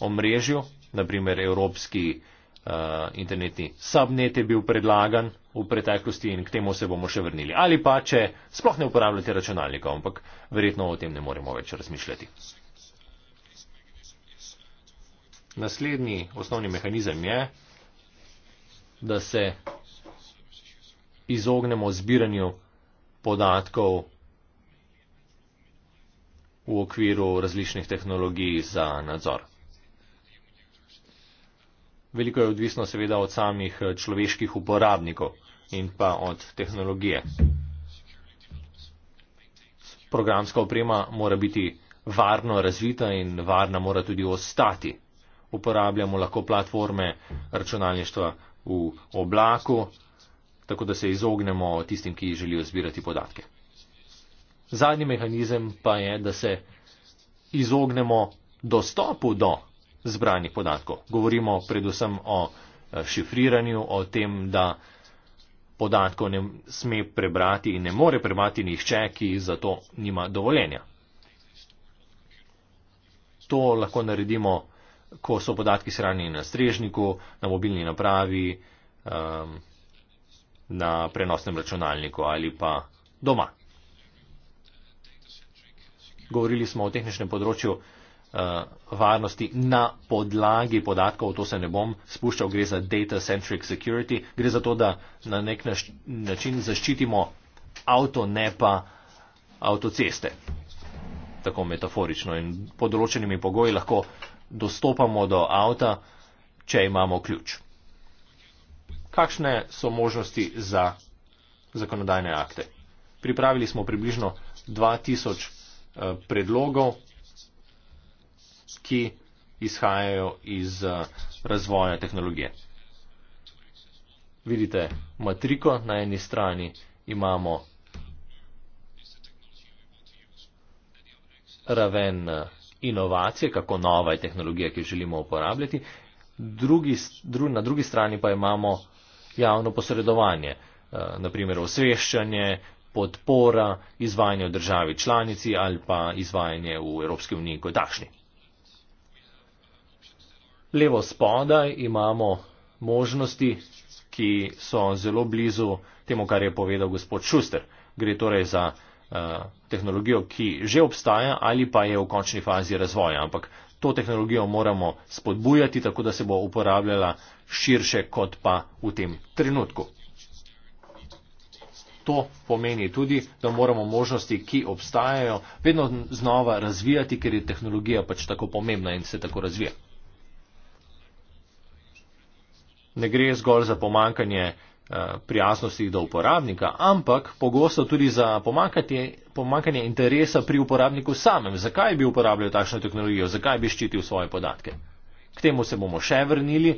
Speaker 1: omrežju, naprimer Evropski uh, internetni subnet je bil predlagan v preteklosti in k temu se bomo še vrnili. Ali pa, če sploh ne uporabljate računalnikov, ampak verjetno o tem ne moremo več razmišljati. Naslednji osnovni mehanizem je, da se izognemo zbiranju podatkov v okviru različnih tehnologij za nadzor. Veliko je odvisno seveda od samih eh, človeških uporabnikov in pa od tehnologije. Programska oprema mora biti varno razvita in varna mora tudi ostati. Uporabljamo lahko platforme računalništva v oblaku, tako da se izognemo tistim, ki želijo zbirati podatke. Zadnji mehanizem pa je, da se izognemo dostopu do zbranih podatkov. Govorimo predvsem o eh, šifriranju, o tem, da podatkov ne sme prebrati in ne more prebrati nihče, ki za to nima dovoljenja. To lahko naredimo ko so podatki shranjeni na strežniku, na mobilni napravi, um, na prenosnem računalniku ali pa doma. Govorili smo o tehničnem področju uh, varnosti na podlagi podatkov, to se ne bom spuščal, gre za data-centric security, gre za to, da na nek način zaščitimo avto, ne pa avtoceste. Tako metaforično in pod določenimi pogoji lahko dostopamo do avta, če imamo ključ. Kakšne so možnosti za zakonodajne akte? Pripravili smo približno 2000 eh, predlogov, ki izhajajo iz eh, razvoja tehnologije. Vidite matriko, na eni strani imamo raven eh, inovacije, kako nova je tehnologija, ki jo želimo uporabljati, drugi, dru, na drugi strani pa imamo javno posredovanje, eh, naprimer osveščanje, podpora izvajanja v državi članici ali pa izvajanje v Evropski uniji kot takšni. Levo spodaj imamo možnosti, ki so zelo blizu temu, kar je povedal gospod Šuster. Gre torej za Eh, tehnologijo, ki že obstaja ali pa je v končni fazi razvoja. Ampak to tehnologijo moramo spodbujati, tako da se bo uporabljala širše kot pa v tem trenutku. To pomeni tudi, da moramo možnosti, ki obstajajo, vedno znova razvijati, ker je tehnologija pač tako pomembna in se tako razvija. Ne gre zgolj za pomankanje Eh, prijaznosti do uporabnika, ampak pogosto tudi za pomankanje interesa pri uporabniku samem, zakaj bi uporabljal takšno tehnologijo, zakaj bi ščitil svoje podatke. K temu se bomo še vrnili.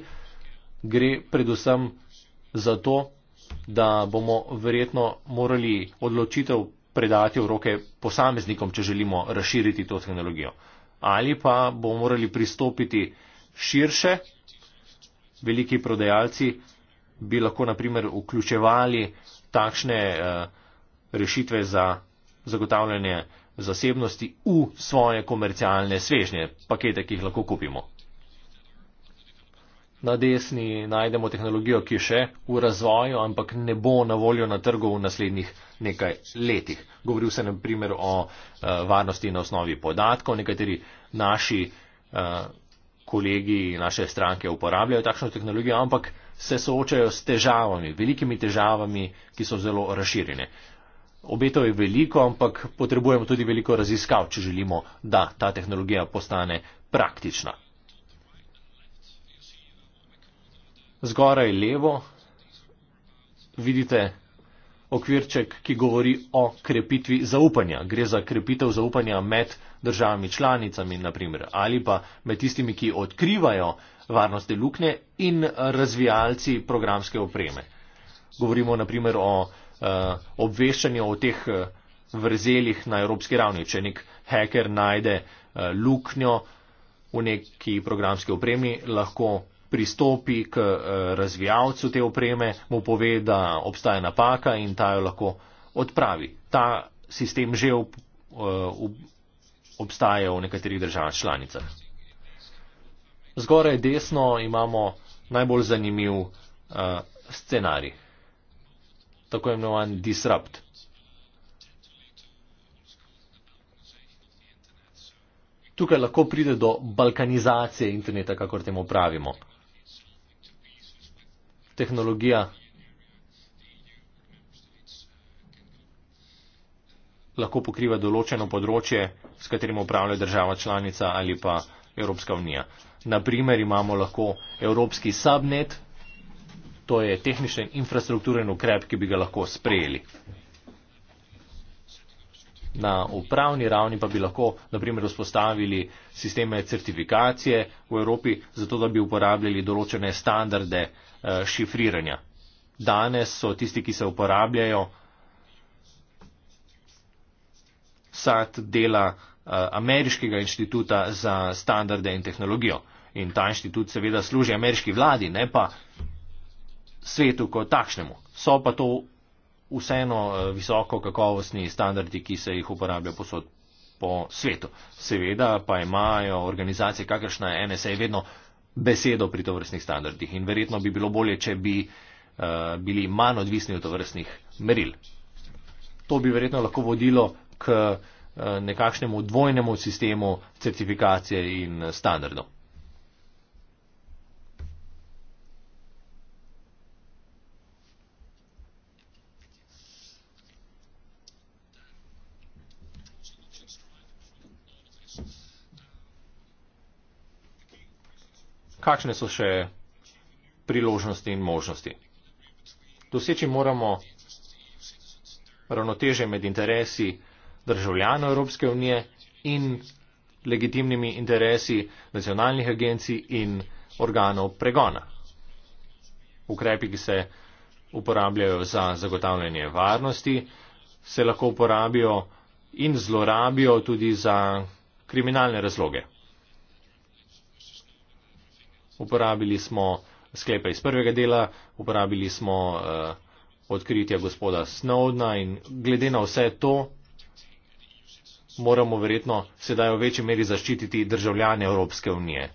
Speaker 1: Gre predvsem za to, da bomo verjetno morali odločitev predati v roke posameznikom, če želimo razširiti to tehnologijo. Ali pa bomo morali pristopiti širše, veliki prodajalci bi lahko na primer vključevali takšne eh, rešitve za zagotavljanje zasebnosti v svoje komercialne svežnje, pakete, ki jih lahko kupimo. Na desni najdemo tehnologijo, ki je še v razvoju, ampak ne bo na voljo na trgu v naslednjih nekaj letih. Govoril sem na primer o eh, varnosti na osnovi podatkov. Nekateri naši eh, kolegi naše stranke uporabljajo takšno tehnologijo, ampak se soočajo s težavami, velikimi težavami, ki so zelo razširjene. Obetov je veliko, ampak potrebujemo tudi veliko raziskav, če želimo, da ta tehnologija postane praktična. Zgoraj levo vidite okvirček, ki govori o krepitvi zaupanja. Gre za krepitev zaupanja med državami članicami, naprimer, ali pa med tistimi, ki odkrivajo varnostne luknje in razvijalci programske opreme. Govorimo naprimer o uh, obveščanju o teh eh, vrzelih na evropski ravni. Če nek hacker najde uh, luknjo v neki programski opremi, lahko pristopi k eh, razvijalcu te opreme, mu pove, da obstaja napaka in ta jo lahko odpravi. Ta sistem že ob, eh, ob, obstaja v nekaterih državah članicah. Zgoraj desno imamo najbolj zanimiv uh, scenarij, tako imenovan disrupt. Tukaj lahko pride do balkanizacije interneta, kakor temu pravimo tehnologija. lahko pokriva določeno področje, s katerim upravlja država članica ali pa Evropska unija. Naprimer imamo lahko Evropski subnet, to je tehničen infrastrukturen ukrep, ki bi ga lahko sprejeli. Na upravni ravni pa bi lahko, naprimer, vzpostavili sisteme certifikacije v Evropi, zato da bi uporabljali določene standarde eh, Eh, šifriranja. Danes so tisti, ki se uporabljajo, sat dela eh, Ameriškega inštituta za standarde in tehnologijo. In ta inštitut seveda služi ameriški vladi, ne pa svetu kot takšnemu. So pa to vseeno eh, visoko kakovostni standardi, ki se jih uporablja posod po svetu. Seveda pa imajo organizacije, kakršna je NSA, vedno besedo pri tovrstnih standardih in verjetno bi bilo bolje, če bi uh, bili manj odvisni od tovrstnih meril. To bi verjetno lahko vodilo k uh, nekakšnemu dvojnemu sistemu certifikacije in standardov. kakšne so še priložnosti in možnosti. Doseči moramo ravnoteže med interesi državljanov Evropske unije in legitimnimi interesi nacionalnih agencij in organov pregona. Ukrepi, ki se uporabljajo za zagotavljanje varnosti, se lahko uporabijo in zlorabijo tudi za kriminalne razloge uporabili smo sklepe iz prvega dela, uporabili smo uh, odkritja gospoda Snowdna in glede na vse to moramo verjetno sedaj v večji meri zaščititi državljane Evropske unije.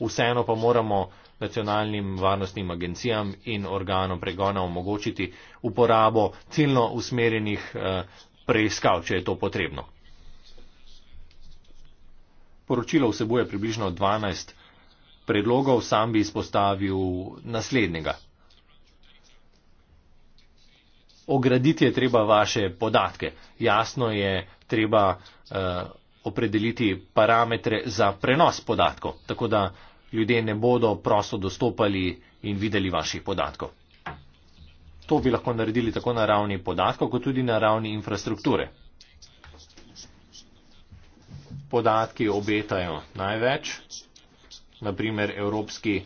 Speaker 1: Vseeno pa moramo nacionalnim varnostnim agencijam in organom pregona omogočiti uporabo ciljno usmerjenih eh, preiskav, če je to potrebno. Poročilo vsebuje približno 12 predlogov, sam bi izpostavil naslednjega. Ograditi je treba vaše podatke. Jasno je treba uh, opredeliti parametre za prenos podatkov, tako da ljudje ne bodo prosto dostopali in videli vaših podatkov. To bi lahko naredili tako na ravni podatkov, kot tudi na ravni infrastrukture. Podatki obetajo največ, naprimer evropski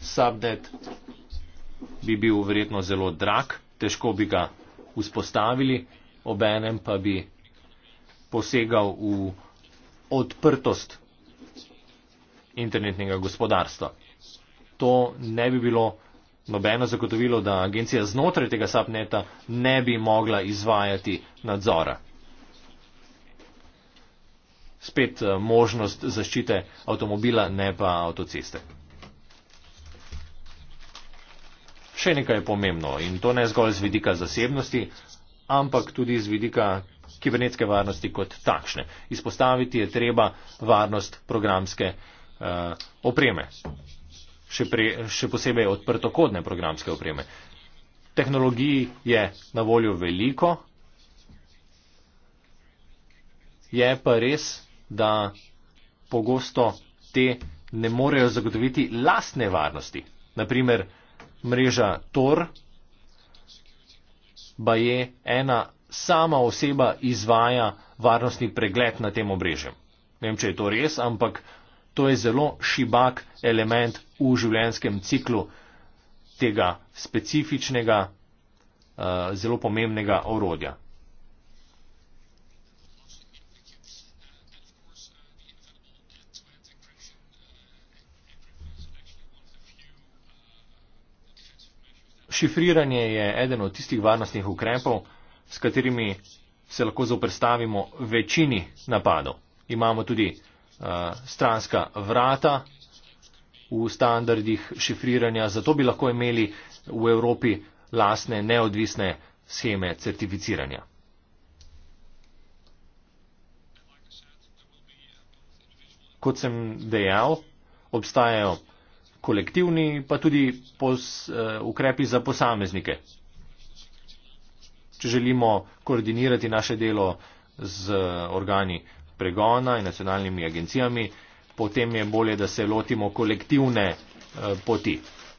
Speaker 1: subnet, bi bil verjetno zelo drag, težko bi ga vzpostavili, obenem pa bi posegal v odprtost internetnega gospodarstva. To ne bi bilo nobeno zagotovilo, da agencija znotraj tega subneta ne bi mogla izvajati nadzora spet eh, možnost zaščite avtomobila, ne pa avtoceste. Še nekaj je pomembno in to ne zgolj z vidika zasebnosti, ampak tudi z vidika kibernetske varnosti kot takšne. Izpostaviti je treba varnost programske uh, opreme, še, pre, še posebej odprtokodne programske opreme. Tehnologiji je na voljo veliko, je pa res da pogosto te ne morejo zagotoviti lastne varnosti. Naprimer, mreža Tor, pa je ena sama oseba izvaja varnostni pregled na tem obrežju. Ne vem, če je to res, ampak to je zelo šibak element v življenjskem ciklu tega specifičnega, eh, zelo pomembnega orodja. Šifriranje je eden od tistih varnostnih ukrepov, s katerimi se lahko zoprstavimo večini napadov. Imamo tudi uh, stranska vrata v standardih šifriranja, zato bi lahko imeli v Evropi lasne neodvisne scheme certificiranja. Kot sem dejal, obstajajo kolektivni, pa tudi pos, uh, ukrepi za posameznike. Če želimo koordinirati naše delo z eh, organi pregona in nacionalnimi agencijami, potem je bolje, da se lotimo kolektivne uh, poti.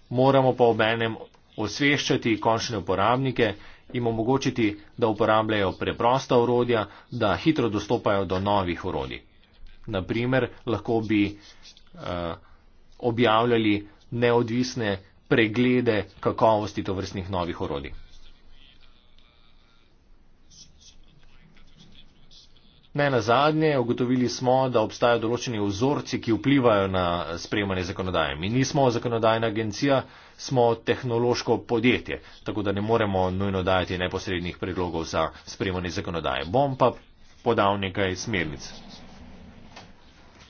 Speaker 1: Moramo pa obenem osveščati končne uporabnike in omogočiti, da uporabljajo preprosta orodja, da hitro dostopajo do novih orodij. Naprimer, lahko bi uh, objavljali neodvisne preglede kakovosti tovrstnih novih orodij. Ne na zadnje, ugotovili smo, da obstajajo določeni vzorci, ki vplivajo na sprejemanje zakonodaje. Mi nismo zakonodajna agencija, smo tehnološko podjetje, tako da ne moremo nujno dajati neposrednih predlogov za sprejemanje zakonodaje. Bom pa podal nekaj smernic.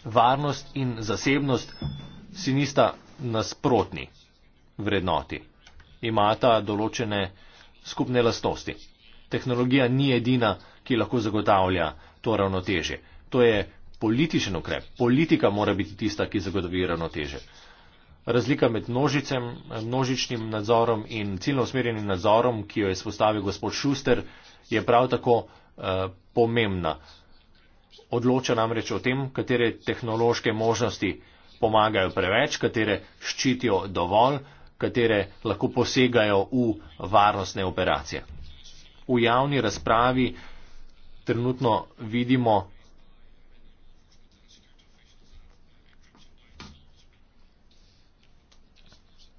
Speaker 1: Varnost in zasebnost si nista nasprotni vrednoti. Imata določene skupne lastnosti. Tehnologija ni edina, ki lahko zagotavlja to ravnoteže. To je političen ukrep. Politika mora biti tista, ki zagotovi ravnoteže. Razlika med množicem, množičnim nadzorom in ciljno usmerjenim nadzorom, ki jo je spostavil gospod Šuster, je prav tako eh, pomembna. Odloča namreč o tem, katere tehnološke možnosti eh, pomagajo preveč, katere ščitijo dovolj, katere lahko posegajo v varnostne operacije. V javni razpravi trenutno vidimo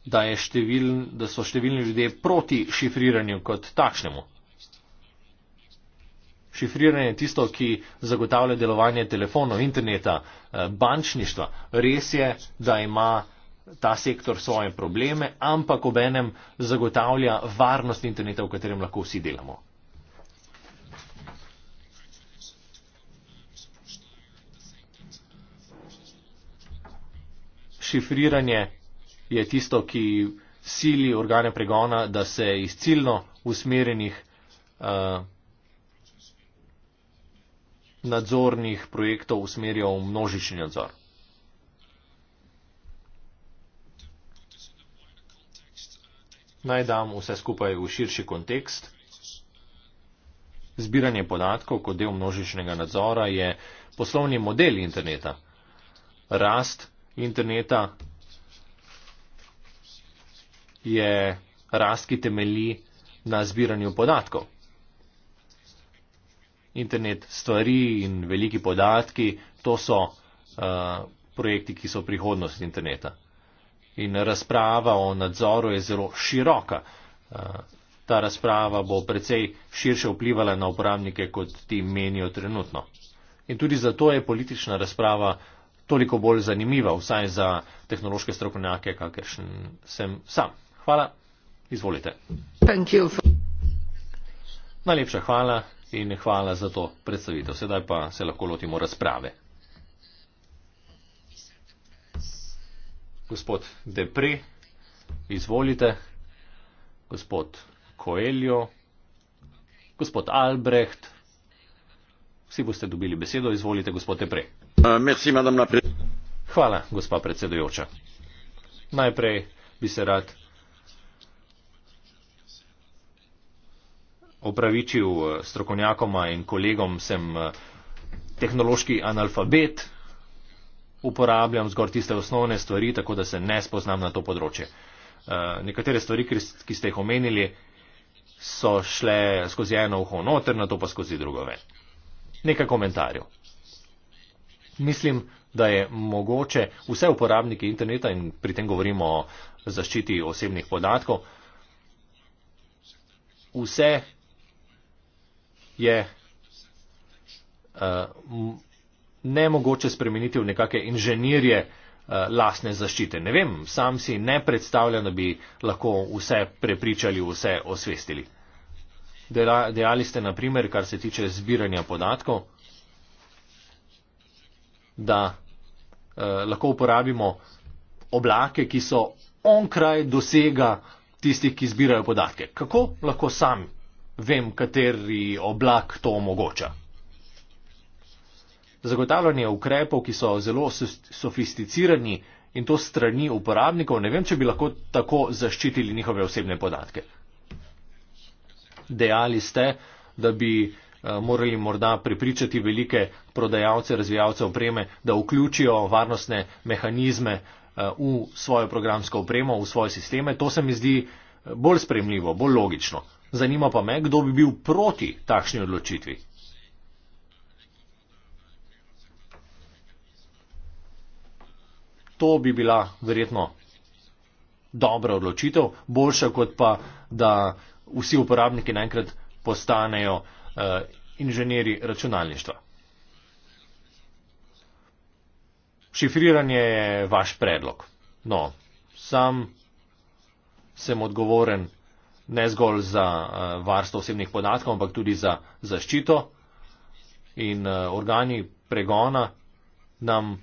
Speaker 1: Da, številn, da so številni ljudje proti šifriranju kot takšnemu šifriranje je tisto, ki zagotavlja delovanje telefonov, interneta, eh, bančništva. Res je, da ima ta sektor svoje probleme, ampak obenem zagotavlja varnost interneta, v katerem lahko vsi delamo. Šifriranje je tisto, ki sili organe pregona, da se iz ciljno usmerjenih uh, nadzornih projektov usmerjal v množični nadzor. Naj dam vse skupaj v širši kontekst. Zbiranje podatkov kot del množičnega nadzora je poslovni model interneta. Rast interneta je rast, ki temelji na zbiranju podatkov internet stvari in veliki podatki, to so uh, projekti, ki so prihodnost interneta. In razprava o nadzoru je zelo široka. Uh, ta razprava bo precej širše vplivala na uporabnike, kot ti menijo trenutno. In tudi zato je politična razprava toliko bolj zanimiva, vsaj za tehnološke strokovnjake, kakršen sem sam. Hvala. Izvolite. Najlepša hvala in hvala za to predstavitev. Sedaj pa se lahko lotimo razprave. Gospod Depri, izvolite. Gospod Koeljo, gospod Albrecht, vsi boste dobili besedo, izvolite, gospod Depri. Hvala, gospa predsedujoča. Najprej bi se rad opravičil eh, strokovnjakoma in kolegom, sem eh, tehnološki analfabet, uporabljam zgolj tiste osnovne stvari, tako da se ne spoznam na to področje. Eh, nekatere stvari, ki ste jih omenili, so šle skozi eno uho noter, na to pa skozi drugo ven. Nekaj komentarjev. Mislim, da je mogoče vse uporabniki interneta in pri tem govorimo o zaščiti osebnih podatkov, vse je uh, nemogoče spremeniti v nekake inženirje uh, eh, lasne zaščite. Ne vem, sam si ne predstavljam, da bi lahko vse prepričali, vse osvestili. Dejali ste, naprimer, kar se tiče zbiranja podatkov, da uh, lahko uporabimo oblake, ki so onkraj dosega tistih, ki zbirajo podatke. Kako lahko sami vem, kateri oblak to omogoča. Zagotavljanje ukrepov, ki so zelo sofisticirani in to strani uporabnikov, ne vem, če bi lahko tako zaščitili njihove osebne podatke. Dejali ste, da bi eh, morali morda pripričati velike prodajalce, razvijalce opreme, da vključijo varnostne mehanizme eh, v svojo programsko opremo, v svoje sisteme. To se mi zdi eh, bolj spremljivo, bolj logično. Zanima pa me, kdo bi bil proti takšni odločitvi. To bi bila verjetno dobra odločitev, boljša kot pa, da vsi uporabniki naenkrat postanejo eh, inženjeri računalništva. Šifriranje je vaš predlog. No, sam sem odgovoren ne zgolj za eh, varstvo osebnih podatkov, ampak tudi za zaščito. In eh, organi pregona nam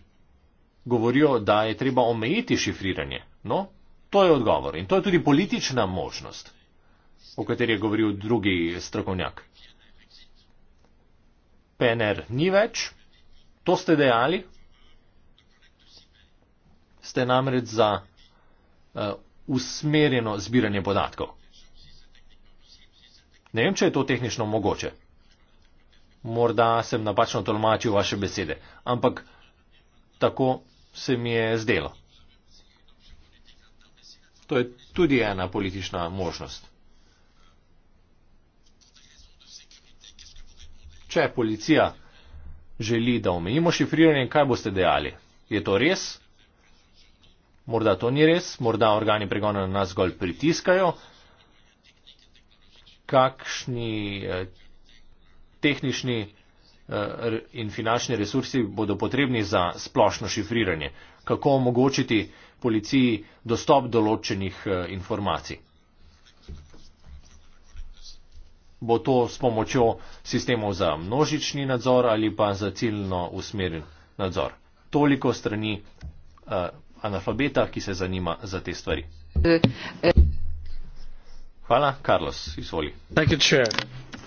Speaker 1: govorijo, da je treba omejiti šifriranje. No, to je odgovor in to je tudi politična možnost, o kateri je govoril drugi strokovnjak. PNR ni več, to ste dejali, ste namreč za uh, usmerjeno zbiranje podatkov. Ne vem, če je to tehnično mogoče. Morda sem napačno tolmačil vaše besede, ampak tako se mi je zdelo. To je tudi ena politična možnost. Če policija želi, da omejimo šifriranje, kaj boste dejali? Je to res? Morda to ni res, morda organi pregona na nas zgolj pritiskajo, kakšni eh, tehnični eh, in finančni resursi bodo potrebni za splošno šifriranje, kako omogočiti policiji dostop določenih eh, informacij. Bo to s pomočjo sistemov za množični nadzor ali pa za ciljno usmerjen nadzor. Toliko strani analfabeta, ki se zanima za te stvari.
Speaker 3: E, e.
Speaker 1: Hvala, Carlos, izvoli.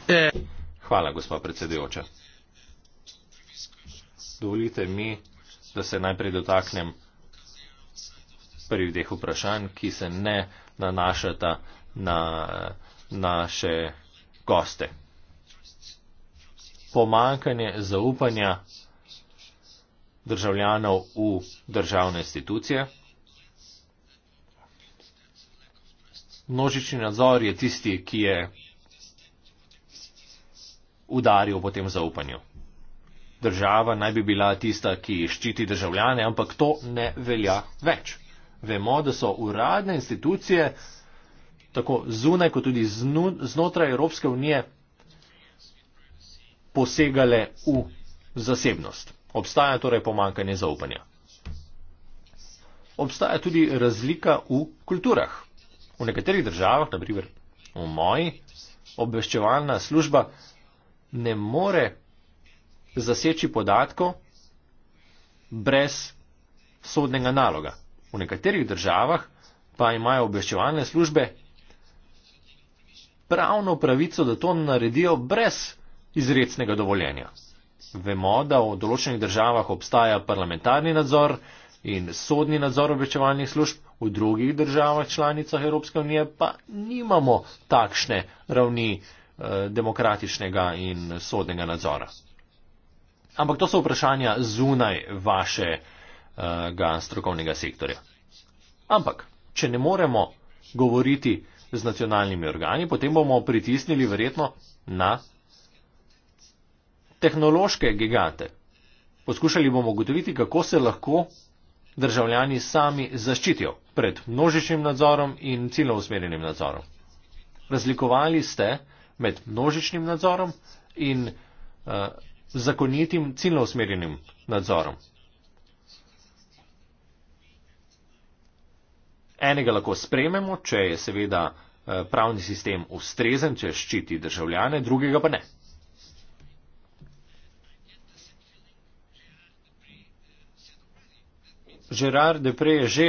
Speaker 1: Eh. Hvala, gospod predsedujoča. Dovolite mi, da se najprej dotaknem prvih dveh vprašanj, ki se ne nanašata na naše goste. Pomankanje zaupanja državljanov v državne institucije, množični nadzor je tisti, ki je udaril po tem zaupanju. Država naj bi bila tista, ki ščiti državljane, ampak to ne velja več. Vemo, da so uradne institucije, tako zunaj kot tudi znotraj Evropske unije, posegale v zasebnost. Obstaja torej pomankanje zaupanja. Obstaja tudi razlika v kulturah. V nekaterih državah, naprimer v moji, obveščevalna služba ne more zaseči podatkov brez sodnega naloga. V nekaterih državah pa imajo obveščevalne službe pravno pravico, da to naredijo brez izrecnega dovoljenja. Vemo, da v določenih državah obstaja parlamentarni nadzor in sodni nadzor obveščevalnih služb, v drugih državah članicah Evropske unije pa nimamo takšne ravni eh, demokratičnega in sodnega nadzora. Ampak to so vprašanja zunaj vašega eh, strokovnega sektorja. Ampak, če ne moremo govoriti z nacionalnimi organi, potem bomo pritisnili verjetno na tehnološke gigante. Poskušali bomo ugotoviti, kako se lahko državljani sami zaščitijo pred množičnim nadzorom in ciljno usmerjenim nadzorom. Razlikovali ste med množičnim nadzorom in uh, zakonitim ciljno usmerjenim nadzorom. Enega lahko sprememo, če je seveda eh, pravni sistem ustrezen, če ščiti državljane, drugega pa ne. Žerar de Prej je že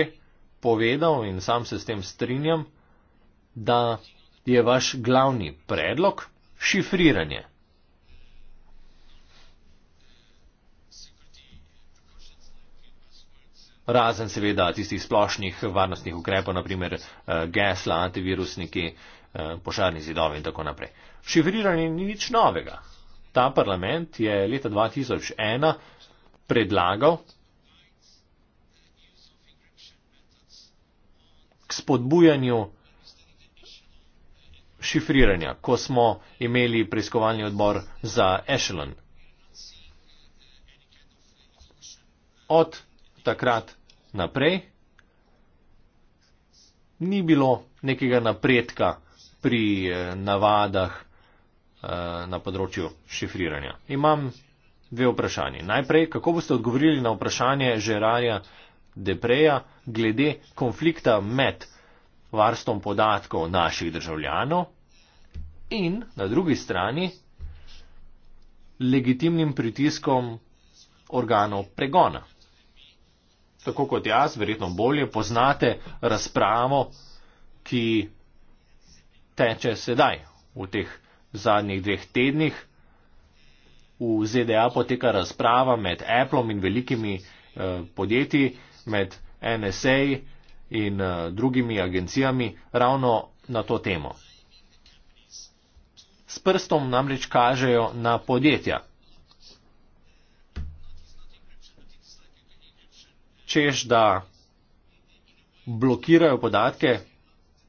Speaker 1: povedal in sam se s tem strinjam, da je vaš glavni predlog šifriranje. Razen seveda tistih splošnih varnostnih ukrepov, naprimer eh, gesla, antivirusniki, eh, požarni zidovi in tako naprej. Šifriranje ni nič novega. Ta parlament je leta 2001 predlagal k spodbujanju šifriranja, ko smo imeli preiskovalni odbor za Echelon. Od takrat naprej ni bilo nekega napredka pri eh, navadah eh, na področju šifriranja. Imam dve vprašanje. Najprej, kako boste odgovorili na vprašanje Žerarja Depreja glede konflikta med varstvom podatkov naših državljanov in na drugi strani legitimnim pritiskom organov pregona. Tako kot jaz, verjetno bolje poznate razpravo, ki teče sedaj v teh zadnjih dveh tednih. V ZDA poteka razprava med Appleom in velikimi eh, podjetji, med NSA in eh, drugimi agencijami ravno na to temo. S prstom namreč kažejo na podjetja. Češ, da blokirajo podatke,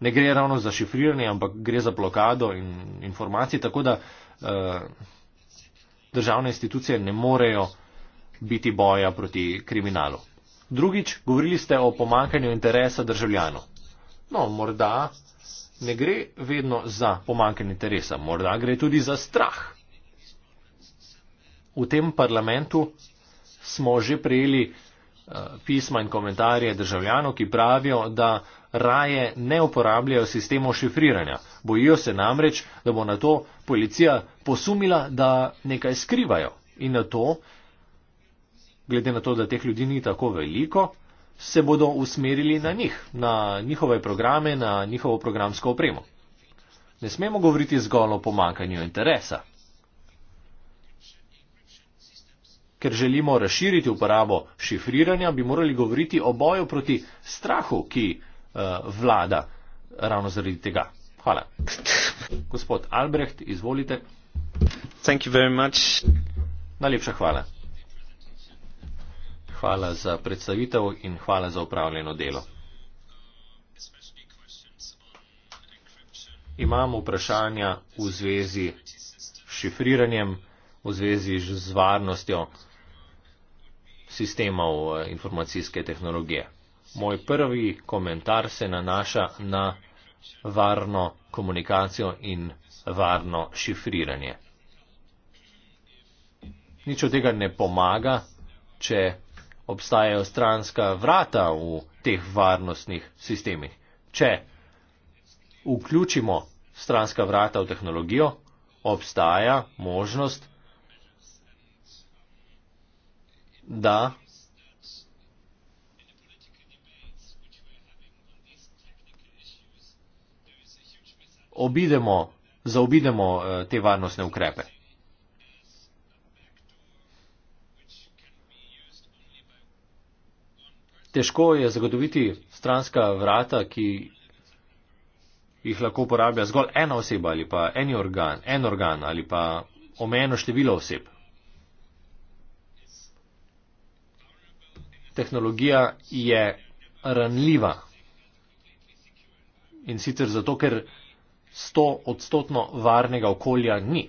Speaker 1: ne gre ravno za šifriranje, ampak gre za blokado in informacij, tako da uh, državne institucije ne morejo biti boja proti kriminalu. Drugič, govorili ste o pomankanju interesa državljanov. No, morda ne gre vedno za pomankanje interesa, morda gre tudi za strah. V tem parlamentu smo že prejeli eh, pisma in komentarje državljanov, ki pravijo, da raje ne uporabljajo sistemov šifriranja. Bojijo se namreč, da bo na to policija posumila, da nekaj skrivajo. In na to glede na to, da teh ljudi ni tako veliko, se bodo usmerili na njih, na njihove programe, na njihovo programsko opremo. Ne smemo govoriti zgolj o pomankanju interesa, ker želimo razširiti uporabo šifriranja, bi morali govoriti o boju proti strahu, ki uh, vlada ravno zaradi tega. Hvala. Gospod Albrecht, izvolite. Najlepša hvala. Hvala za predstavitev in hvala za upravljeno delo. Imam vprašanja v zvezi s šifriranjem, v zvezi z varnostjo sistemov eh, informacijske tehnologije. Moj prvi komentar se nanaša na varno komunikacijo in varno šifriranje. Nič od tega ne pomaga, če obstajajo stranska vrata v teh varnostnih sistemih. Če vključimo stranska vrata v tehnologijo, obstaja možnost, da obidemo, zaobidemo eh, te varnostne ukrepe. težko je zagotoviti stranska vrata, ki jih lahko uporablja zgolj ena oseba ali pa en organ, en organ ali pa omejeno število oseb. Tehnologija je ranljiva in sicer zato, ker sto odstotno varnega okolja ni.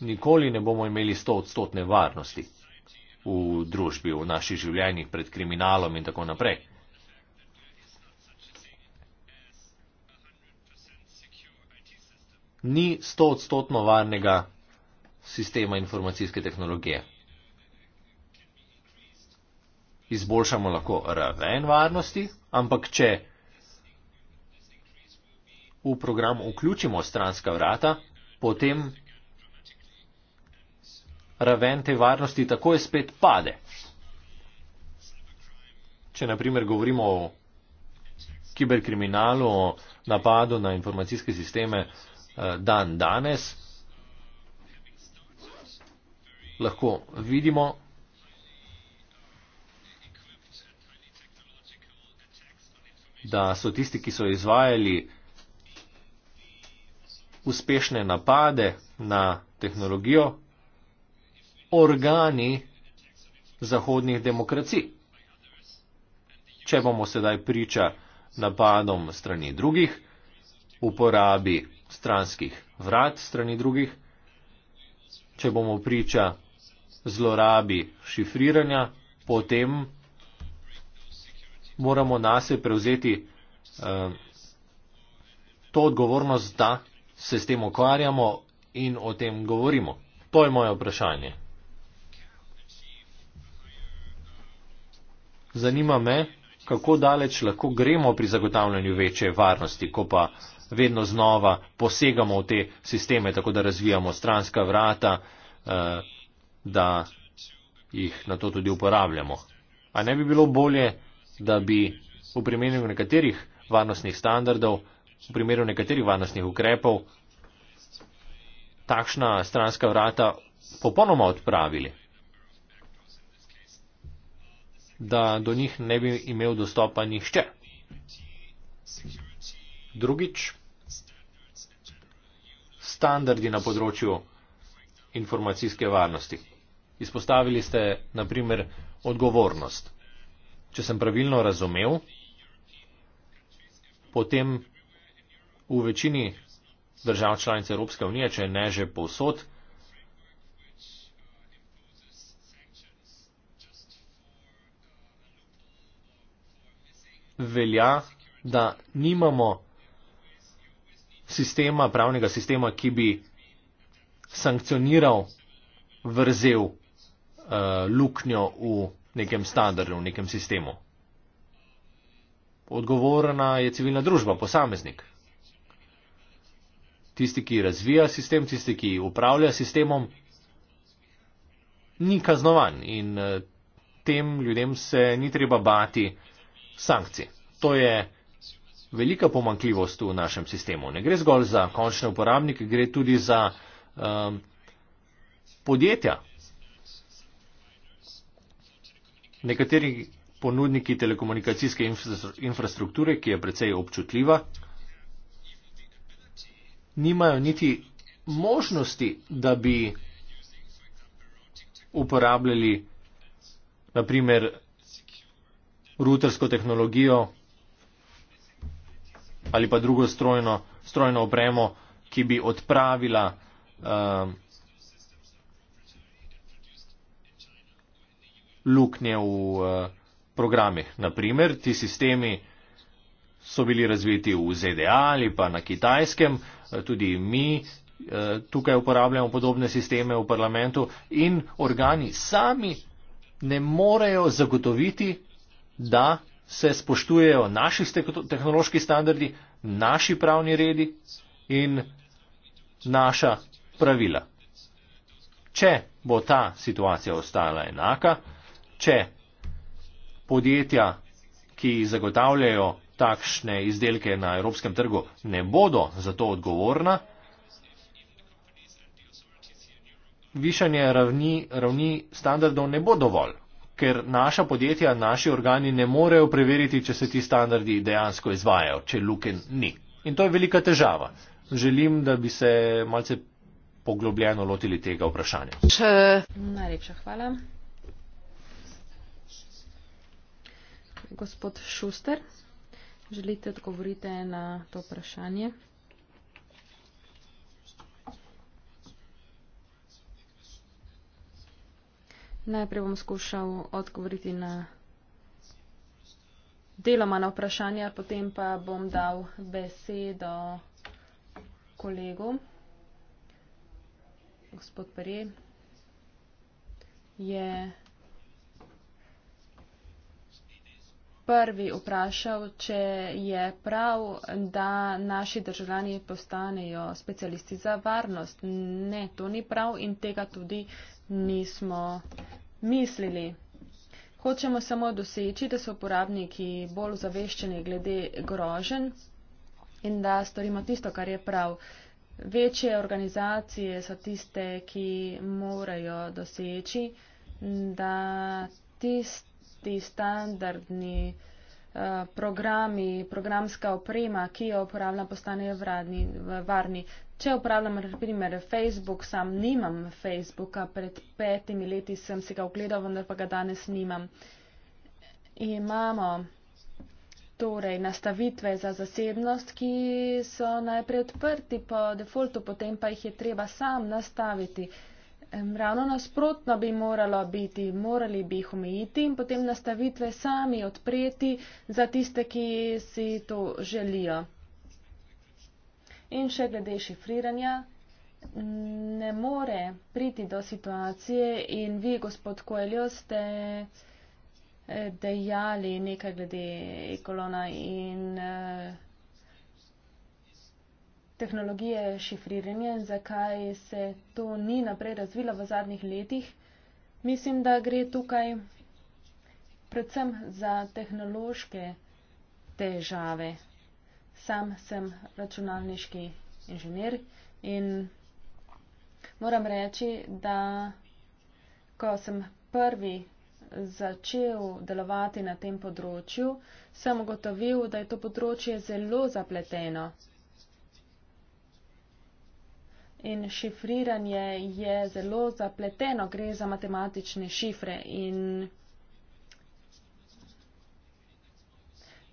Speaker 1: Nikoli ne bomo imeli sto odstotne varnosti v družbi, v naših življenjih pred kriminalom in tako naprej. Ni 100 odstotno varnega sistema informacijske tehnologije. Izboljšamo lahko raven varnosti, ampak če v program vključimo stranska vrata, potem raven te varnosti takoj spet pade. Če naprimer govorimo o kiberkriminalu, o napadu na informacijske sisteme eh, dan danes, lahko vidimo, da so tisti, ki so izvajali uspešne napade na tehnologijo, organi zahodnih demokracij. Če bomo sedaj priča napadom strani drugih, uporabi stranskih vrat strani drugih, če bomo priča zlorabi šifriranja, potem moramo nase prevzeti eh, to odgovornost, da se s tem okvarjamo in o tem govorimo. To je moje vprašanje. Zanima me, kako daleč lahko gremo pri zagotavljanju večje varnosti, ko pa vedno znova posegamo v te sisteme, tako da razvijamo stranska vrata, eh, da jih na to tudi uporabljamo. A ne bi bilo bolje, da bi v primeru nekaterih varnostnih standardov, v primeru nekaterih varnostnih ukrepov, takšna stranska vrata popolnoma odpravili? da do njih ne bi imel dostopa nihče. Drugič, standardi na področju informacijske varnosti. Izpostavili ste, naprimer, odgovornost. Če sem pravilno razumel, potem v večini držav članic Evropske unije, če ne že povsod, velja, da nimamo sistema, pravnega sistema, ki bi sankcioniral vrzel uh, luknjo v nekem standardu, v nekem sistemu. Odgovorna je civilna družba, posameznik. Tisti, ki razvija sistem, tisti, ki upravlja sistemom, ni kaznovan in eh, tem ljudem se ni treba bati, sankcij. To je velika pomankljivost v našem sistemu. Ne gre zgolj za končne uporabnike, gre tudi za um, podjetja. Nekateri ponudniki telekomunikacijske infrastrukture, ki je precej občutljiva, nimajo niti možnosti, da bi uporabljali naprimer rutersko tehnologijo ali pa drugo strojno, strojno opremo, ki bi odpravila um, luknje v uh, programih. Naprimer, ti sistemi so bili razviti v ZDA ali pa na kitajskem, eh, tudi mi uh, tukaj uporabljamo podobne sisteme v parlamentu in organi sami ne morejo zagotoviti, da se spoštujejo naši tehnološki standardi, naši pravni redi in naša pravila. Če bo ta situacija ostala enaka, če podjetja, ki zagotavljajo takšne izdelke na evropskem trgu, ne bodo za to odgovorna, Višanje ravni, ravni standardov ne bo dovolj ker naša podjetja, naši organi ne morejo preveriti, če se ti standardi dejansko izvajajo, če luken ni. In to je velika težava. Želim, da bi se malce poglobljeno lotili tega vprašanja.
Speaker 2: Če... Najlepša hvala. Gospod Šuster, želite odgovoriti na to vprašanje? Najprej bom skušal odgovoriti na deloma na vprašanja, potem pa bom dal besedo kolegu. Gospod Pere je prvi vprašal, če je prav, da naši državljani postanejo specialisti za varnost. Ne, to ni prav in tega tudi nismo mislili. Hočemo samo doseči, da so uporabniki bolj zaveščeni glede grožen in da storimo tisto, kar je prav. Večje organizacije so tiste, ki morajo doseči, da tisti standardni eh, programi, programska oprema, ki jo uporablja, postanejo varni. Če uporabljam, na primer, Facebook, sam nimam Facebooka, pred petimi leti sem si ga ogledal, vendar pa ga danes nimam. Imamo torej nastavitve za zasebnost, ki so najprej odprti po defaultu, potem pa jih je treba sam nastaviti. Ravno nasprotno bi moralo biti, morali bi jih omejiti in potem nastavitve sami odpreti za tiste, ki si to želijo. In še glede šifriranja, ne more priti do situacije in vi, gospod Koeljo, ste eh, dejali nekaj glede ekolona in eh, tehnologije šifriranja in zakaj se to ni naprej razvilo v zadnjih letih. Mislim, da gre tukaj predvsem za tehnološke težave sam sem računalniški inženir in moram reči, da ko sem prvi začel delovati na tem področju, sem ugotovil, da je to področje zelo zapleteno. In šifriranje je zelo zapleteno, gre za matematične šifre in šifre.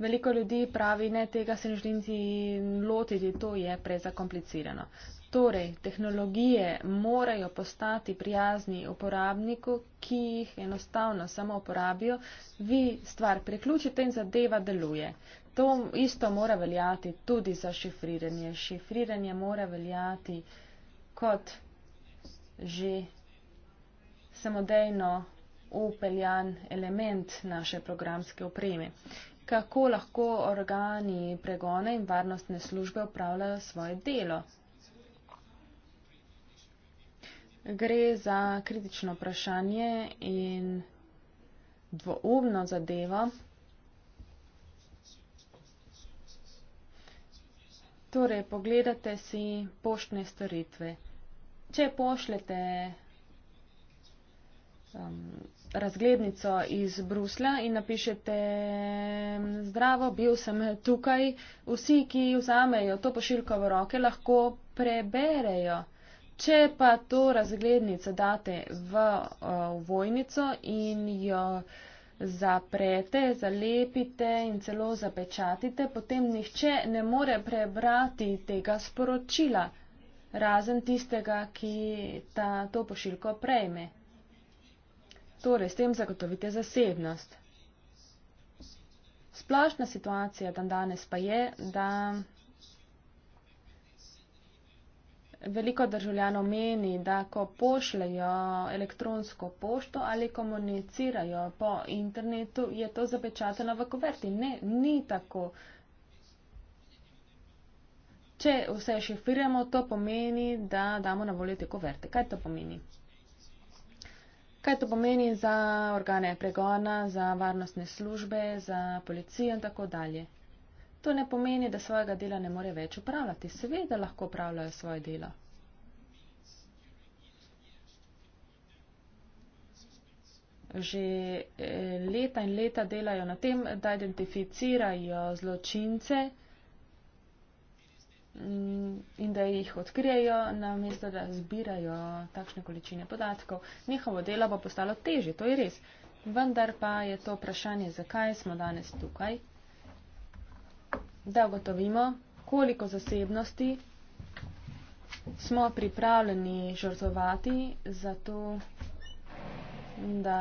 Speaker 2: veliko ljudi pravi, ne tega se ne želim si lotiti, to je prezakomplicirano. Torej, tehnologije morajo postati prijazni uporabniku, ki jih enostavno samo uporabijo, vi stvar preključite in zadeva deluje. To isto mora veljati tudi za šifriranje. Šifriranje mora veljati kot že samodejno upeljan element naše programske opreme kako lahko organi pregona in varnostne službe upravljajo svoje delo. Gre za kritično vprašanje in dvoumno zadevo. Torej, pogledate si poštne storitve. Če pošljete um, razglednico iz Bruslja in napišete zdravo, bil sem tukaj. Vsi, ki vzamejo to pošiljko v roke, lahko preberejo. Če pa to razglednico date v uh, vojnico in jo zaprete, zalepite in celo zapečatite, potem nihče ne more prebrati tega sporočila, razen tistega, ki ta, to pošiljko prejme. Torej, s tem zagotovite zasebnost. Splošna situacija dan danes pa je, da veliko državljanov meni, da ko pošljajo elektronsko pošto ali komunicirajo po internetu, je to zapečateno v kuverti. Ne, ni tako. Če vse šifriramo, to pomeni, da damo na voljo te kuverte. Kaj to pomeni? kaj to pomeni za organe pregona, za varnostne službe, za policijo in tako dalje. To ne pomeni, da svojega dela ne more več upravljati. Seveda lahko upravljajo svoje delo. Že eh, leta in leta delajo na tem, da identificirajo zločince, Mm, in da jih odkrijejo, namesto da zbirajo takšne količine podatkov. Njihovo delo bo postalo teže, to je res. Vendar pa je to vprašanje, zakaj smo danes tukaj, da ugotovimo, koliko zasebnosti smo pripravljeni žrtovati za to, da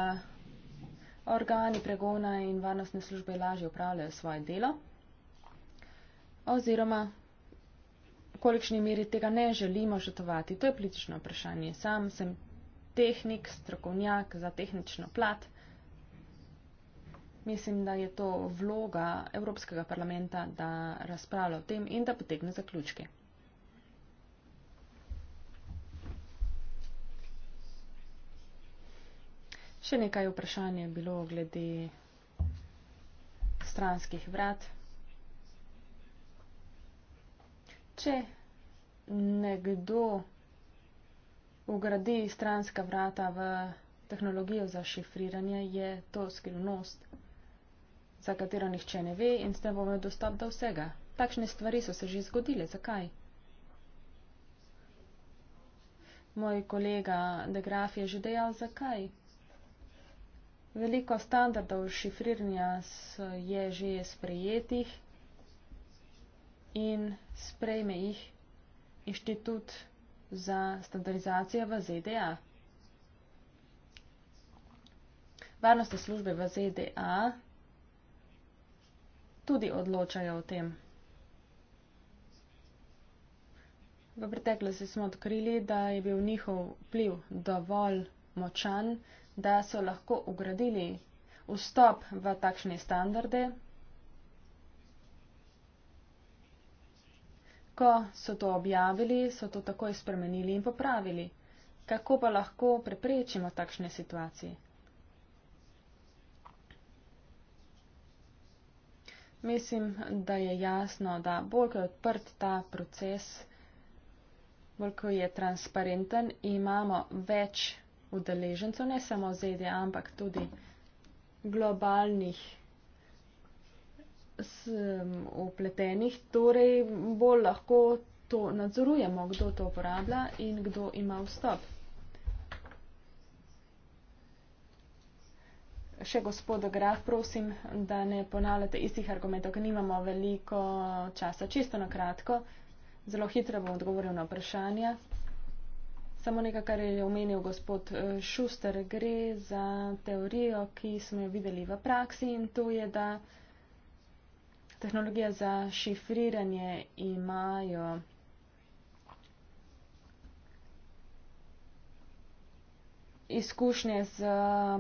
Speaker 2: organi pregona in varnostne službe lažje upravljajo svoje delo. Oziroma, kolikšni meri tega ne želimo žrtovati. To je politično vprašanje. Sam sem tehnik, strokovnjak za tehnično plat. Mislim, da je to vloga Evropskega parlamenta, da razpravlja o tem in da potegne zaključke. Še nekaj vprašanje je bilo glede stranskih vrat. če nekdo ugradi stranska vrata v tehnologijo za šifriranje, je to skrivnost, za katero nihče ne ve in s tem bomo dostop do vsega. Takšne stvari so se že zgodile. Zakaj? Moj kolega De Graf je že dejal, zakaj. Veliko standardov šifriranja je že sprejetih in sprejme jih inštitut za standardizacijo v ZDA. Varnostne službe v ZDA tudi odločajo o tem. V preteklosti smo odkrili, da je bil njihov vpliv dovolj močan, da so lahko ugradili vstop v takšne standarde ko so to objavili, so to takoj spremenili in popravili. Kako pa lahko preprečimo takšne situacije? Mislim, da je jasno, da bolj ko je odprt ta proces, bolj ko je transparenten, imamo več udeležencev, ne samo ZDA, ampak tudi globalnih sem opletenih, torej bolj lahko to nadzorujemo, kdo to uporablja in kdo ima vstop. Še gospod Graf, prosim, da ne ponavljate istih argumentov, ker nimamo veliko časa. Čisto na kratko, zelo hitro bom odgovoril na vprašanja. Samo nekaj, kar je omenil gospod eh, Šuster, gre za teorijo, ki smo jo videli v praksi in to je, da tehnologije za šifriranje imajo izkušnje z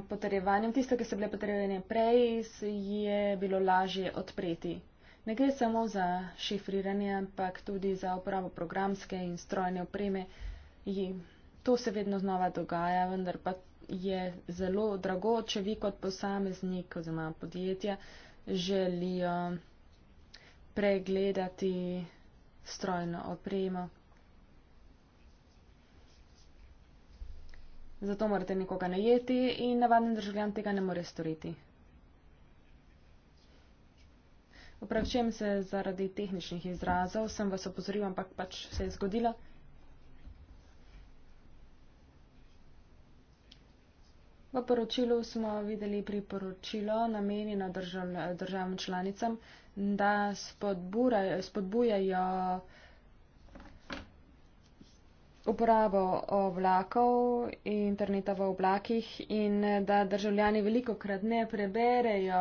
Speaker 2: potrjevanjem. Tiste, ki so bile potrjevanje prej, je bilo lažje odpreti. Ne gre samo za šifriranje, ampak tudi za uporabo programske in strojne opreme. To se vedno znova dogaja, vendar pa je zelo drago, če vi kot posameznik oziroma podjetja želijo pregledati strojno opremo. Zato morate nekoga najeti in navaden državljan tega ne more storiti. Upravičujem se zaradi tehničnih izrazov, sem vas opozoril, ampak pač se je zgodilo. V poročilu smo videli priporočilo namenjeno državam članicam da spodbujajo uporabo oblakov, interneta v oblakih in da državljani veliko krat ne preberejo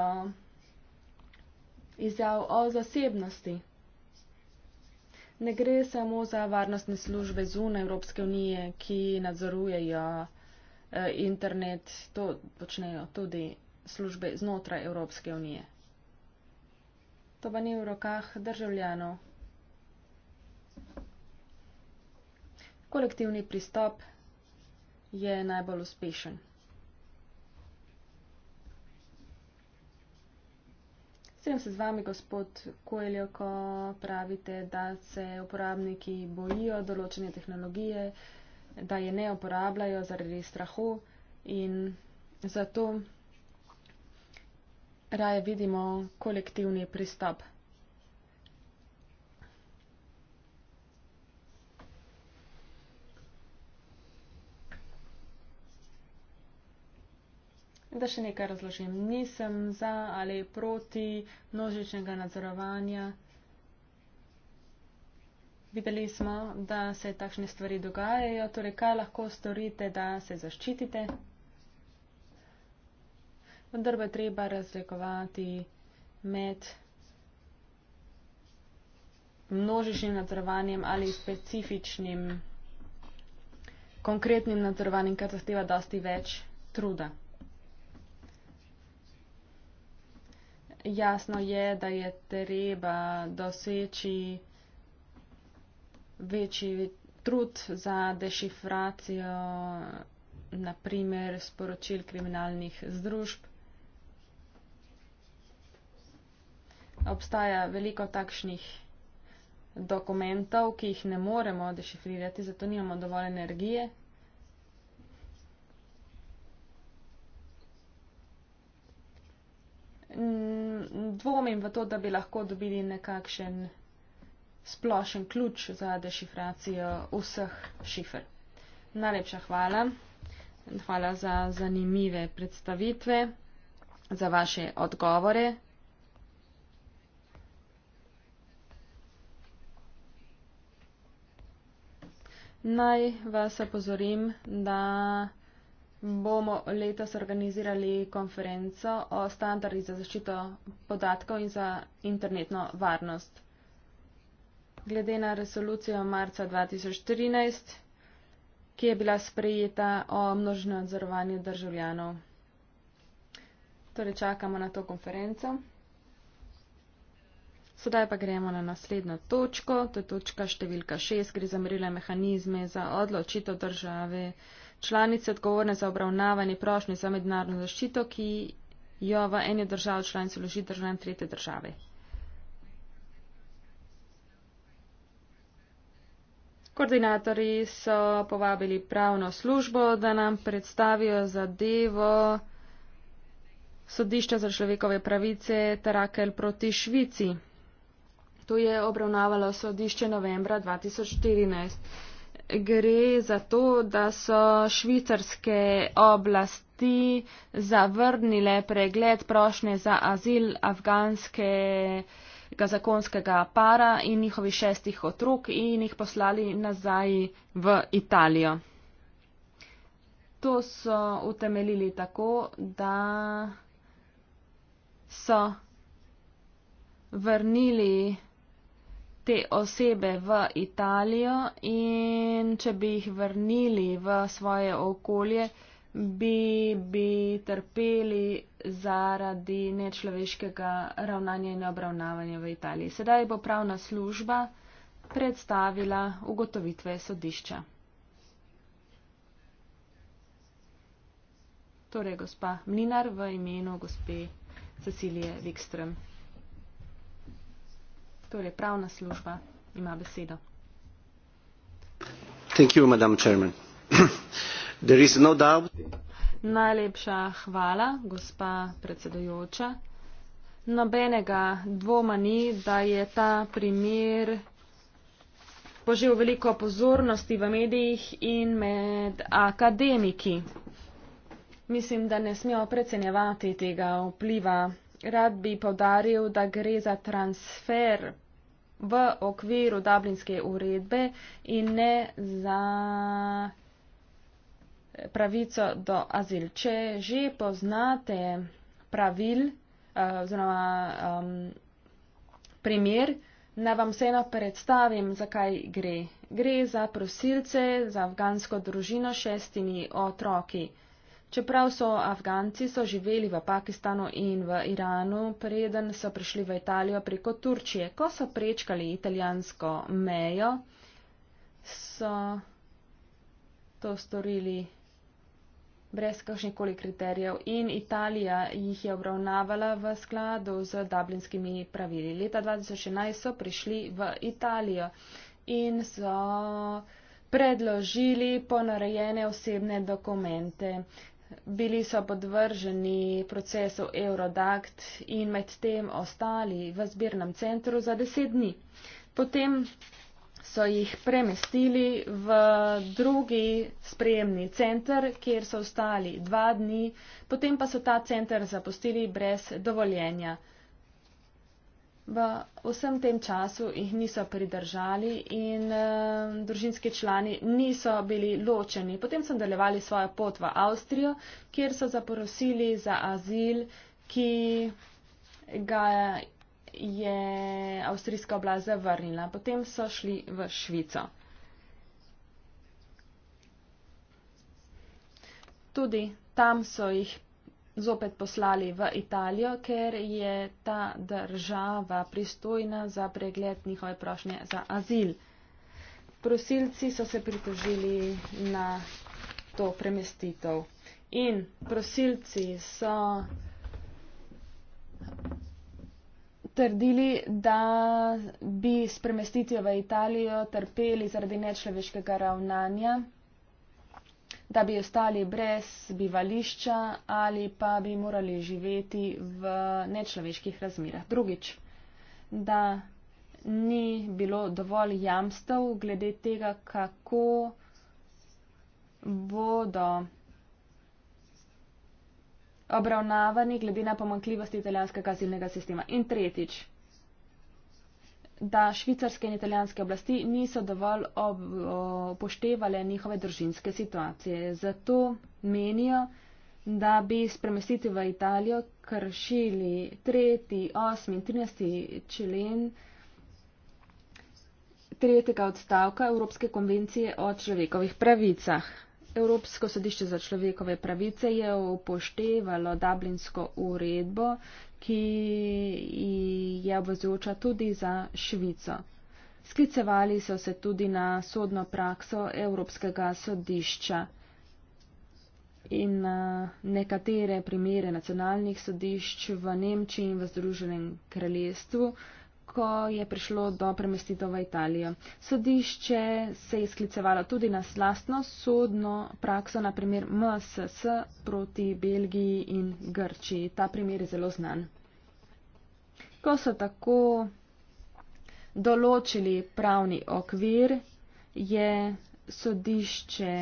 Speaker 2: izjav o zasebnosti. Ne gre samo za varnostne službe zunaj Evropske unije, ki nadzorujejo eh, internet, to počnejo tudi službe znotraj Evropske unije. To pa ni v rokah državljanov. Kolektivni pristop je najbolj uspešen. Sredem se z vami, gospod Koeljo, ko pravite, da se uporabniki bojijo določene tehnologije, da je ne uporabljajo zaradi strahu in zato raje vidimo kolektivni pristop. Da še nekaj razložim. Nisem za ali proti množičnega nadzorovanja. Videli smo, da se takšne stvari dogajajo, torej kaj lahko storite, da se zaščitite vendar pa je treba razlikovati med množičnim nadzorovanjem ali specifičnim, konkretnim nadzorovanjem, kar zahteva dosti več truda. Jasno je, da je treba doseči večji trud za dešifracijo, naprimer, sporočil kriminalnih združb, obstaja veliko takšnih dokumentov, ki jih ne moremo dešifrirati, zato nimamo dovolj energije. Mm, dvomim v to, da bi lahko dobili nekakšen splošen ključ za dešifracijo vseh šifr. Najlepša hvala. Hvala za zanimive predstavitve, za vaše odgovore. Naj vas opozorim, da bomo letos organizirali konferenco o standardih za zaščito podatkov in za internetno varnost. Glede na resolucijo marca 2013, ki je bila sprejeta o množnem nadzorovanju državljanov. Torej čakamo na to konferenco. Sedaj pa gremo na naslednjo točko, to je točka številka 6, gre za merile mehanizme za odločitev države članice odgovorne za obravnavanje prošnje za mednarodno zaščito, ki jo v eni državi članice loži državljan trete države. Koordinatori so povabili pravno službo, da nam predstavijo zadevo sodišča za človekove pravice Tarakel proti Švici. To je obravnavalo sodišče novembra 2014. Gre za to, da so švicarske oblasti zavrnile pregled prošnje za azil afganskega zakonskega para in njihovih šestih otrok in jih poslali nazaj v Italijo. To so utemeljili tako, da so vrnili te osebe v Italijo in če bi jih vrnili v svoje okolje, bi, bi trpeli zaradi nečloveškega ravnanja in obravnavanja v Italiji. Sedaj bo pravna služba predstavila ugotovitve sodišča. Torej, gospa Mlinar v imenu gospe Cecilije Wikström. Torej, pravna služba ima besedo.
Speaker 3: Thank you, Madam Chairman. There is no doubt.
Speaker 2: Najlepša hvala, gospa predsedojoča. Nobenega dvoma ni, da je ta primer požel veliko pozornosti v medijih in med akademiki. Mislim, da ne smemo precenjevati tega vpliva rad bi povdaril, da gre za transfer v okviru Dublinske uredbe in ne za pravico do azil. Če že poznate pravil eh, oziroma um, primer, naj vam vseeno predstavim, zakaj gre. Gre za prosilce, za afgansko družino s šestimi otroki. Čeprav so Afganci so živeli v Pakistanu in v Iranu, preden so prišli v Italijo preko Turčije, ko so prečkali italijansko mejo, so to storili brez kakšnih koli kriterijev in Italija jih je obravnavala v skladu z dublinskimi pravili. Leta 2011 so prišli v Italijo in so predložili ponarejene osebne dokumente. Bili so podvrženi procesu Eurodakt in med tem ostali v zbirnem centru za deset dni. Potem so jih premestili v drugi sprejemni center, kjer so ostali dva dni, potem pa so ta center zapustili brez dovoljenja v vsem tem času jih niso pridržali in uh, družinski člani niso bili ločeni. Potem so nadaljevali svojo pot v Avstrijo, kjer so zaprosili za azil, ki ga je avstrijska oblast zavrnila. Potem so šli v Švico. Tudi tam so jih zopet poslali v Italijo, ker je ta država pristojna za pregled njihove prošnje za azil. Prosilci so se pritožili na to premestitev in prosilci so trdili, da bi s premestitijo v Italijo trpeli zaradi nečloveškega ravnanja da bi ostali brez bivališča ali pa bi morali živeti v nečloveških razmerah. Drugič, da ni bilo dovolj jamstev glede tega, kako bodo obravnavani glede na pomankljivosti italijanskega kazilnega sistema. In tretjič, da švicarske in italijanske oblasti niso dovolj ob, upoštevale njihove družinske situacije. Zato menijo, da bi spremestiti v Italijo kršili 3., 8. in 13. člen tretjega odstavka Evropske konvencije o človekovih pravicah. Evropsko sodišče za človekove pravice je upoštevalo Dublinsko uredbo, ki je obvezujoča tudi za Švico. Sklicevali so se tudi na sodno prakso Evropskega sodišča in eh, nekatere primere nacionalnih sodišč v Nemčiji in v Združenem kraljestvu ko je prišlo do premestitev v Italijo. Sodišče se je sklicevalo tudi na slastno sodno prakso, naprimer MSS proti Belgiji in Grčiji. Ta primer je zelo znan. Ko so tako določili pravni okvir, je sodišče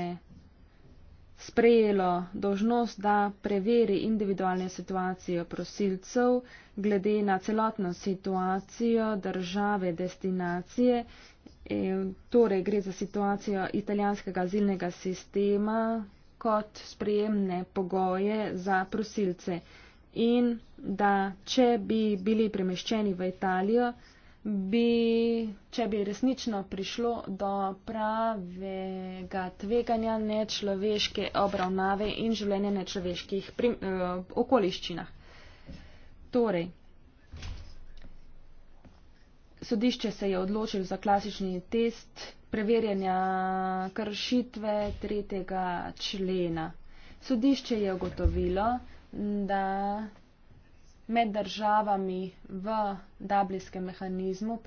Speaker 2: sprejelo dožnost, da preveri individualne situacije prosilcev glede na celotno situacijo države destinacije. E, torej gre za situacijo italijanskega azilnega sistema kot sprejemne pogoje za prosilce in da če bi bili premeščeni v Italijo, bi, če bi resnično prišlo do pravega tveganja nečloveške obravnave in življenja nečloveških prim, eh, okoliščinah. Torej, sodišče se je odločilo za klasični test preverjanja kršitve tretjega člena. Sodišče je ugotovilo, da med državami v dubljskem mehanizmu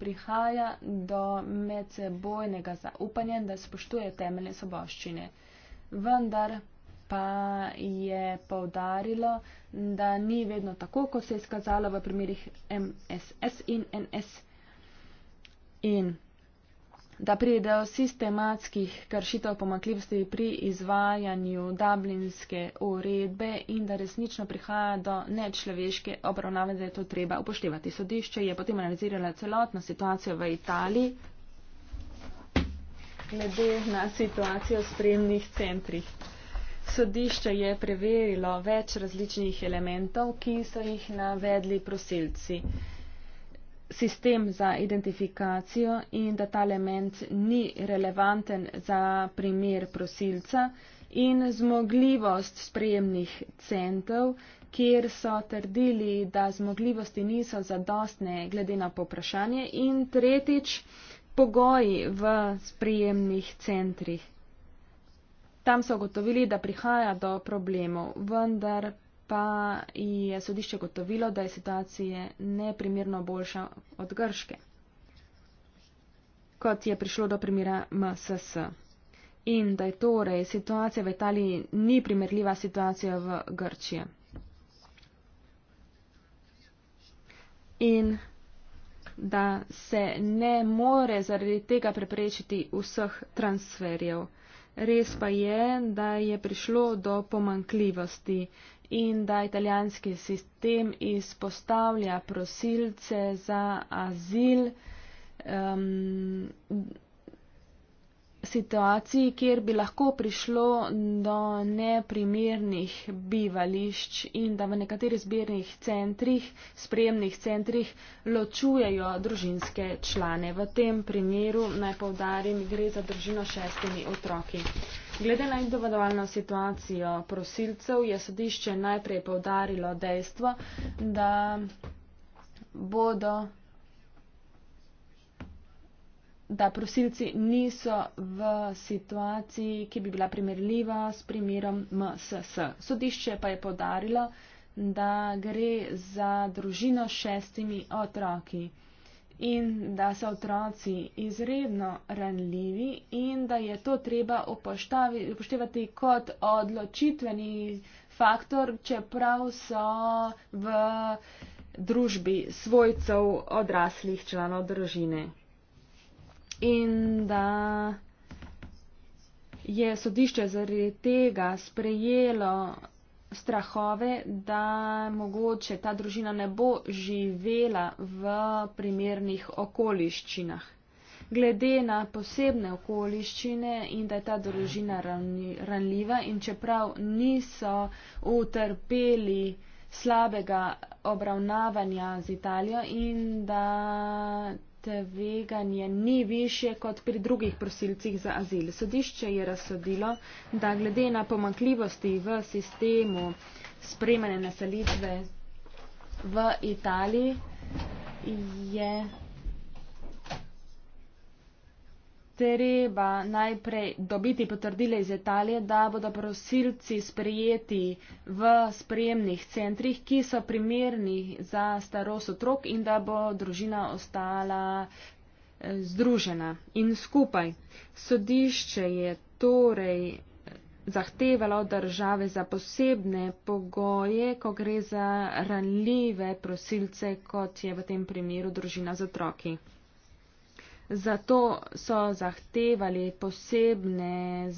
Speaker 2: prihaja do medsebojnega zaupanja, da spoštuje temeljne soboščine. Vendar pa je povdarilo, da ni vedno tako, kot se je skazalo v primerih MSS in NS. In da pride do sistematskih kršitev pomakljivosti pri izvajanju dublinske uredbe in da resnično prihaja do nečloveške obravnave, da je to treba upoštevati. Sodišče je potem analiziralo celotno situacijo v Italiji glede na situacijo v spremnih centrih. Sodišče je preverilo več različnih elementov, ki so jih navedli prosilci sistem za identifikacijo in da ta element ni relevanten za primer prosilca in zmogljivost sprejemnih centov, kjer so trdili, da zmogljivosti niso zadostne glede na poprašanje in tretjič pogoji v sprejemnih centrih. Tam so gotovili, da prihaja do problemov, vendar pa je sodišče gotovilo, da je situacija neprimerno boljša od grške, kot je prišlo do primera MSS. In da je torej situacija v Italiji ni primerljiva situacija v Grčiji. In da se ne more zaradi tega preprečiti vseh transferjev. Res pa je, da je prišlo do pomankljivosti in da italijanski sistem izpostavlja prosilce za azil um, situaciji, kjer bi lahko prišlo do neprimernih bivališč in da v nekaterih zbirnih centrih, spremnih centrih ločujejo družinske člane. V tem primeru naj povdarim, gre za družino šestimi otroki. Glede na individualno situacijo prosilcev je sodišče najprej povdarilo dejstvo, da bodo, da prosilci niso v situaciji, ki bi bila primerljiva s primerom MSS. Sodišče pa je povdarilo, da gre za družino s šestimi otroki in da so otroci izredno ranljivi in da je to treba upoštevati kot odločitveni faktor, čeprav so v družbi svojcev odraslih članov družine. In da je sodišče zaradi tega sprejelo strahove, da mogoče ta družina ne bo živela v primernih okoliščinah. Glede na posebne okoliščine in da je ta družina ranljiva in čeprav niso utrpeli slabega obravnavanja z Italijo in da tveganje ni više kot pri drugih prosilcih za azil. Sodišče je razsodilo, da glede na pomankljivosti v sistemu spremene naselitve v Italiji je treba najprej dobiti potrdile iz Italije, da bodo prosilci sprijeti v sprejemnih centrih, ki so primerni za starost otrok in da bo družina ostala eh, združena in skupaj. Sodišče je torej eh, zahtevalo države za posebne pogoje, ko gre za ranljive prosilce, kot je v tem primeru družina z otroki. Zato so zahtevali posebne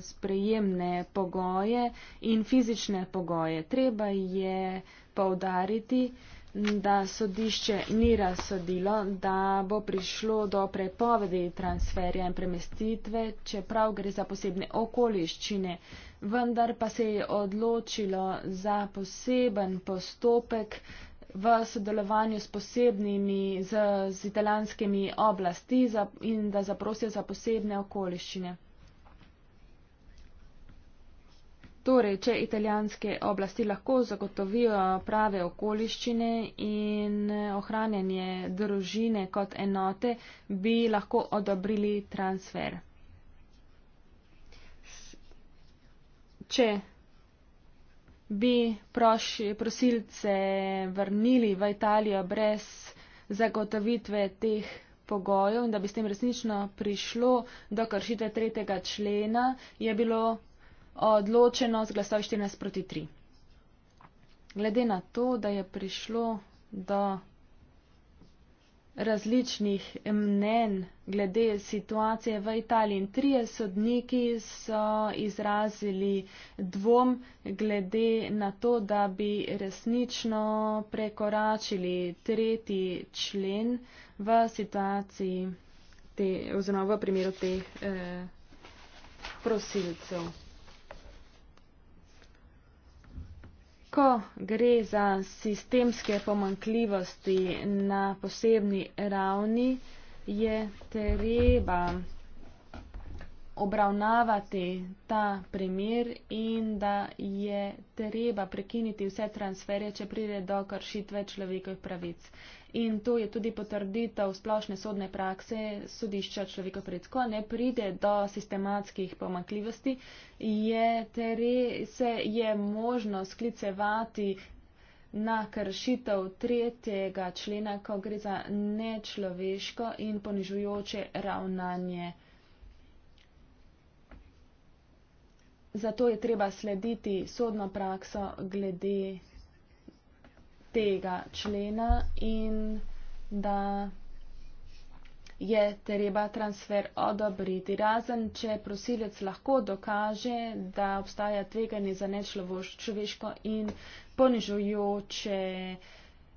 Speaker 2: sprejemne pogoje in fizične pogoje. Treba je povdariti, da sodišče ni razsodilo, da bo prišlo do prepovedi transferja in premestitve, čeprav gre za posebne okoliščine, vendar pa se je odločilo za poseben postopek v sodelovanju s posebnimi, z, z italijanskimi oblasti za, in da zaprosijo za posebne okoliščine. Torej, če italijanske oblasti lahko zagotovijo prave okoliščine in ohranjanje družine kot enote, bi lahko odobrili transfer. Če bi prosilce vrnili v Italijo brez zagotovitve teh pogojev in da bi s tem resnično prišlo do kršitve tretjega člena, je bilo odločeno z glasov 14 proti 3. Glede na to, da je prišlo do različnih mnen glede situacije v Italiji. Trije sodniki so izrazili dvom glede na to, da bi resnično prekoračili tretji člen v situaciji te, oziroma v primeru teh eh, prosilcev. dejansko gre za sistemske pomankljivosti na posebni ravni, je treba obravnavati ta primer in da je treba prekiniti vse transferje, če pride do kršitve človekovih pravic. In to je tudi potrditev splošne sodne prakse sodišča človekovih pravic. Ko ne pride do sistematskih pomakljivosti, je tere, se je možno sklicevati na kršitev tretjega člena, ko gre za nečloveško in ponižujoče ravnanje. zato je treba slediti sodno prakso glede tega člena in da je treba transfer odobriti, razen če prosilec lahko dokaže, da obstaja tveganje za nečloveško in ponižujoče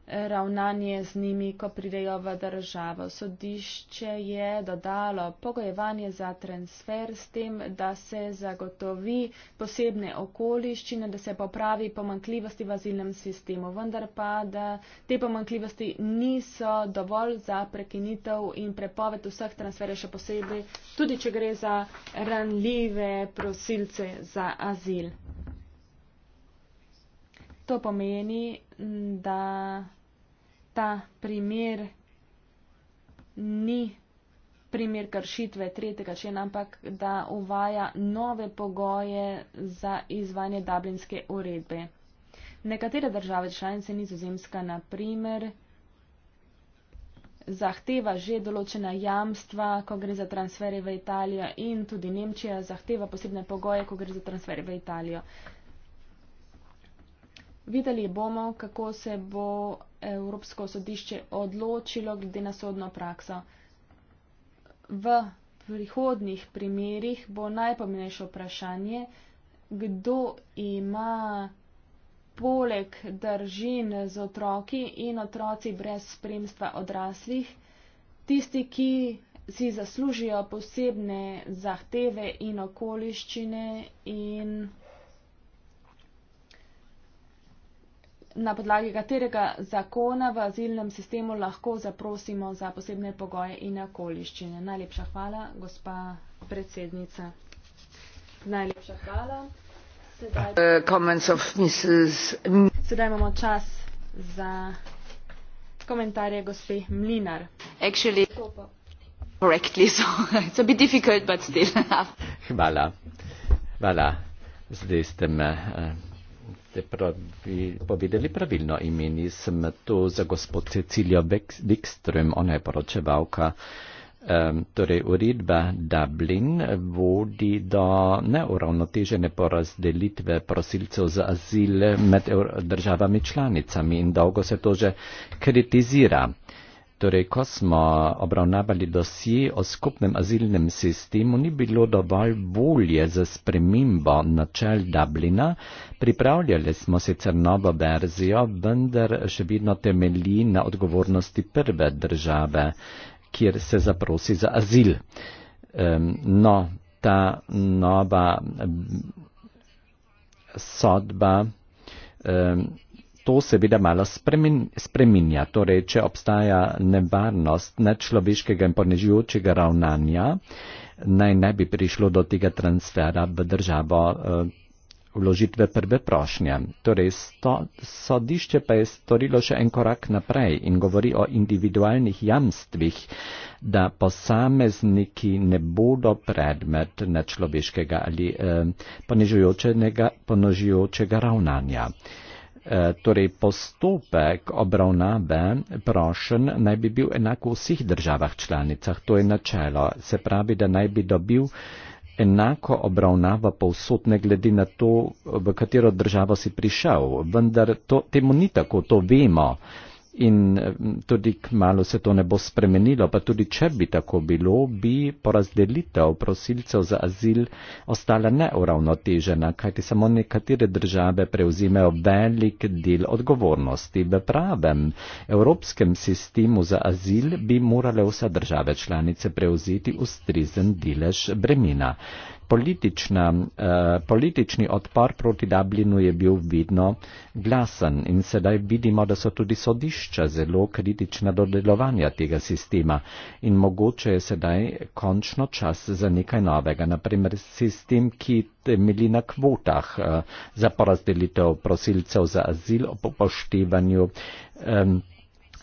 Speaker 2: ravnanje z njimi, ko pridejo v državo. Sodišče je dodalo pogojevanje za transfer s tem, da se zagotovi posebne okoliščine, da se popravi pomankljivosti v azilnem sistemu, vendar pa, da te pomankljivosti niso dovolj za prekinitev in prepoved vseh transferjev še posebej, tudi če gre za ranljive prosilce za azil. To pomeni, da ta primer ni primer kršitve tretjega člena, ampak da uvaja nove pogoje za izvanje dublinske uredbe. Nekatere države članice nizozemska, na primer, zahteva že določena jamstva, ko gre za transfere v Italijo in tudi Nemčija zahteva posebne pogoje, ko gre za transfere v Italijo. Videli bomo, kako se bo Evropsko sodišče odločilo glede na sodno prakso. V prihodnih primerjih bo najpomenejše vprašanje, kdo ima poleg držin z otroki in otroci brez spremstva odraslih, tisti, ki si zaslužijo posebne zahteve in okoliščine in na podlagi katerega zakona v azilnem sistemu lahko zaprosimo za posebne pogoje in okoliščine. Najlepša hvala, gospa predsednica. Najlepša hvala. Sedaj, uh, Sedaj imamo čas za komentarje gospe Mlinar. Actually, correctly, so it's a bit difficult, but still.
Speaker 3: Hvala. Hvala. Zdaj ste me. Uh, ste pravi, povedali pravilno ime. Sem tu za gospod Cecilijo Wikström, ona je poročevalka. Um, torej, uredba Dublin vodi do neuravnotežene porazdelitve prosilcev za azil med državami članicami in dolgo se to že kritizira. Torej, ko smo obravnavali dosije o skupnem azilnem sistemu, ni bilo dovolj volje za spremembo načel Dublina. Pripravljali smo sicer novo verzijo, vendar še vedno temelji na odgovornosti prve države, kjer se zaprosi za azil. No, ta nova sodba to seveda malo spreminja. Torej, če obstaja nevarnost nečloveškega in ponežujočega ravnanja, naj ne bi prišlo do tega transfera v državo eh, vložitve prve prošnje. Torej, sto, sodišče pa je storilo še en korak naprej in govori o individualnih jamstvih, da posamezniki ne bodo predmet nečloveškega ali eh, ponižujočega ravnanja. Eh, Eh, torej postopek obravnave prošen naj bi bil enak v vseh državah članicah, to je načelo. Se pravi, da naj bi dobil enako obravnava povsod, ne glede na to, v katero državo si prišel. Vendar to, temu ni tako, to vemo. Uh, In eh, tudi malo se to ne bo spremenilo, pa tudi če bi tako bilo, bi porazdelitev prosilcev za azil ostala neuravnotežena, kajti samo nekatere države prevzimejo velik del odgovornosti. V pravem evropskem sistemu za azil bi morale vse države članice prevzeti ustrezen delež bremena. Politična, eh, politični odpor proti Dublinu je bil vidno glasen in sedaj vidimo, da so tudi sodišča zelo kritična do delovanja tega sistema in mogoče je sedaj končno čas za nekaj novega. Naprimer, sistem, ki temeli na kvotah eh, za porazdelitev prosilcev za azil ob upoštevanju. Eh,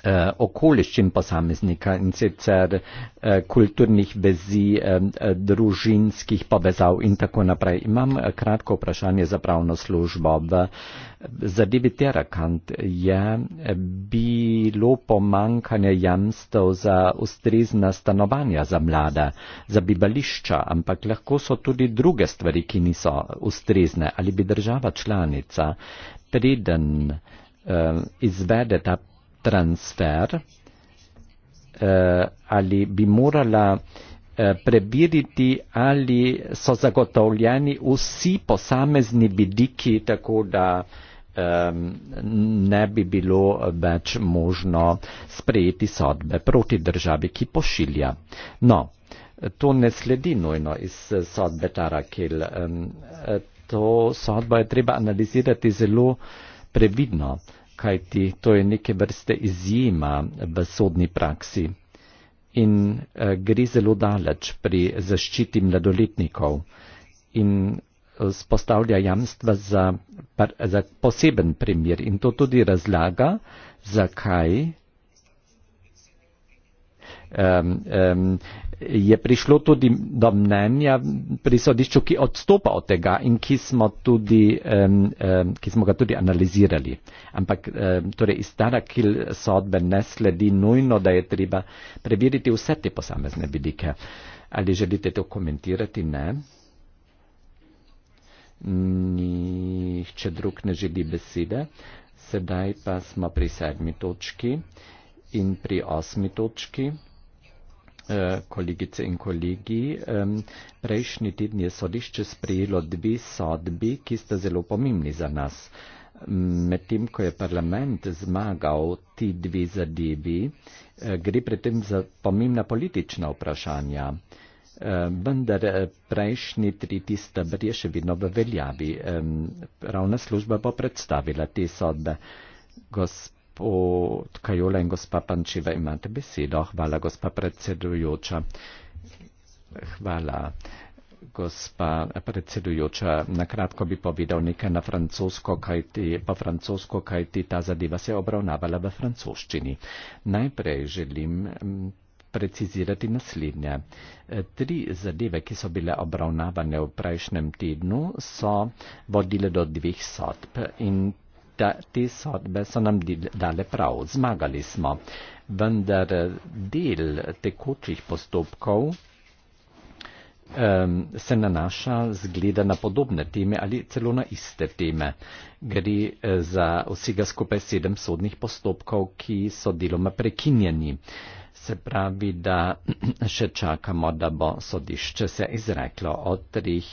Speaker 3: Eh, okoliščin posameznika in sicer eh, kulturnih vezi, eh, družinskih povezav in tako naprej. Imam kratko vprašanje za pravno službo. V zadevi Terakant je bilo pomankanje jamstev za ustrezna stanovanja za mlada, za bivališča, ampak lahko so tudi druge stvari, ki niso ustrezne. Ali bi država članica preden izvede ta transfer eh, ali bi morala eh, prebiriti, ali so zagotovljeni vsi posamezni vidiki, tako da ne bi bilo več možno sprejeti sodbe proti državi, ki pošilja. No, to ne sledi nujno iz eh, sodbe Tarakil. To sodbo je treba analizirati zelo previdno kajti to je neke vrste izjema v sodni praksi in eh, gre zelo daleč pri zaščiti mladoletnikov in eh, spostavlja jamstva za, za poseben primer in to tudi razlaga, zakaj um, um, je prišlo tudi do mnenja pri sodišču, ki odstopa od tega in ki smo, tudi, um, um, ki smo ga tudi analizirali. Ampak um, torej iz stara kil sodbe ne sledi nujno, da je treba preveriti vse te posamezne vidike. Ali želite to komentirati? Ne. Nihče drug ne želi besede. Sedaj pa smo pri sedmi točki in pri osmi točki. Eh, kolegice in kolegi. Prejšnji teden je sodišče sprejelo dve sodbi, ki sta zelo pomembni za nas. Medtem, ko je parlament zmagal ti dve zadevi, eh, gre predtem za pomembna politična vprašanja. Eh, vendar prejšnji tretji stebr je še vedno v veljavi. Pravna služba bo predstavila te sodbe. Gospod Gospod Kajula in gospa Pančiva, imate besedo. Hvala, gospa predsedujoča. Hvala, gospa predsedujoča. Nakratko bi povedal nekaj na francosko, kajti, po francosko, kajti ta zadeva se je obravnavala v francoščini. Najprej želim precizirati naslednje. Tri zadeve, ki so bile obravnavane v prejšnjem tednu, so vodile do dveh sodb in da, te sodbe so nam dale prav, zmagali smo. Vendar eh, del tekočih postopkov um, se nanaša zgleda na podobne teme ali celo na iste teme. Gre eh, za vsega skupaj sedem sodnih postopkov, ki so deloma prekinjeni. Se pravi, da še čakamo, da bo sodišče se izreklo o treh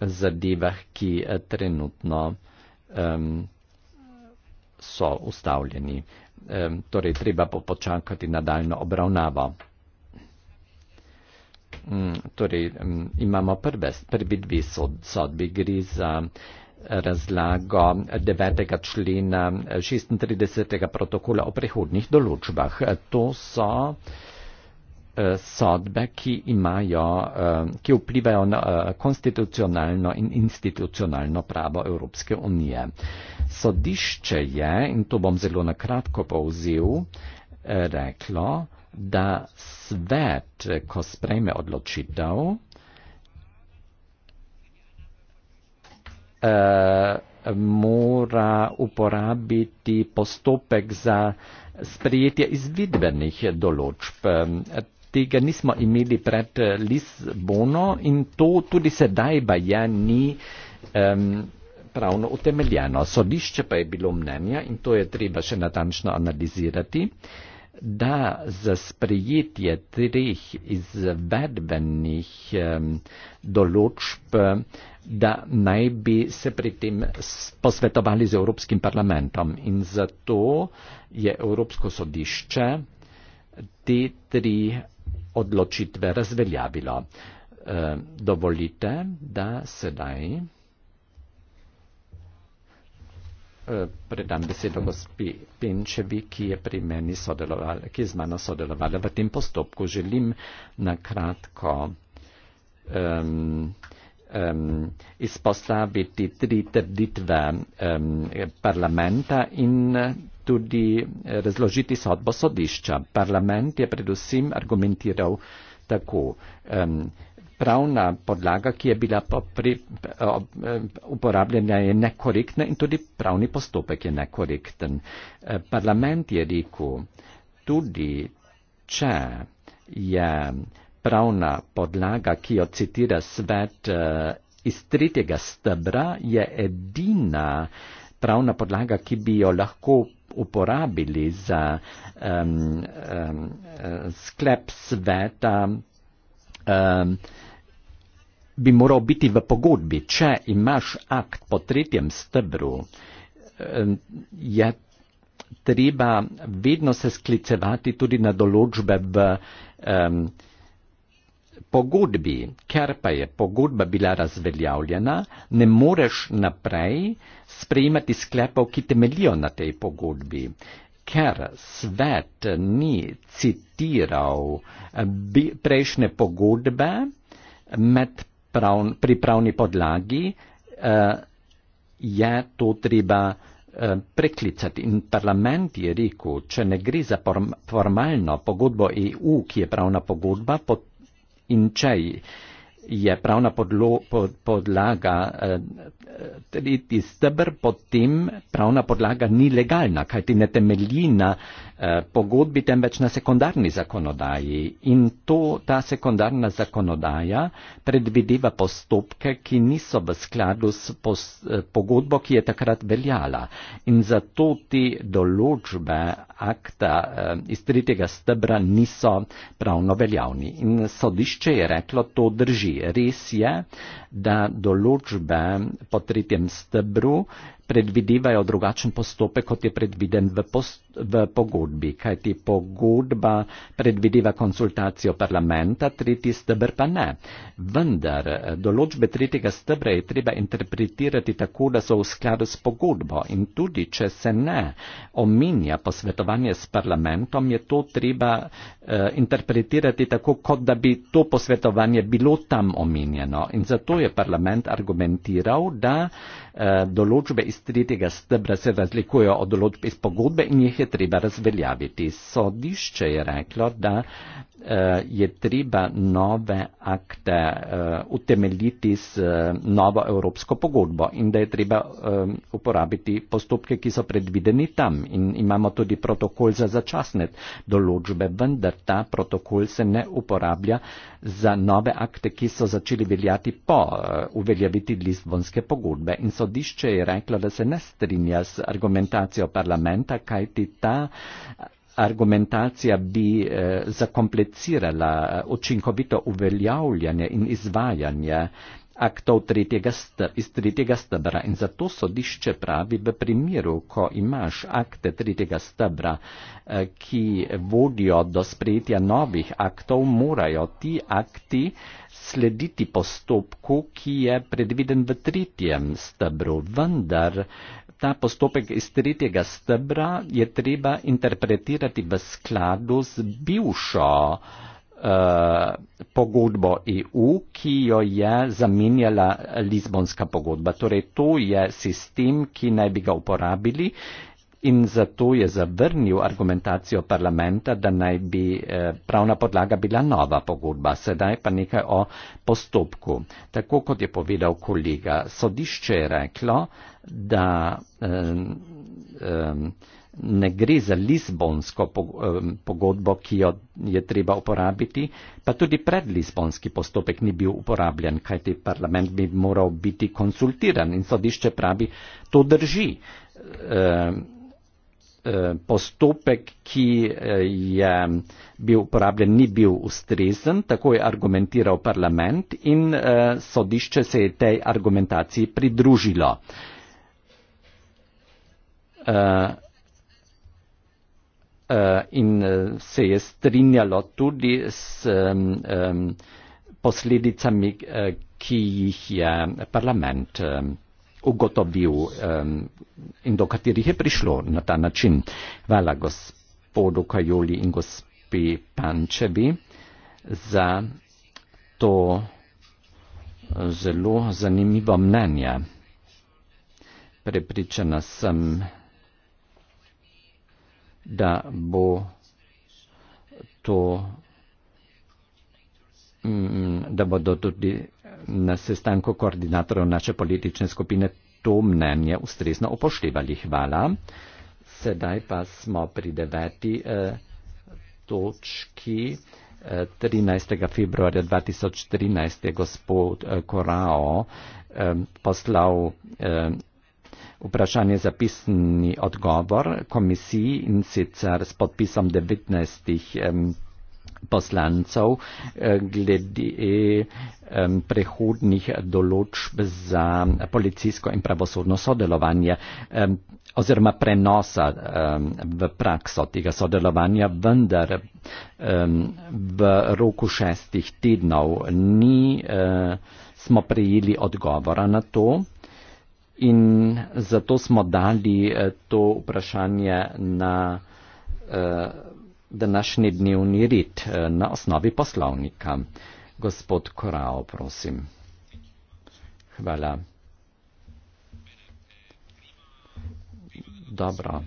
Speaker 3: zadevah, ki eh, trenutno um, so ustavljeni. Um, torej, treba bo počakati nadaljno obravnavo. Um, torej, um, imamo prve, prvi dve sodbi, gre za razlago 9. člena 36. protokola o prehodnih določbah. To so. Eh, sodbe, ki, imajo, eh, ki vplivajo na eh, konstitucionalno in institucionalno pravo Evropske unije. Sodišče je, in to bom zelo na kratko povzel, reklo, da svet, ko sprejme odločitev, mora uporabiti postopek za sprejetje izvidbenih določb tega nismo imeli pred eh, Lizbono in to tudi sedaj baje ni um, pravno utemeljeno. Sodišče pa je bilo mnenja in to je treba še natančno analizirati, da za sprejetje treh izvedbenih um, določb, da naj bi se pri tem posvetovali z Evropskim parlamentom in zato je Evropsko sodišče te tri odločitve razveljavilo. E, dovolite, da sedaj e, predam besedo gospi Pinčevi, ki je pri meni sodelovala, ki je z mano sodelovala v tem postopku. Želim na kratko um, um, izpostaviti tri trditve um, parlamenta in tudi eh, razložiti sodbo sodišča. Parlament je predvsem argumentiral tako. Um, pravna podlaga, ki je bila pri, uporabljena, je nekorektna in tudi pravni postopek je nekorekten. Eh, parlament je rekel, tudi če je pravna podlaga, ki jo citira svet eh, iz tretjega stebra, je edina pravna podlaga, ki bi jo lahko uporabili za um, um, sklep sveta, um, bi moral biti v pogodbi. Če imaš akt po tretjem stebru, je treba vedno se sklicevati tudi na določbe v um, pogodbi, ker pa je pogodba bila razveljavljena, ne moreš naprej sprejemati sklepov, ki temelijo na tej pogodbi. Ker svet ni citiral eh, prejšnje pogodbe pri pravni podlagi, eh, je to treba eh, preklicati. In parlament je rekel, če ne gre za formalno pogodbo EU, ki je pravna pogodba, potem in čej je pravna podlo, pod, podlaga, eh, tretji stebr, potem pravna podlaga ni legalna, kajti ne temelji na eh, Eh, pogodbi, temveč na sekundarni zakonodaji. In to, ta sekundarna zakonodaja predvideva postopke, ki niso v skladu s pos, eh, pogodbo, ki je takrat veljala. In zato ti določbe akta eh, iz tretjega stebra niso pravno veljavni. In sodišče je reklo, to drži. Res je, da določbe po tretjem stebru predvidevajo drugačen postopek, kot je predviden v, post, v pogodbi, kajti pogodba predvideva konsultacijo parlamenta, tretji stebr pa ne. Vendar eh, določbe tretjega stebra je treba interpretirati tako, da so v skladu s pogodbo in tudi, če se ne omenja posvetovanje s parlamentom, je to treba eh, interpretirati tako, kot da bi to posvetovanje bilo tam omenjeno. In zato je parlament argumentiral, da eh, določbe iz iz tretjega stebra se razlikujejo od določb iz pogodbe in jih je treba razveljaviti. Sodišče je reklo, da Eh, je treba nove akte uh, utemeljiti z uh, novo evropsko pogodbo in da je treba uh, uporabiti postopke, ki so predvideni tam. In imamo tudi protokol za začasne določbe, vendar ta protokol se ne uporablja za nove akte, ki so začeli veljati po uh, uveljaviti Lizbonske pogodbe. In sodišče je reklo, da se ne strinja z argumentacijo parlamenta, kajti ta argumentacija bi eh, zakomplicirala eh, učinkovito uveljavljanje in izvajanje aktov tretjega stb, iz tretjega stebra in zato sodišče pravi v primeru, ko imaš akte tretjega stebra, eh, ki vodijo do sprejetja novih aktov, morajo ti akti slediti postopku, ki je predviden v tretjem stebru, vendar ta postopek iz tretjega stebra je treba interpretirati v skladu z bivšo uh, pogodbo EU, ki jo je zamenjala Lizbonska pogodba. Torej, to je sistem, ki naj bi ga uporabili, uh, in zato je zavrnil argumentacijo parlamenta, da naj bi eh, pravna podlaga bila nova pogodba, sedaj pa nekaj o postopku. Tako kot je povedal kolega, sodišče je reklo, da um, um, ne gre za lizbonsko pogodbo, ki jo je treba uporabiti, pa tudi predlizbonski postopek ni bil uporabljen, kajti parlament bi moral biti konsultiran in sodišče pravi, to drži. Um, Eh, postopek, ki eh, je bil uporabljen, ni bil ustrezen, tako je argumentiral parlament in eh, sodišče se je tej argumentaciji pridružilo. In se je strinjalo tudi s posledicami, ki jih je parlament ugotovil um, in do katerih je prišlo na ta način. Hvala gospodu Kajoli in gospi Pančevi za to zelo zanimivo mnenje. Prepričana sem, da bo to, da bodo tudi na sestanku koordinatorov naše politične skupine to mnenje ustrezno upoštevali. Hvala. Sedaj pa smo pri deveti eh, točki. 13. Eh, februarja 2013 je gospod eh, Korao eh, poslal vprašanje za pisni odgovor komisiji in sicer s podpisom 19 poslancev eh, glede prehodnih določb za policijsko in pravosodno sodelovanje oziroma prenosa v prakso tega sodelovanja, vendar v roku šestih tednov ni eh, smo prejeli odgovora na to in zato smo dali eh, to vprašanje na današnji dnevni rit eh, na osnovi poslovnika. Gospod Korao, prosim. Hvala. Dobro.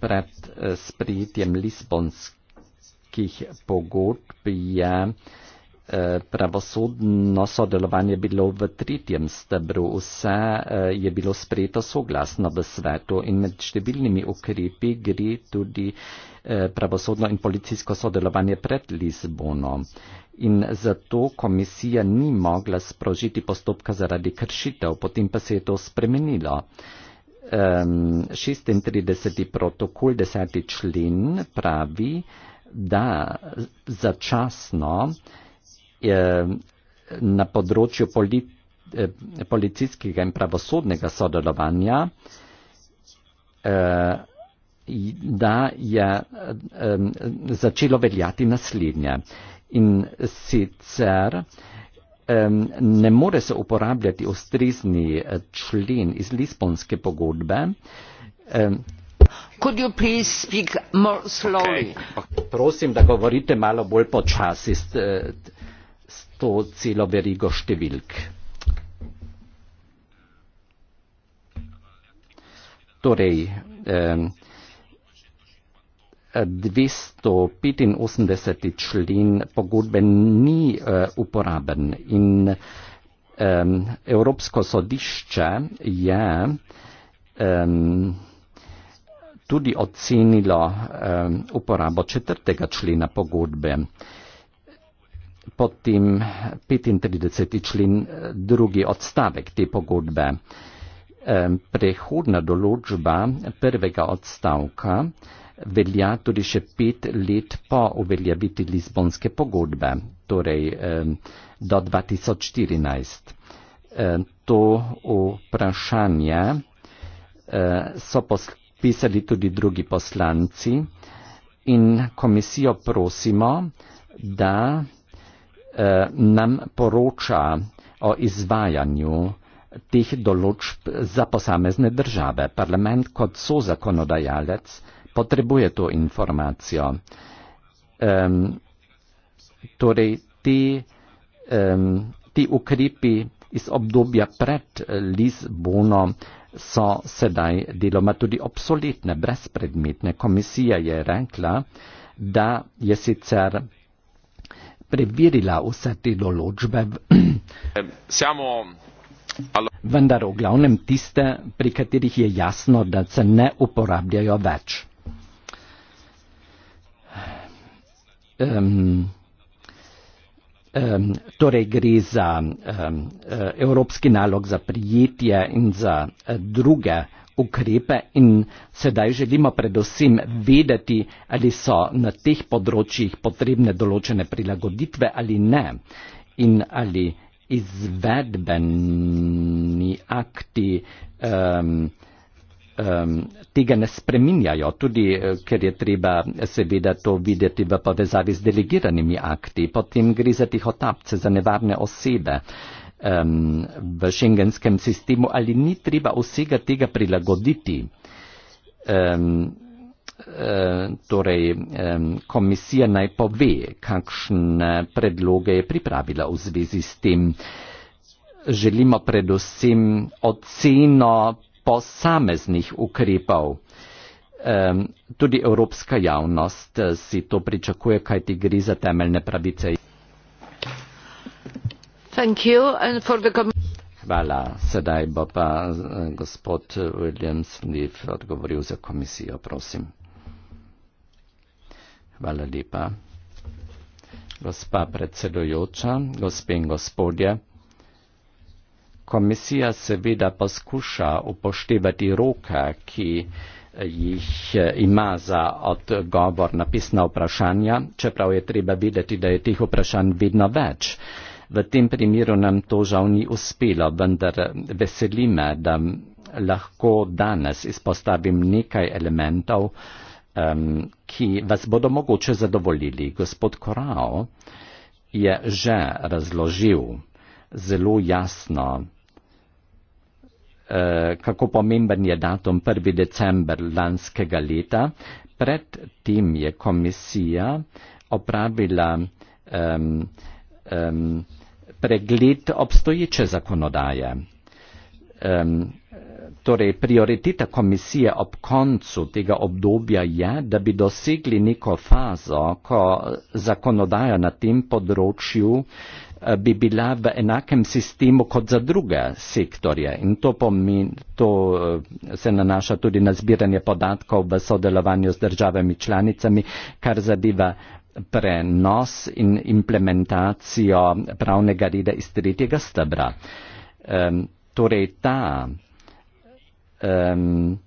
Speaker 3: Pred eh, sprejetjem Lisbonskih pogodb je. Eh, pravosodno sodelovanje bilo v tretjem stebru, vse eh, je bilo sprejeto soglasno v svetu in med številnimi ukrepi gre tudi eh, pravosodno in policijsko sodelovanje pred Lizbono. In zato komisija ni mogla sprožiti postopka zaradi kršitev, potem pa se je to spremenilo. 36. Ehm, protokol 10. člen pravi, da začasno Eh, na področju eh, policijskega in pravosodnega sodelovanja, eh, da je začelo veljati naslednje. In sicer ne more se uporabljati ustrezni člen iz Lisbonske pogodbe. Could you please speak more slowly? Okay. Prosim, da govorite malo bolj počasi to celo verigo številk. Torej, eh, 285. člen pogodbe ni eh, uporaben in eh, Evropsko sodišče je eh, tudi ocenilo eh, uporabo četrtega člena pogodbe. Eh, pod tim 35. člen drugi odstavek te pogodbe. Prehodna določba prvega odstavka velja tudi še pet let po uveljavitvi Lizbonske pogodbe, torej do 2014. To vprašanje e, so pisali tudi drugi poslanci in komisijo prosimo, da Eh, nam poroča o izvajanju teh določb za posamezne države. Parlament kot so zakonodajalec potrebuje to informacijo. Um, torej, ti, um, ti ukrepi iz obdobja pred Lizbono so sedaj deloma tudi obsoletne, brezpredmetne. Komisija je rekla, da je sicer preverila vse te določbe. Vendar v glavnem tiste, pri katerih je jasno, da se ne uporabljajo več. Um, um, torej gre za um, evropski nalog za prijetje in za eh, druge ukrepe in sedaj želimo predvsem vedeti, ali so na teh področjih potrebne določene prilagoditve ali ne in ali izvedbeni akti um, um, tega ne spreminjajo, tudi eh, ker je treba seveda to videti v povezavi z delegiranimi akti, potem gre za tihotapce, za nevarne osebe. Uh, um, v šengenskem sistemu, ali ni treba vsega tega prilagoditi. Um, torej, um, komisija naj pove, kakšne predloge je pripravila v zvezi s tem. Želimo predvsem oceno posameznih ukrepov. Um, tudi evropska javnost eh, si to pričakuje, kaj ti gre za temeljne pravice. Hvala. Sedaj bo pa eh, gospod Williams Leaf odgovoril za komisijo, prosim. Hvala lepa. Gospa predsedujoča, gospe in gospodje, komisija seveda poskuša upoštevati roke, ki jih eh, ima za odgovor na pisna vprašanja, čeprav je treba videti, da je teh vprašanj vedno več. V tem primeru nam to žal ni uspelo, vendar eh, veseli me, da mm, lahko danes izpostavim nekaj elementov, um, ki vas bodo mogoče zadovoljili. Gospod Korao je že razložil zelo jasno, eh, kako pomemben je datum 1. december lanskega leta. Predtem je komisija opravila um, um, pregled obstoječe zakonodaje. Um, torej, prioriteta komisije ob koncu tega obdobja je, da bi dosegli neko fazo, ko zakonodaja na tem področju eh, bi bila v enakem sistemu kot za druge sektorje. In to, pomen, to eh, se nanaša tudi na zbiranje podatkov v sodelovanju z državami članicami, kar zadeva prenos in implementacijo pravnega reda iz tretjega stebra. Um, torej ta, um,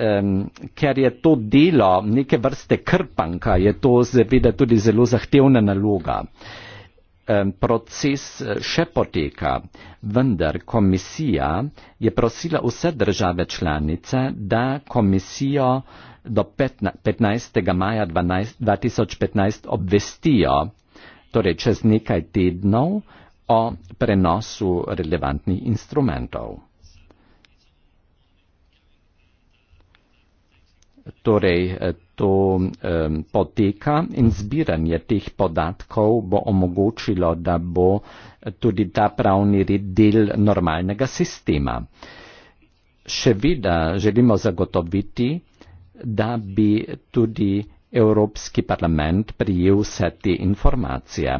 Speaker 3: um, ker je to delo neke vrste krpanka, je to seveda tudi zelo zahtevna naloga. Uh, proces eh, še poteka, vendar komisija je prosila vse države članice, da komisijo do 15. maja 2015 obvestijo, torej čez nekaj tednov, o prenosu relevantnih instrumentov. torej eh, to um, poteka in zbiranje teh podatkov bo omogočilo, da bo eh, tudi ta pravni red del normalnega sistema. Še vedno želimo zagotoviti, da bi tudi Evropski parlament prijel vse te informacije.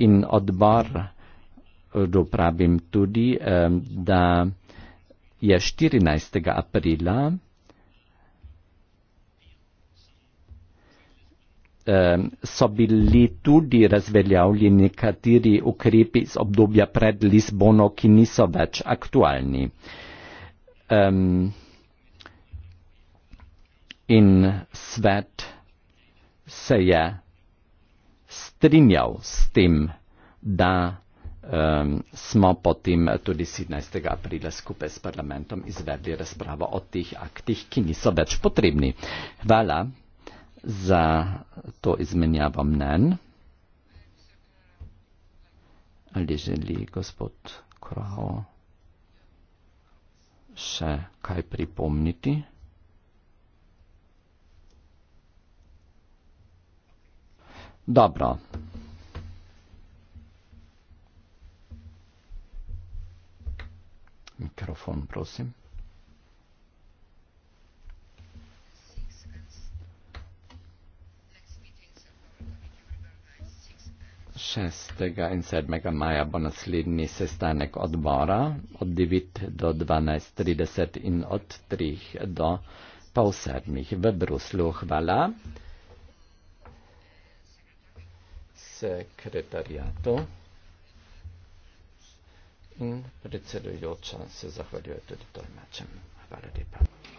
Speaker 3: In odbor, dopravim eh, tudi, da je 14. aprila so bili tudi razveljavljeni nekateri ukrepi iz obdobja pred Lizbono, ki niso več aktualni. Um, in svet se je strinjal s tem, da um, smo potem tudi 17. aprila skupaj s parlamentom izvedli razpravo o teh aktih, ki niso več potrebni. Hvala za to izmenjavo mnen. Ali želi gospod Krao še kaj pripomniti? Dobro. Mikrofon, prosim. 6. in 7. maja bo naslednji sestanek odbora od 9 do 12.30 in od 3 do pol 7. v Bruslu. Hvala sekretarijatu in predsedujoča se zahvaljuje tudi tolmačem. Hvala lepa.